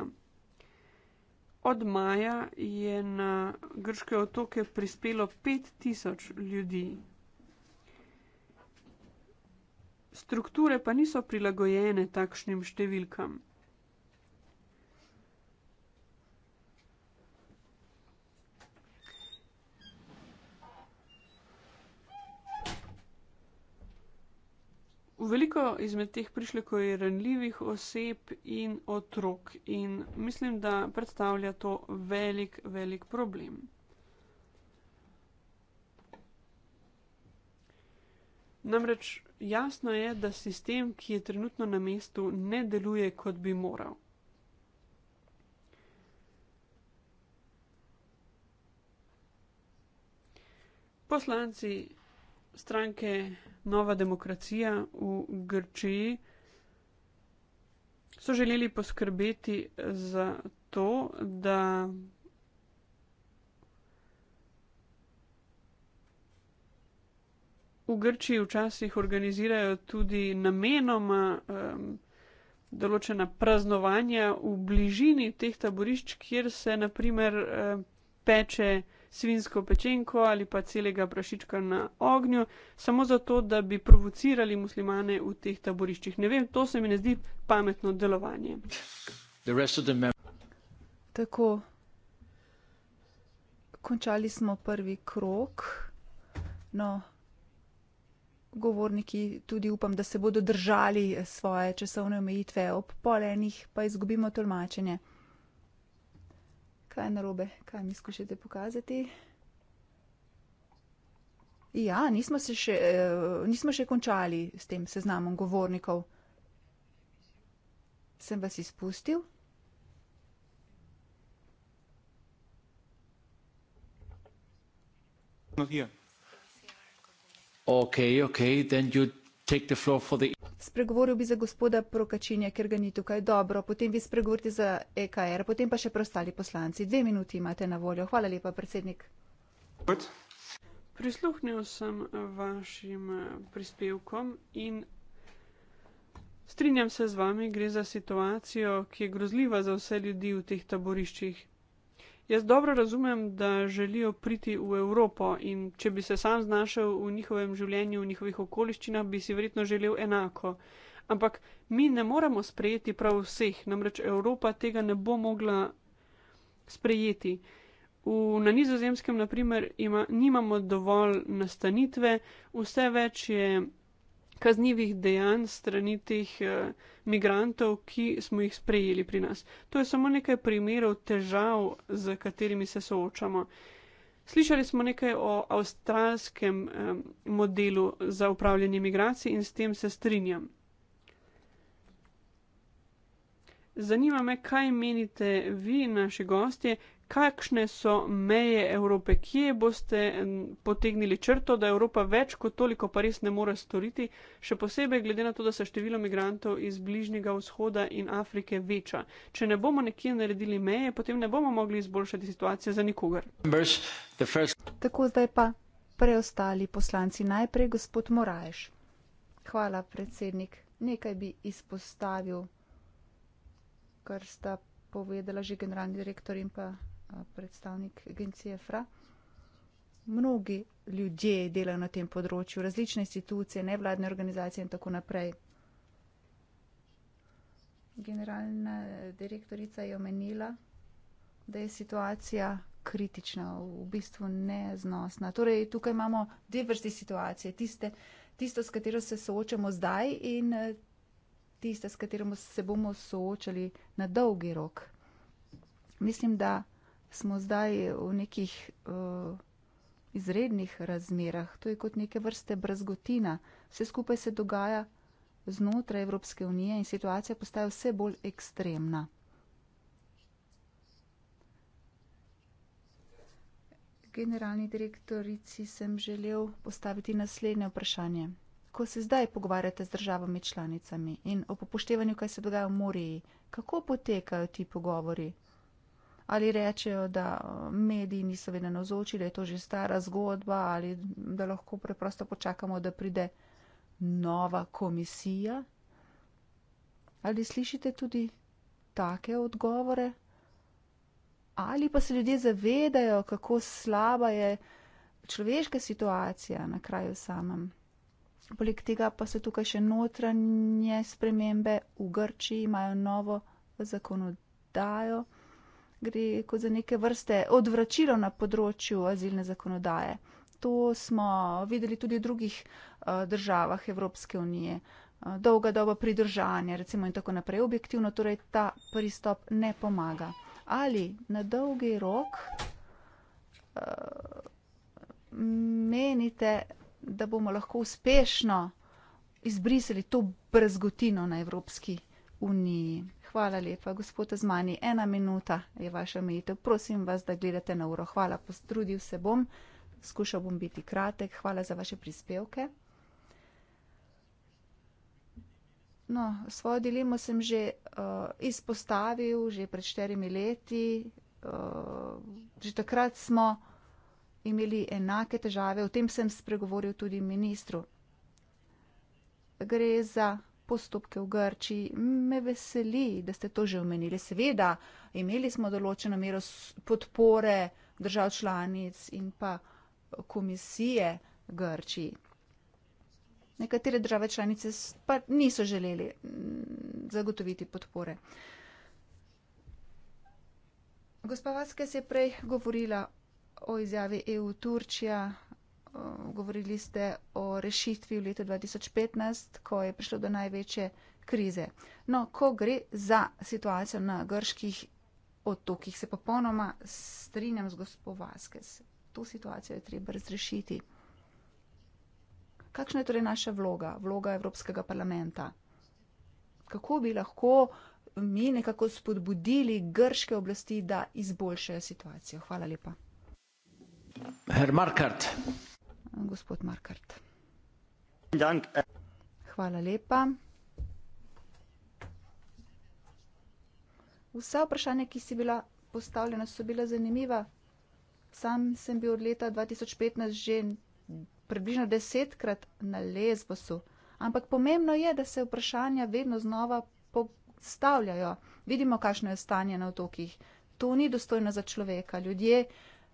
Od maja je na grške otoke prispelo 5000 ljudi. Strukture pa niso prilagojene takšnim številkam. veliko izmed teh prišlekov je ranljivih oseb in otrok in mislim, da predstavlja to velik, velik problem. Namreč jasno je, da sistem, ki je trenutno na mestu, ne deluje, kot bi moral. Poslanci stranke Nova demokracija v Grčiji so želeli poskrbeti za to, da v Grčiji včasih organizirajo tudi namenoma um, določena praznovanja v bližini teh taborišč, kjer se naprimer um, peče svinsko pečenko ali pa celega prašička na ognju, samo zato, da bi provocirali muslimane v teh taboriščih. Ne vem, to se mi ne zdi pametno delovanje. Tako, končali smo prvi krok. No, govorniki tudi upam, da se bodo držali svoje časovne omejitve. Ob pol enih pa izgubimo tolmačenje kaj je narobe, kaj mi skušate pokazati. Ja, nismo, se še, eh, nismo še končali s tem seznamom govornikov. Sem vas izpustil. Ok, ok, then you Spregovoril bi za gospoda Prokačinja, ker ga ni tukaj dobro, potem bi spregovoril za EKR, potem pa še preostali poslanci. Dve minuti imate na voljo. Hvala lepa, predsednik. Prisluhnil sem vašim eh, prispevkom in strinjam se z vami, gre za situacijo, ki je grozljiva za vse ljudi v teh taboriščih. Jaz dobro razumem, da želijo priti v Evropo in če bi se sam znašel v njihovem življenju, v njihovih okoliščinah, bi si verjetno želel enako. Ampak mi ne moremo sprejeti prav vseh, namreč Evropa tega ne bo mogla sprejeti. V, na nizozemskem, naprimer, ima, nimamo dovolj nastanitve, vse več je kaznjivih dejanj strani teh uh, migrantov, ki smo jih sprejeli pri nas. To je samo nekaj primerov težav, z katerimi se soočamo. Slišali smo nekaj o avstralskem um, modelu za upravljanje migracij in s tem se strinjam. Zanima me, kaj menite vi, naši gostje, kakšne so meje Evrope, kje boste potegnili črto, da Evropa več kot toliko pa res ne more storiti, še posebej glede na to, da se število migrantov iz Bližnjega vzhoda in Afrike veča. Če ne bomo nekje naredili meje, potem ne bomo mogli izboljšati situacije za nikogar. Tako zdaj pa preostali poslanci. Najprej gospod Moraješ. Hvala, predsednik. Nekaj bi izpostavil, kar sta povedala že generalni direktor in pa Eh, predstavnik agencije FRA. Mnogi ljudje delajo na tem področju, različne institucije, nevladne organizacije in tako naprej. Generalna direktorica je omenila, da je situacija kritična, v bistvu neznosna. Torej, tukaj imamo dve vrsti situacije. Tiste, tisto, s katero se soočamo zdaj in eh, tisto, s katero se bomo soočali na dolgi rok. Mislim, da smo zdaj v nekih uh, izrednih razmerah. To je kot neke vrste brazgotina. Vse skupaj se dogaja znotraj Evropske unije in situacija postaja vse bolj ekstremna. Generalni direktorici sem želel postaviti naslednje vprašanje. Ko se zdaj pogovarjate z državami članicami in ob upoštevanju, kaj se dogaja v Moriji, kako potekajo ti pogovori? ali rečejo, da eh, mediji niso vedno navzoči, da je to že stara zgodba ali da lahko preprosto počakamo, da pride nova komisija. Ali slišite tudi take odgovore? Ali pa se ljudje zavedajo, kako slaba je človeška situacija na kraju samem? Poleg tega pa so tukaj še notranje spremembe. V Grči imajo novo zakonodajo gre kot za neke vrste odvračilo na področju azilne zakonodaje. To smo videli tudi v drugih eh, državah Evropske unije. Eh, dolga doba pridržanja, recimo, in tako naprej. Objektivno torej ta pristop ne pomaga. Ali na dolgi rok eh, menite, da bomo lahko uspešno izbrisali to brezgotino na Evropski uniji? Hvala lepa, gospod Zmani. Ena minuta je vaša omejitev. Prosim vas, da gledate na uro. Hvala, postrudil se bom. Skušal bom biti kratek. Hvala za vaše prispevke. No, svojo dilemo sem že uh, izpostavil, že pred šterimi leti. Uh, že takrat smo imeli enake težave. O tem sem spregovoril tudi ministru. Gre za postopke v Grčiji. Me veseli, da ste to že omenili. Seveda, imeli smo določeno mero podpore držav članic in pa komisije Grčiji. Nekatere države članice pa niso želeli mm, zagotoviti podpore. Gospa Vaske se je prej govorila o izjavi EU Turčija, Eh, govorili ste o rešitvi v letu 2015, ko je prišlo do največje krize. No, ko gre za situacijo na grških otokih, se popolnoma strinjam z gospod Vaskes. To situacijo je treba razrešiti. Kakšna je torej naša vloga, vloga Evropskega parlamenta? Kako bi lahko mi nekako spodbudili grške oblasti, da izboljšajo situacijo? Hvala lepa. Herr Markart gospod Markart. Hvala lepa. Vsa vprašanja, ki si bila postavljena, so bila zanimiva. Sam sem bil od leta 2015 že približno desetkrat na Lesbosu, ampak pomembno je, da se vprašanja vedno znova postavljajo. Vidimo, kakšno je stanje na otokih. To ni dostojno za človeka. Ljudje,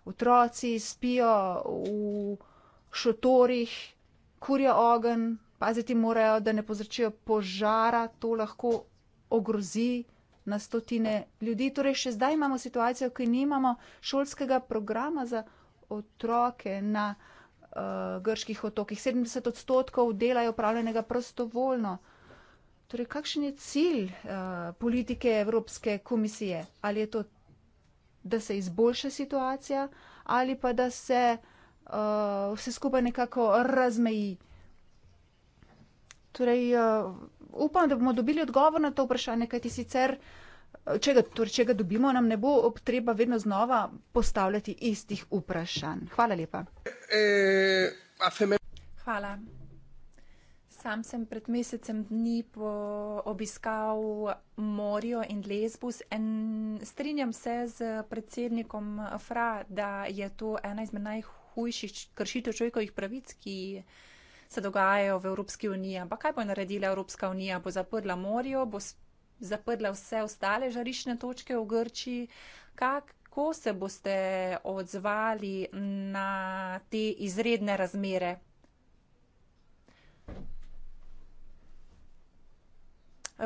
otroci spijo v šotorih, kurijo ogen, paziti morajo, da ne povzročijo požara, to lahko ogrozi na stotine ljudi. Torej, še zdaj imamo situacijo, ki nimamo šolskega programa za otroke na uh, grških otokih. 70 odstotkov delajo upravljenega prostovoljno. Torej, kakšen je cilj uh, politike Evropske komisije? Ali je to, da se izboljša situacija ali pa da se uh, vse skupaj nekako razmeji. Torej, uh, upam, da bomo dobili odgovor na to vprašanje, kajti sicer, eh, če ga, torej, če ga dobimo, nam ne bo treba vedno znova postavljati istih vprašanj. Hvala lepa. Hvala. Sam sem pred mesecem dni obiskal Morijo in Lesbus in strinjam se z predsednikom Fra, da je to ena izmed najhujših najhujših kršitev človekovih pravic, ki se dogajajo v Evropski uniji. Ampak kaj bo naredila Evropska unija? Bo zaprla morjo, bo zaprla vse ostale žarišne točke v Grčiji. Kako se boste odzvali na te izredne razmere?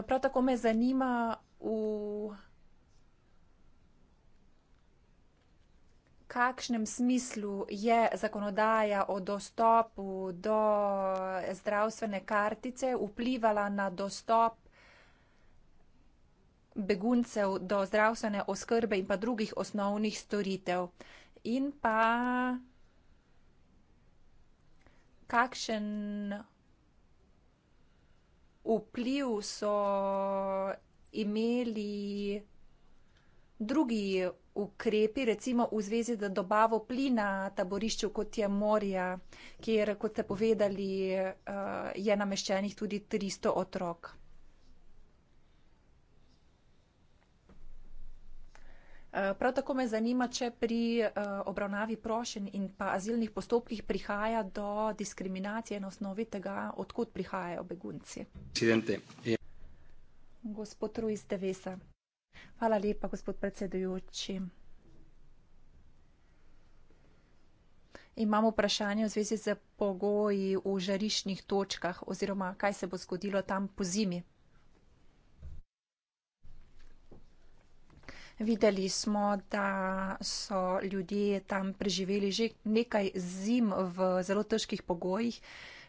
Prav tako me zanima, v kakšnem smislu je zakonodaja o dostopu do zdravstvene kartice vplivala na dostop beguncev do zdravstvene oskrbe in pa drugih osnovnih storitev. In pa kakšen vpliv so imeli drugi ukrepi, recimo v zvezi z dobavo plina taborišču, kot je Morja, kjer, kot ste povedali, eh, je nameščenih tudi 300 otrok? Eh, prav tako me zanima, če pri eh, obravnavi prošen in pa azilnih postopkih prihaja do diskriminacije na osnovi tega, odkud prihajajo begunci. Incidente. Gospod Ruiz Devesa. Hvala lepa, gospod predsedujoči. Imamo vprašanje v zvezi z pogoji v žariščnih točkah oziroma kaj se bo zgodilo tam po zimi. Videli smo, da so ljudje tam preživeli že nekaj zim v zelo težkih pogojih.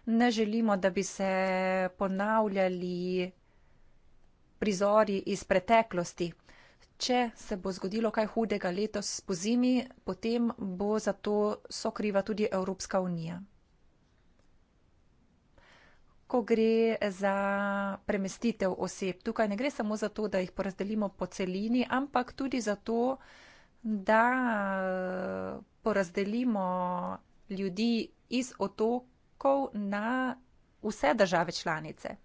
Ne želimo, da bi se ponavljali prizori iz preteklosti če se bo zgodilo kaj hudega letos po zimi, potem bo za to sokriva tudi Evropska unija. Ko gre za premestitev oseb, tukaj ne gre samo za to, da jih porazdelimo po celini, ampak tudi za to, da porazdelimo ljudi iz otokov na vse države članice.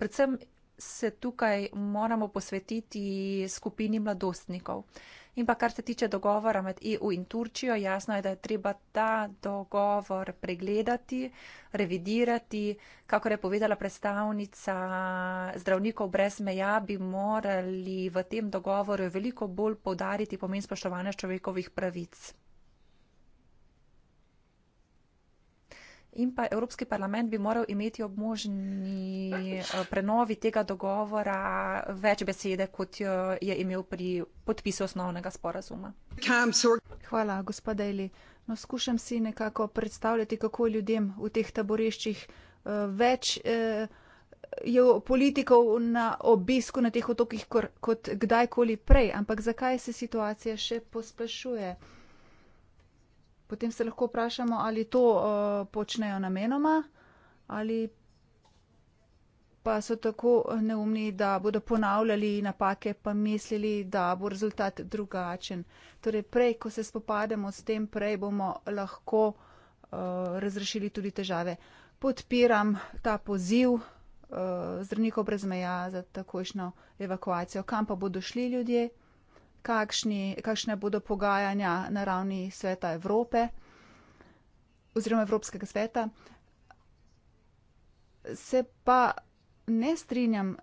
Predvsem se tukaj moramo posvetiti skupini mladostnikov. In pa kar se tiče dogovora med EU in Turčijo, jasno je, da je treba ta dogovor pregledati, revidirati. Kako je povedala predstavnica zdravnikov brez meja, bi morali v tem dogovoru veliko bolj podariti pomen spoštovanja človekovih pravic. In pa Evropski parlament bi moral imeti ob možni eh, prenovi tega dogovora več besede, kot jo eh, je imel pri podpisu osnovnega sporazuma. Hvala, gospod Dejli. No, skušam si nekako predstavljati, kako ljudem v teh taboriščih eh, več je politikov na obisku na teh otokih kot kdajkoli prej. Ampak zakaj se situacija še pospešuje? potem se lahko vprašamo, ali to uh, počnejo namenoma ali pa so tako neumni, da bodo ponavljali napake, pa mislili, da bo rezultat drugačen. Torej, prej, ko se spopademo s tem, prej bomo lahko uh, razrešili tudi težave. Podpiram ta poziv uh, zdravnikov brez meja za takošno evakuacijo. Kam pa bodo šli ljudje? kakšni, kakšne bodo pogajanja na ravni sveta Evrope oziroma Evropskega sveta. Se pa ne strinjam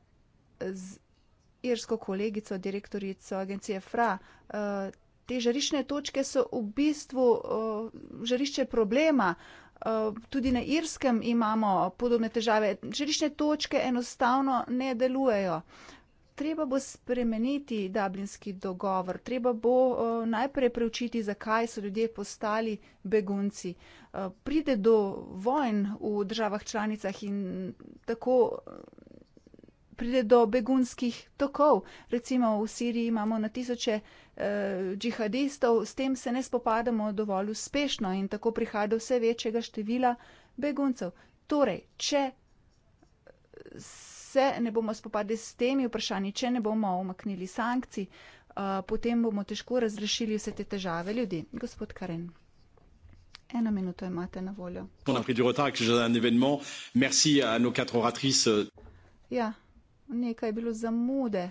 z irsko kolegico, direktorico agencije FRA. Eh, te žarišne točke so v bistvu eh, žarišče problema. Eh, tudi na Irskem imamo podobne težave. Žarišne točke enostavno ne delujejo treba bo spremeniti dublinski dogovor, treba bo eh, najprej preučiti, zakaj so ljudje postali begunci. Eh, pride do vojn v državah članicah in tako eh, pride do begunskih tokov. Recimo v Siriji imamo na tisoče džihadistov, s tem se ne spopadamo dovolj uspešno in tako prihaja do vse večjega števila beguncev. Torej, če se ne bomo spopadli s temi vprašanji, če ne bomo omaknili sankcij, eh, potem bomo težko razrešili vse te težave ljudi. Gospod Karen. Eno minuto imate na voljo. Ja, nekaj je bilo zamude.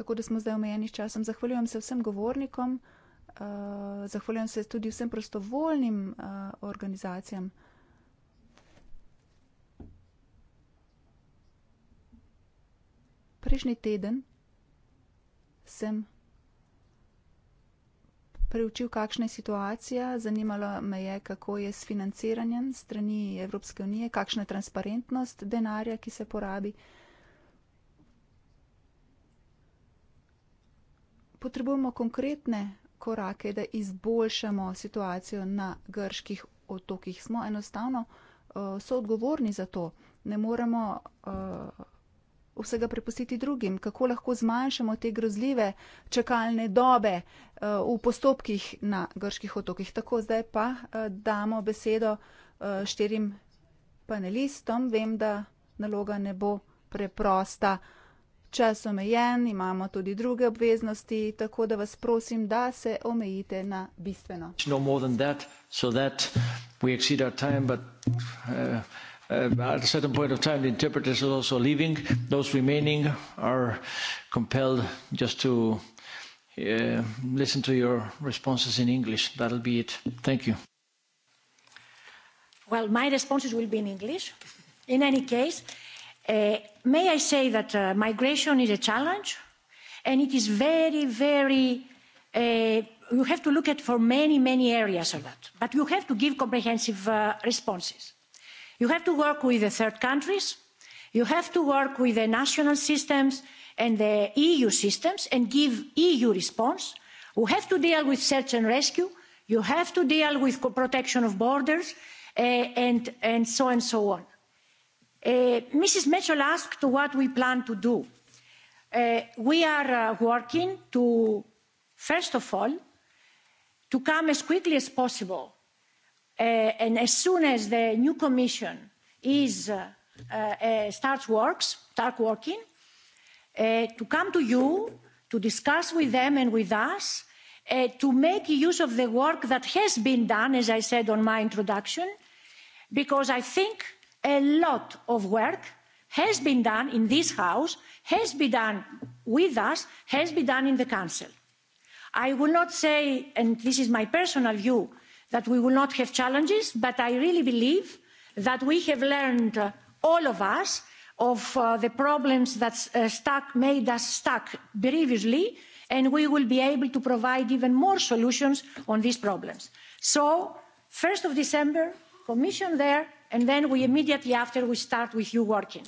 Tako da smo zdaj omejeni s časom. Zahvaljujem se vsem govornikom. Eh, zahvaljujem se tudi vsem prostovoljnim uh, organizacijam. Prejšnji teden sem preučil, kakšna je situacija, zanimalo me je, kako je s financiranjem strani Evropske unije, kakšna je transparentnost denarja, ki se porabi. Potrebujemo konkretne korake, da izboljšamo situacijo na grških otokih. Smo enostavno uh, soodgovorni za to. Ne moremo uh, vsega prepustiti drugim. Kako lahko zmanjšamo te grozljive čakalne dobe uh, v postopkih na grških otokih. Tako zdaj pa uh, damo besedo uh, štirim panelistom. Vem, da naloga ne bo preprosta. Uh, Čas omejen, imamo tudi druge obveznosti, tako da vas prosim, da se omejite na bistveno. No uh, uh, at a certain point of time, the interpreters are also leaving. Those remaining are compelled just to uh, listen to your responses in English. That'll be it. Thank you. Well, my responses will be in English. In any case, uh, may I say that uh, migration is a challenge and it is very, very, uh, you have to look at for many, many areas of that. But you have to give comprehensive uh, responses. You have to work with the third countries. You have to work with the national systems and the EU systems and give EU response. We have to deal with search and rescue. You have to deal with protection of borders uh, and, and so on and so on. Uh, Mrs. Mitchell asked what we plan to do. Uh, we are uh, working to, first of all, to come as quickly as possible uh, and as soon as the new commission is, uh, uh, uh, starts works, start working, uh, to come to you, to discuss with them and with us, uh, to make use of the work that has been done, as I said on my introduction, because I think a lot of work has been done in this house has been done with us has been done in the council. i will not say and this is my personal view that we will not have challenges but i really believe that we have learned uh, all of us of uh, the problems that uh, made us stuck previously and we will be able to provide even more solutions on these problems. so one december commission there and then we immediately after we start with you working.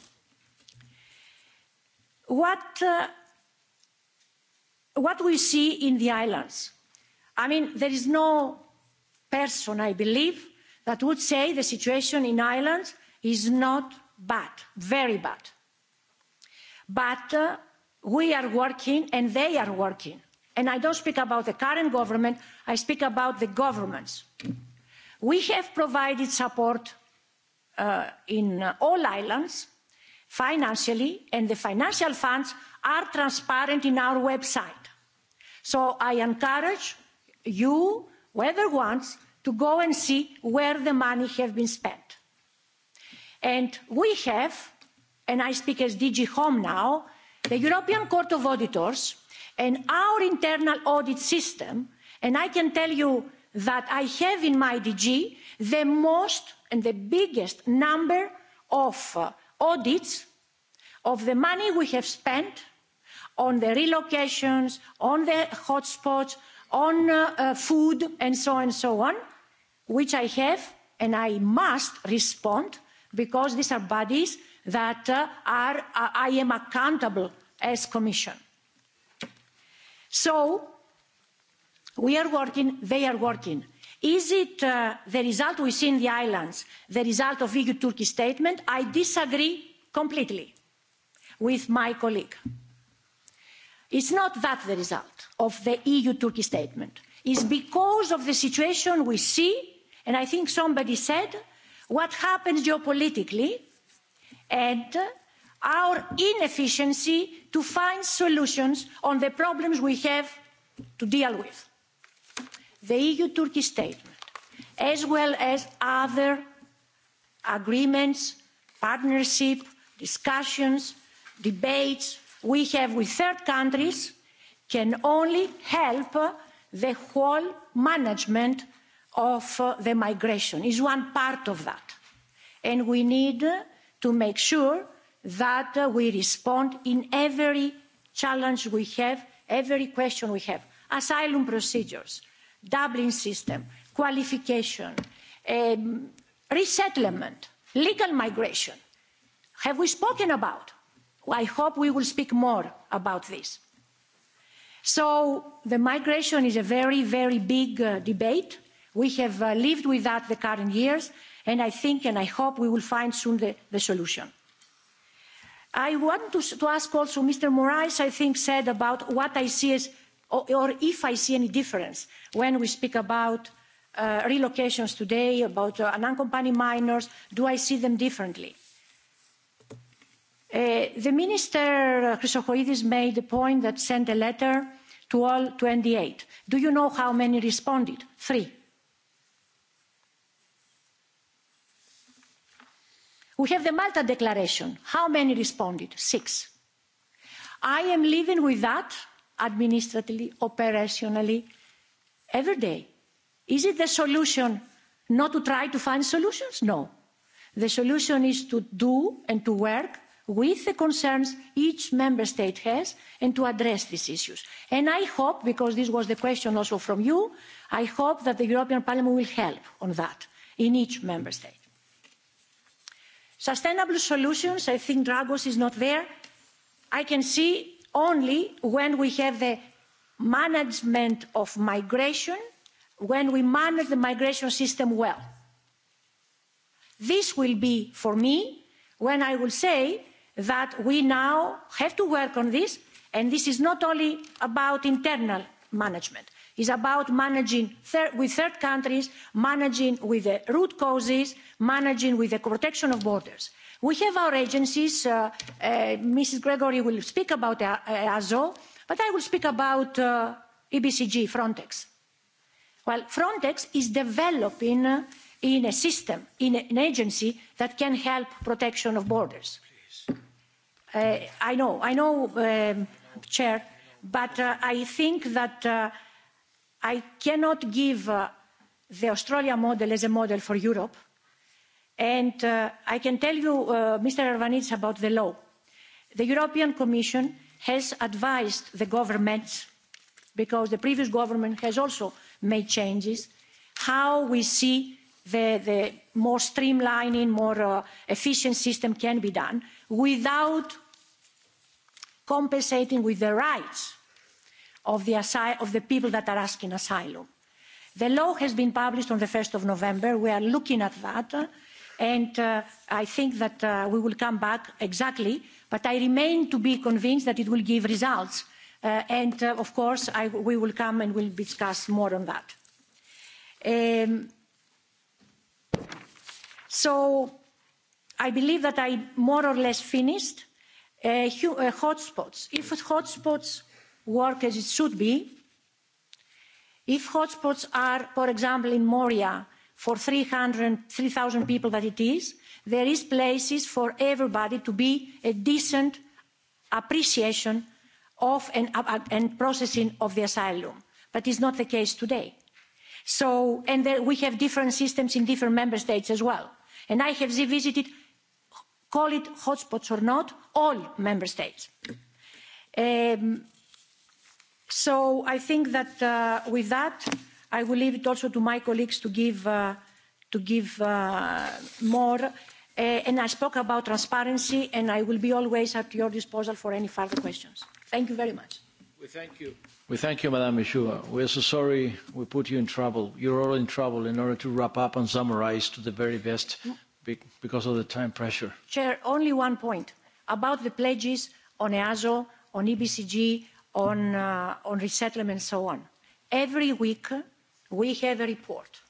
What, uh, what we see in the islands? I mean, there is no person, I believe, that would say the situation in Ireland is not bad, very bad. But uh, we are working and they are working. And I don't speak about the current government, I speak about the governments. We have provided support uh, in uh, all islands financially, and the financial funds are transparent in our website. So I encourage you, whether once, to go and see where the money has been spent. And we have, and I speak as DG Home now, the European Court of Auditors and our internal audit system. And I can tell you that I have in my DG the most and the biggest number of uh, audits of the money we have spent on the relocations, on the hotspots, on uh, uh, food, and so on and so on, which I have and I must respond because these are bodies that uh, are, uh, I am accountable as Commission. So we are working they are working. is it uh, the result we see in the islands the result of eu turkey statement? i disagree completely with my colleague. it's not that the result of the eu turkey statement is because of the situation we see and i think somebody said what happens geopolitically and our inefficiency to find solutions on the problems we have to deal with the eu turkey statement as well as other agreements partnership discussions debates we have with third countries can only help the whole management of uh, the migration is one part of that and we need to make sure that uh, we respond in every challenge we have every question we have asylum procedures Dublin system, qualification, um, resettlement, legal migration. Have we spoken about? Well, I hope we will speak more about this. So the migration is a very, very big uh, debate. We have uh, lived with that the current years, and I think and I hope we will find soon the, the solution. I want to, to ask also Mr. Moraes, I think, said about what I see as or, or if I see any difference when we speak about uh, relocations today, about uh, unaccompanied minors, do I see them differently? Uh, the minister, uh, Chrysochoidis, made the point that sent a letter to all 28. Do you know how many responded? Three. We have the Malta Declaration. How many responded? Six. I am living with that administratively, operationally, every day. Is it the solution not to try to find solutions? No. The solution is to do and to work with the concerns each member state has and to address these issues. And I hope, because this was the question also from you, I hope that the European Parliament will help on that in each member state. Sustainable solutions, I think Dragos is not there. I can see only when we have the management of migration, when we manage the migration system well. This will be for me when I will say that we now have to work on this, and this is not only about internal management. It's about managing thir- with third countries, managing with the root causes, managing with the protection of borders we have our agencies uh, uh, mrs gregory will speak about azo but i will speak about uh, ebcg frontex well frontex is developing uh, in a system in an agency that can help protection of borders uh, i know i know um, chair but uh, i think that uh, i cannot give uh, the australia model as a model for europe and uh, i can tell you uh, mr arvanits about the law the european commission has advised the governments because the previous government has also made changes how we see the more streamlining more uh, efficient system can be done without compensating with the rights of the of the people that are asking asylum. the law has been published on one november. we are looking at that and uh, i think that uh, we will come back exactly but i remain to be convinced that it will give results uh, and uh, of course I, we will come and we'll discuss more on that um, so i believe that i more or less finished uh, hu- uh, hotspots if hotspots work as it should be if hotspots are for example in moria for 3,000 people that it is, there is places for everybody to be a decent appreciation of and, uh, and processing of the asylum. But it's not the case today. So, and there, we have different systems in different member states as well. And I have visited, call it hotspots or not, all member states. Um, so I think that uh, with that, i will leave it also to my colleagues to give uh, to give uh, more uh, and i spoke about transparency and i will be always at your disposal for any further questions thank you very much we thank you we thank you madam Michoud. we're so sorry we put you in trouble you're all in trouble in order to wrap up and summarize to the very best because of the time pressure chair only one point about the pledges on easo on ebcg on uh, on resettlement and so on every week we have a report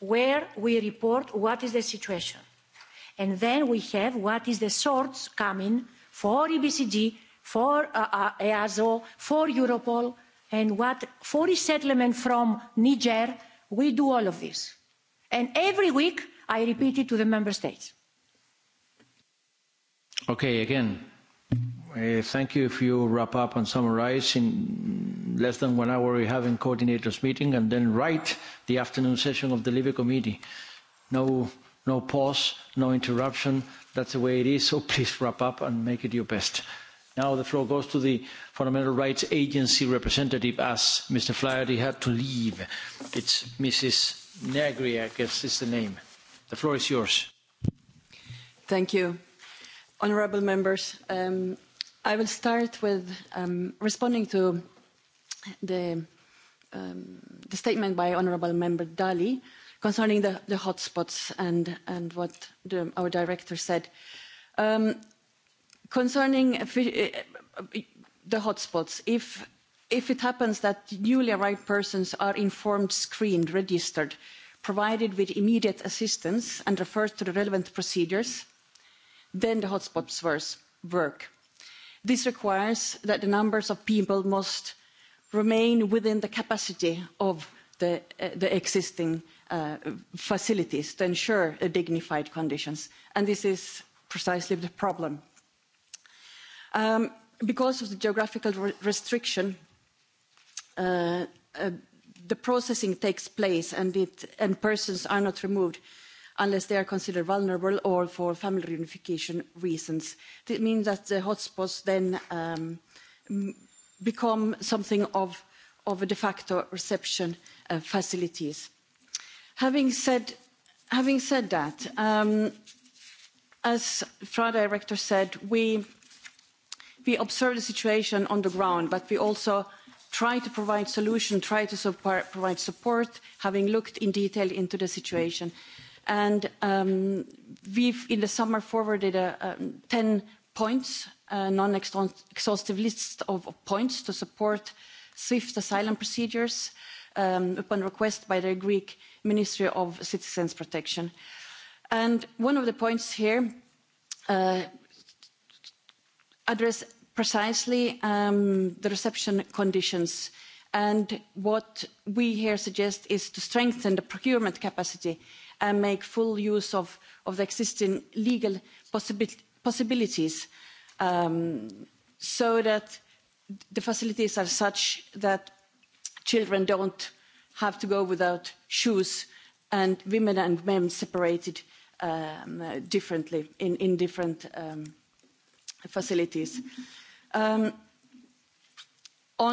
where we report what is the situation. And then we have what is the source coming for EBCG, for uh, uh EASO, for Europol, and what for resettlement from Niger. We do all of this. And every week, I repeat it to the member states. Okay, again, Uh, thank you if you wrap up and summarize in less than one hour we have in coordinators meeting and then write the afternoon session of the Libre committee. No, no pause, no interruption. That's the way it is. So please wrap up and make it your best. Now the floor goes to the Fundamental Rights Agency representative as Mr. Flaherty had to leave. It's Mrs. Negri, I guess is the name. The floor is yours. Thank you. Honourable members, um, i will start with um, responding to the, um, the statement by honourable member dali concerning the, the hotspots and, and what the, our director said. Um, concerning eh, eh, the hotspots, if, if it happens that newly arrived persons are informed, screened, registered, provided with immediate assistance and referred to the relevant procedures, then the hotspots work this requires that the numbers of people must remain within the capacity of the uh, existing uh, facilities to ensure dignified conditions and this is precisely the problem. Um, because of the geographical restriction uh, the processing takes place and persons are not removed unless they are considered vulnerable or for family reunification reasons. It means that the hotspots then um, become something of, of a de facto reception uh, facilities. Having said, having said that, um, as FRA director said, we, we observe the situation on the ground, but we also try to provide solution, try to support, provide support, having looked in detail into the situation. Mm -hmm and um, we've in the summer forwarded a, a um, 10 points, a non-exhaustive list of points to support swift asylum procedures um, upon request by the Greek Ministry of Citizens Protection. And one of the points here uh, address precisely um, the reception conditions and what we here suggest is to strengthen the procurement capacity and make full use of the existing legal possibilities um, so that the facilities are such that children don't have to go without shoes and women and men separated um, differently in different um, facilities. on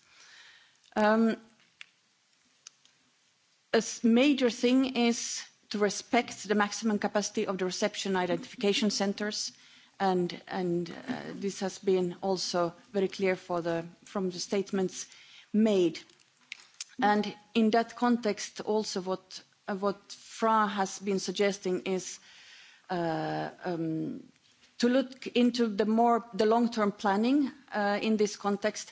Um, a major thing is to respect the maximum capacity of the reception identification centres and uh, this has been also very clear from the statements made. and in that context also what uh, fra has been suggesting is uh, um, to look into the more the long term planning in this context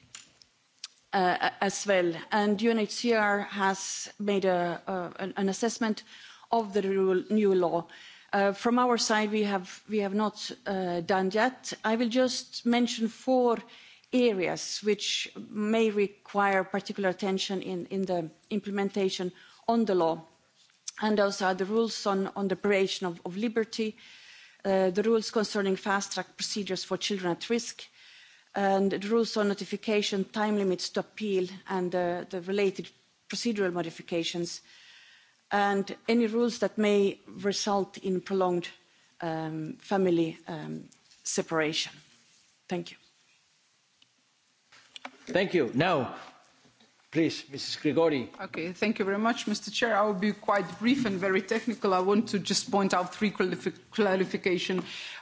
Uh, as well and unhcr has made an assessment of the new law. Uh, from our side we have not uh, done yet. i will just mention four areas which may require particular attention in the implementation of the law and those are the rules on the privation of liberty the rules concerning fast track procedures for children at risk and the rules on notification time limits to appeal and the related procedural modifications and any rules that may result in prolonged um, family um, separation. thank you. thank you. now, please, mrs. grigori. okay, thank you very much, mr. chair. i will be quite brief and very technical. i want to just point out three clarifications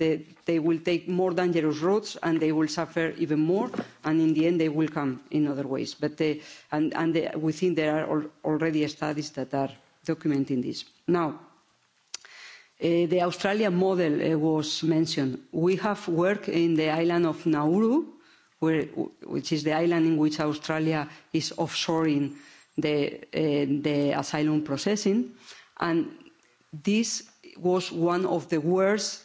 they will take more dangerous routes and they will suffer even more and in the end they will come in other ways uh, and we think there are already studies that are documenting this. now uh, the australian model uh, was mentioned. we have worked in the island of nauru which is the island in which australia is offshoring the asylum processing and this was one of the worst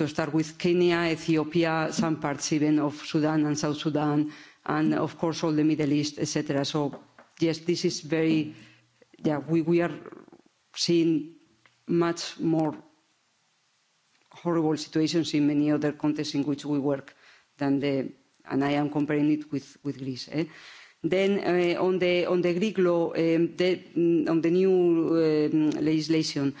to start with kenya ethiopia some parts even of sudan and south sudan and of course all the middle east etc. so yes this is very we are seeing much more horrible situations in many other contexts in which we work than the and i am comparing it with, with greece. Eh? then uh, on, the, on the greek law um, the, um, on the new um, legislation uh,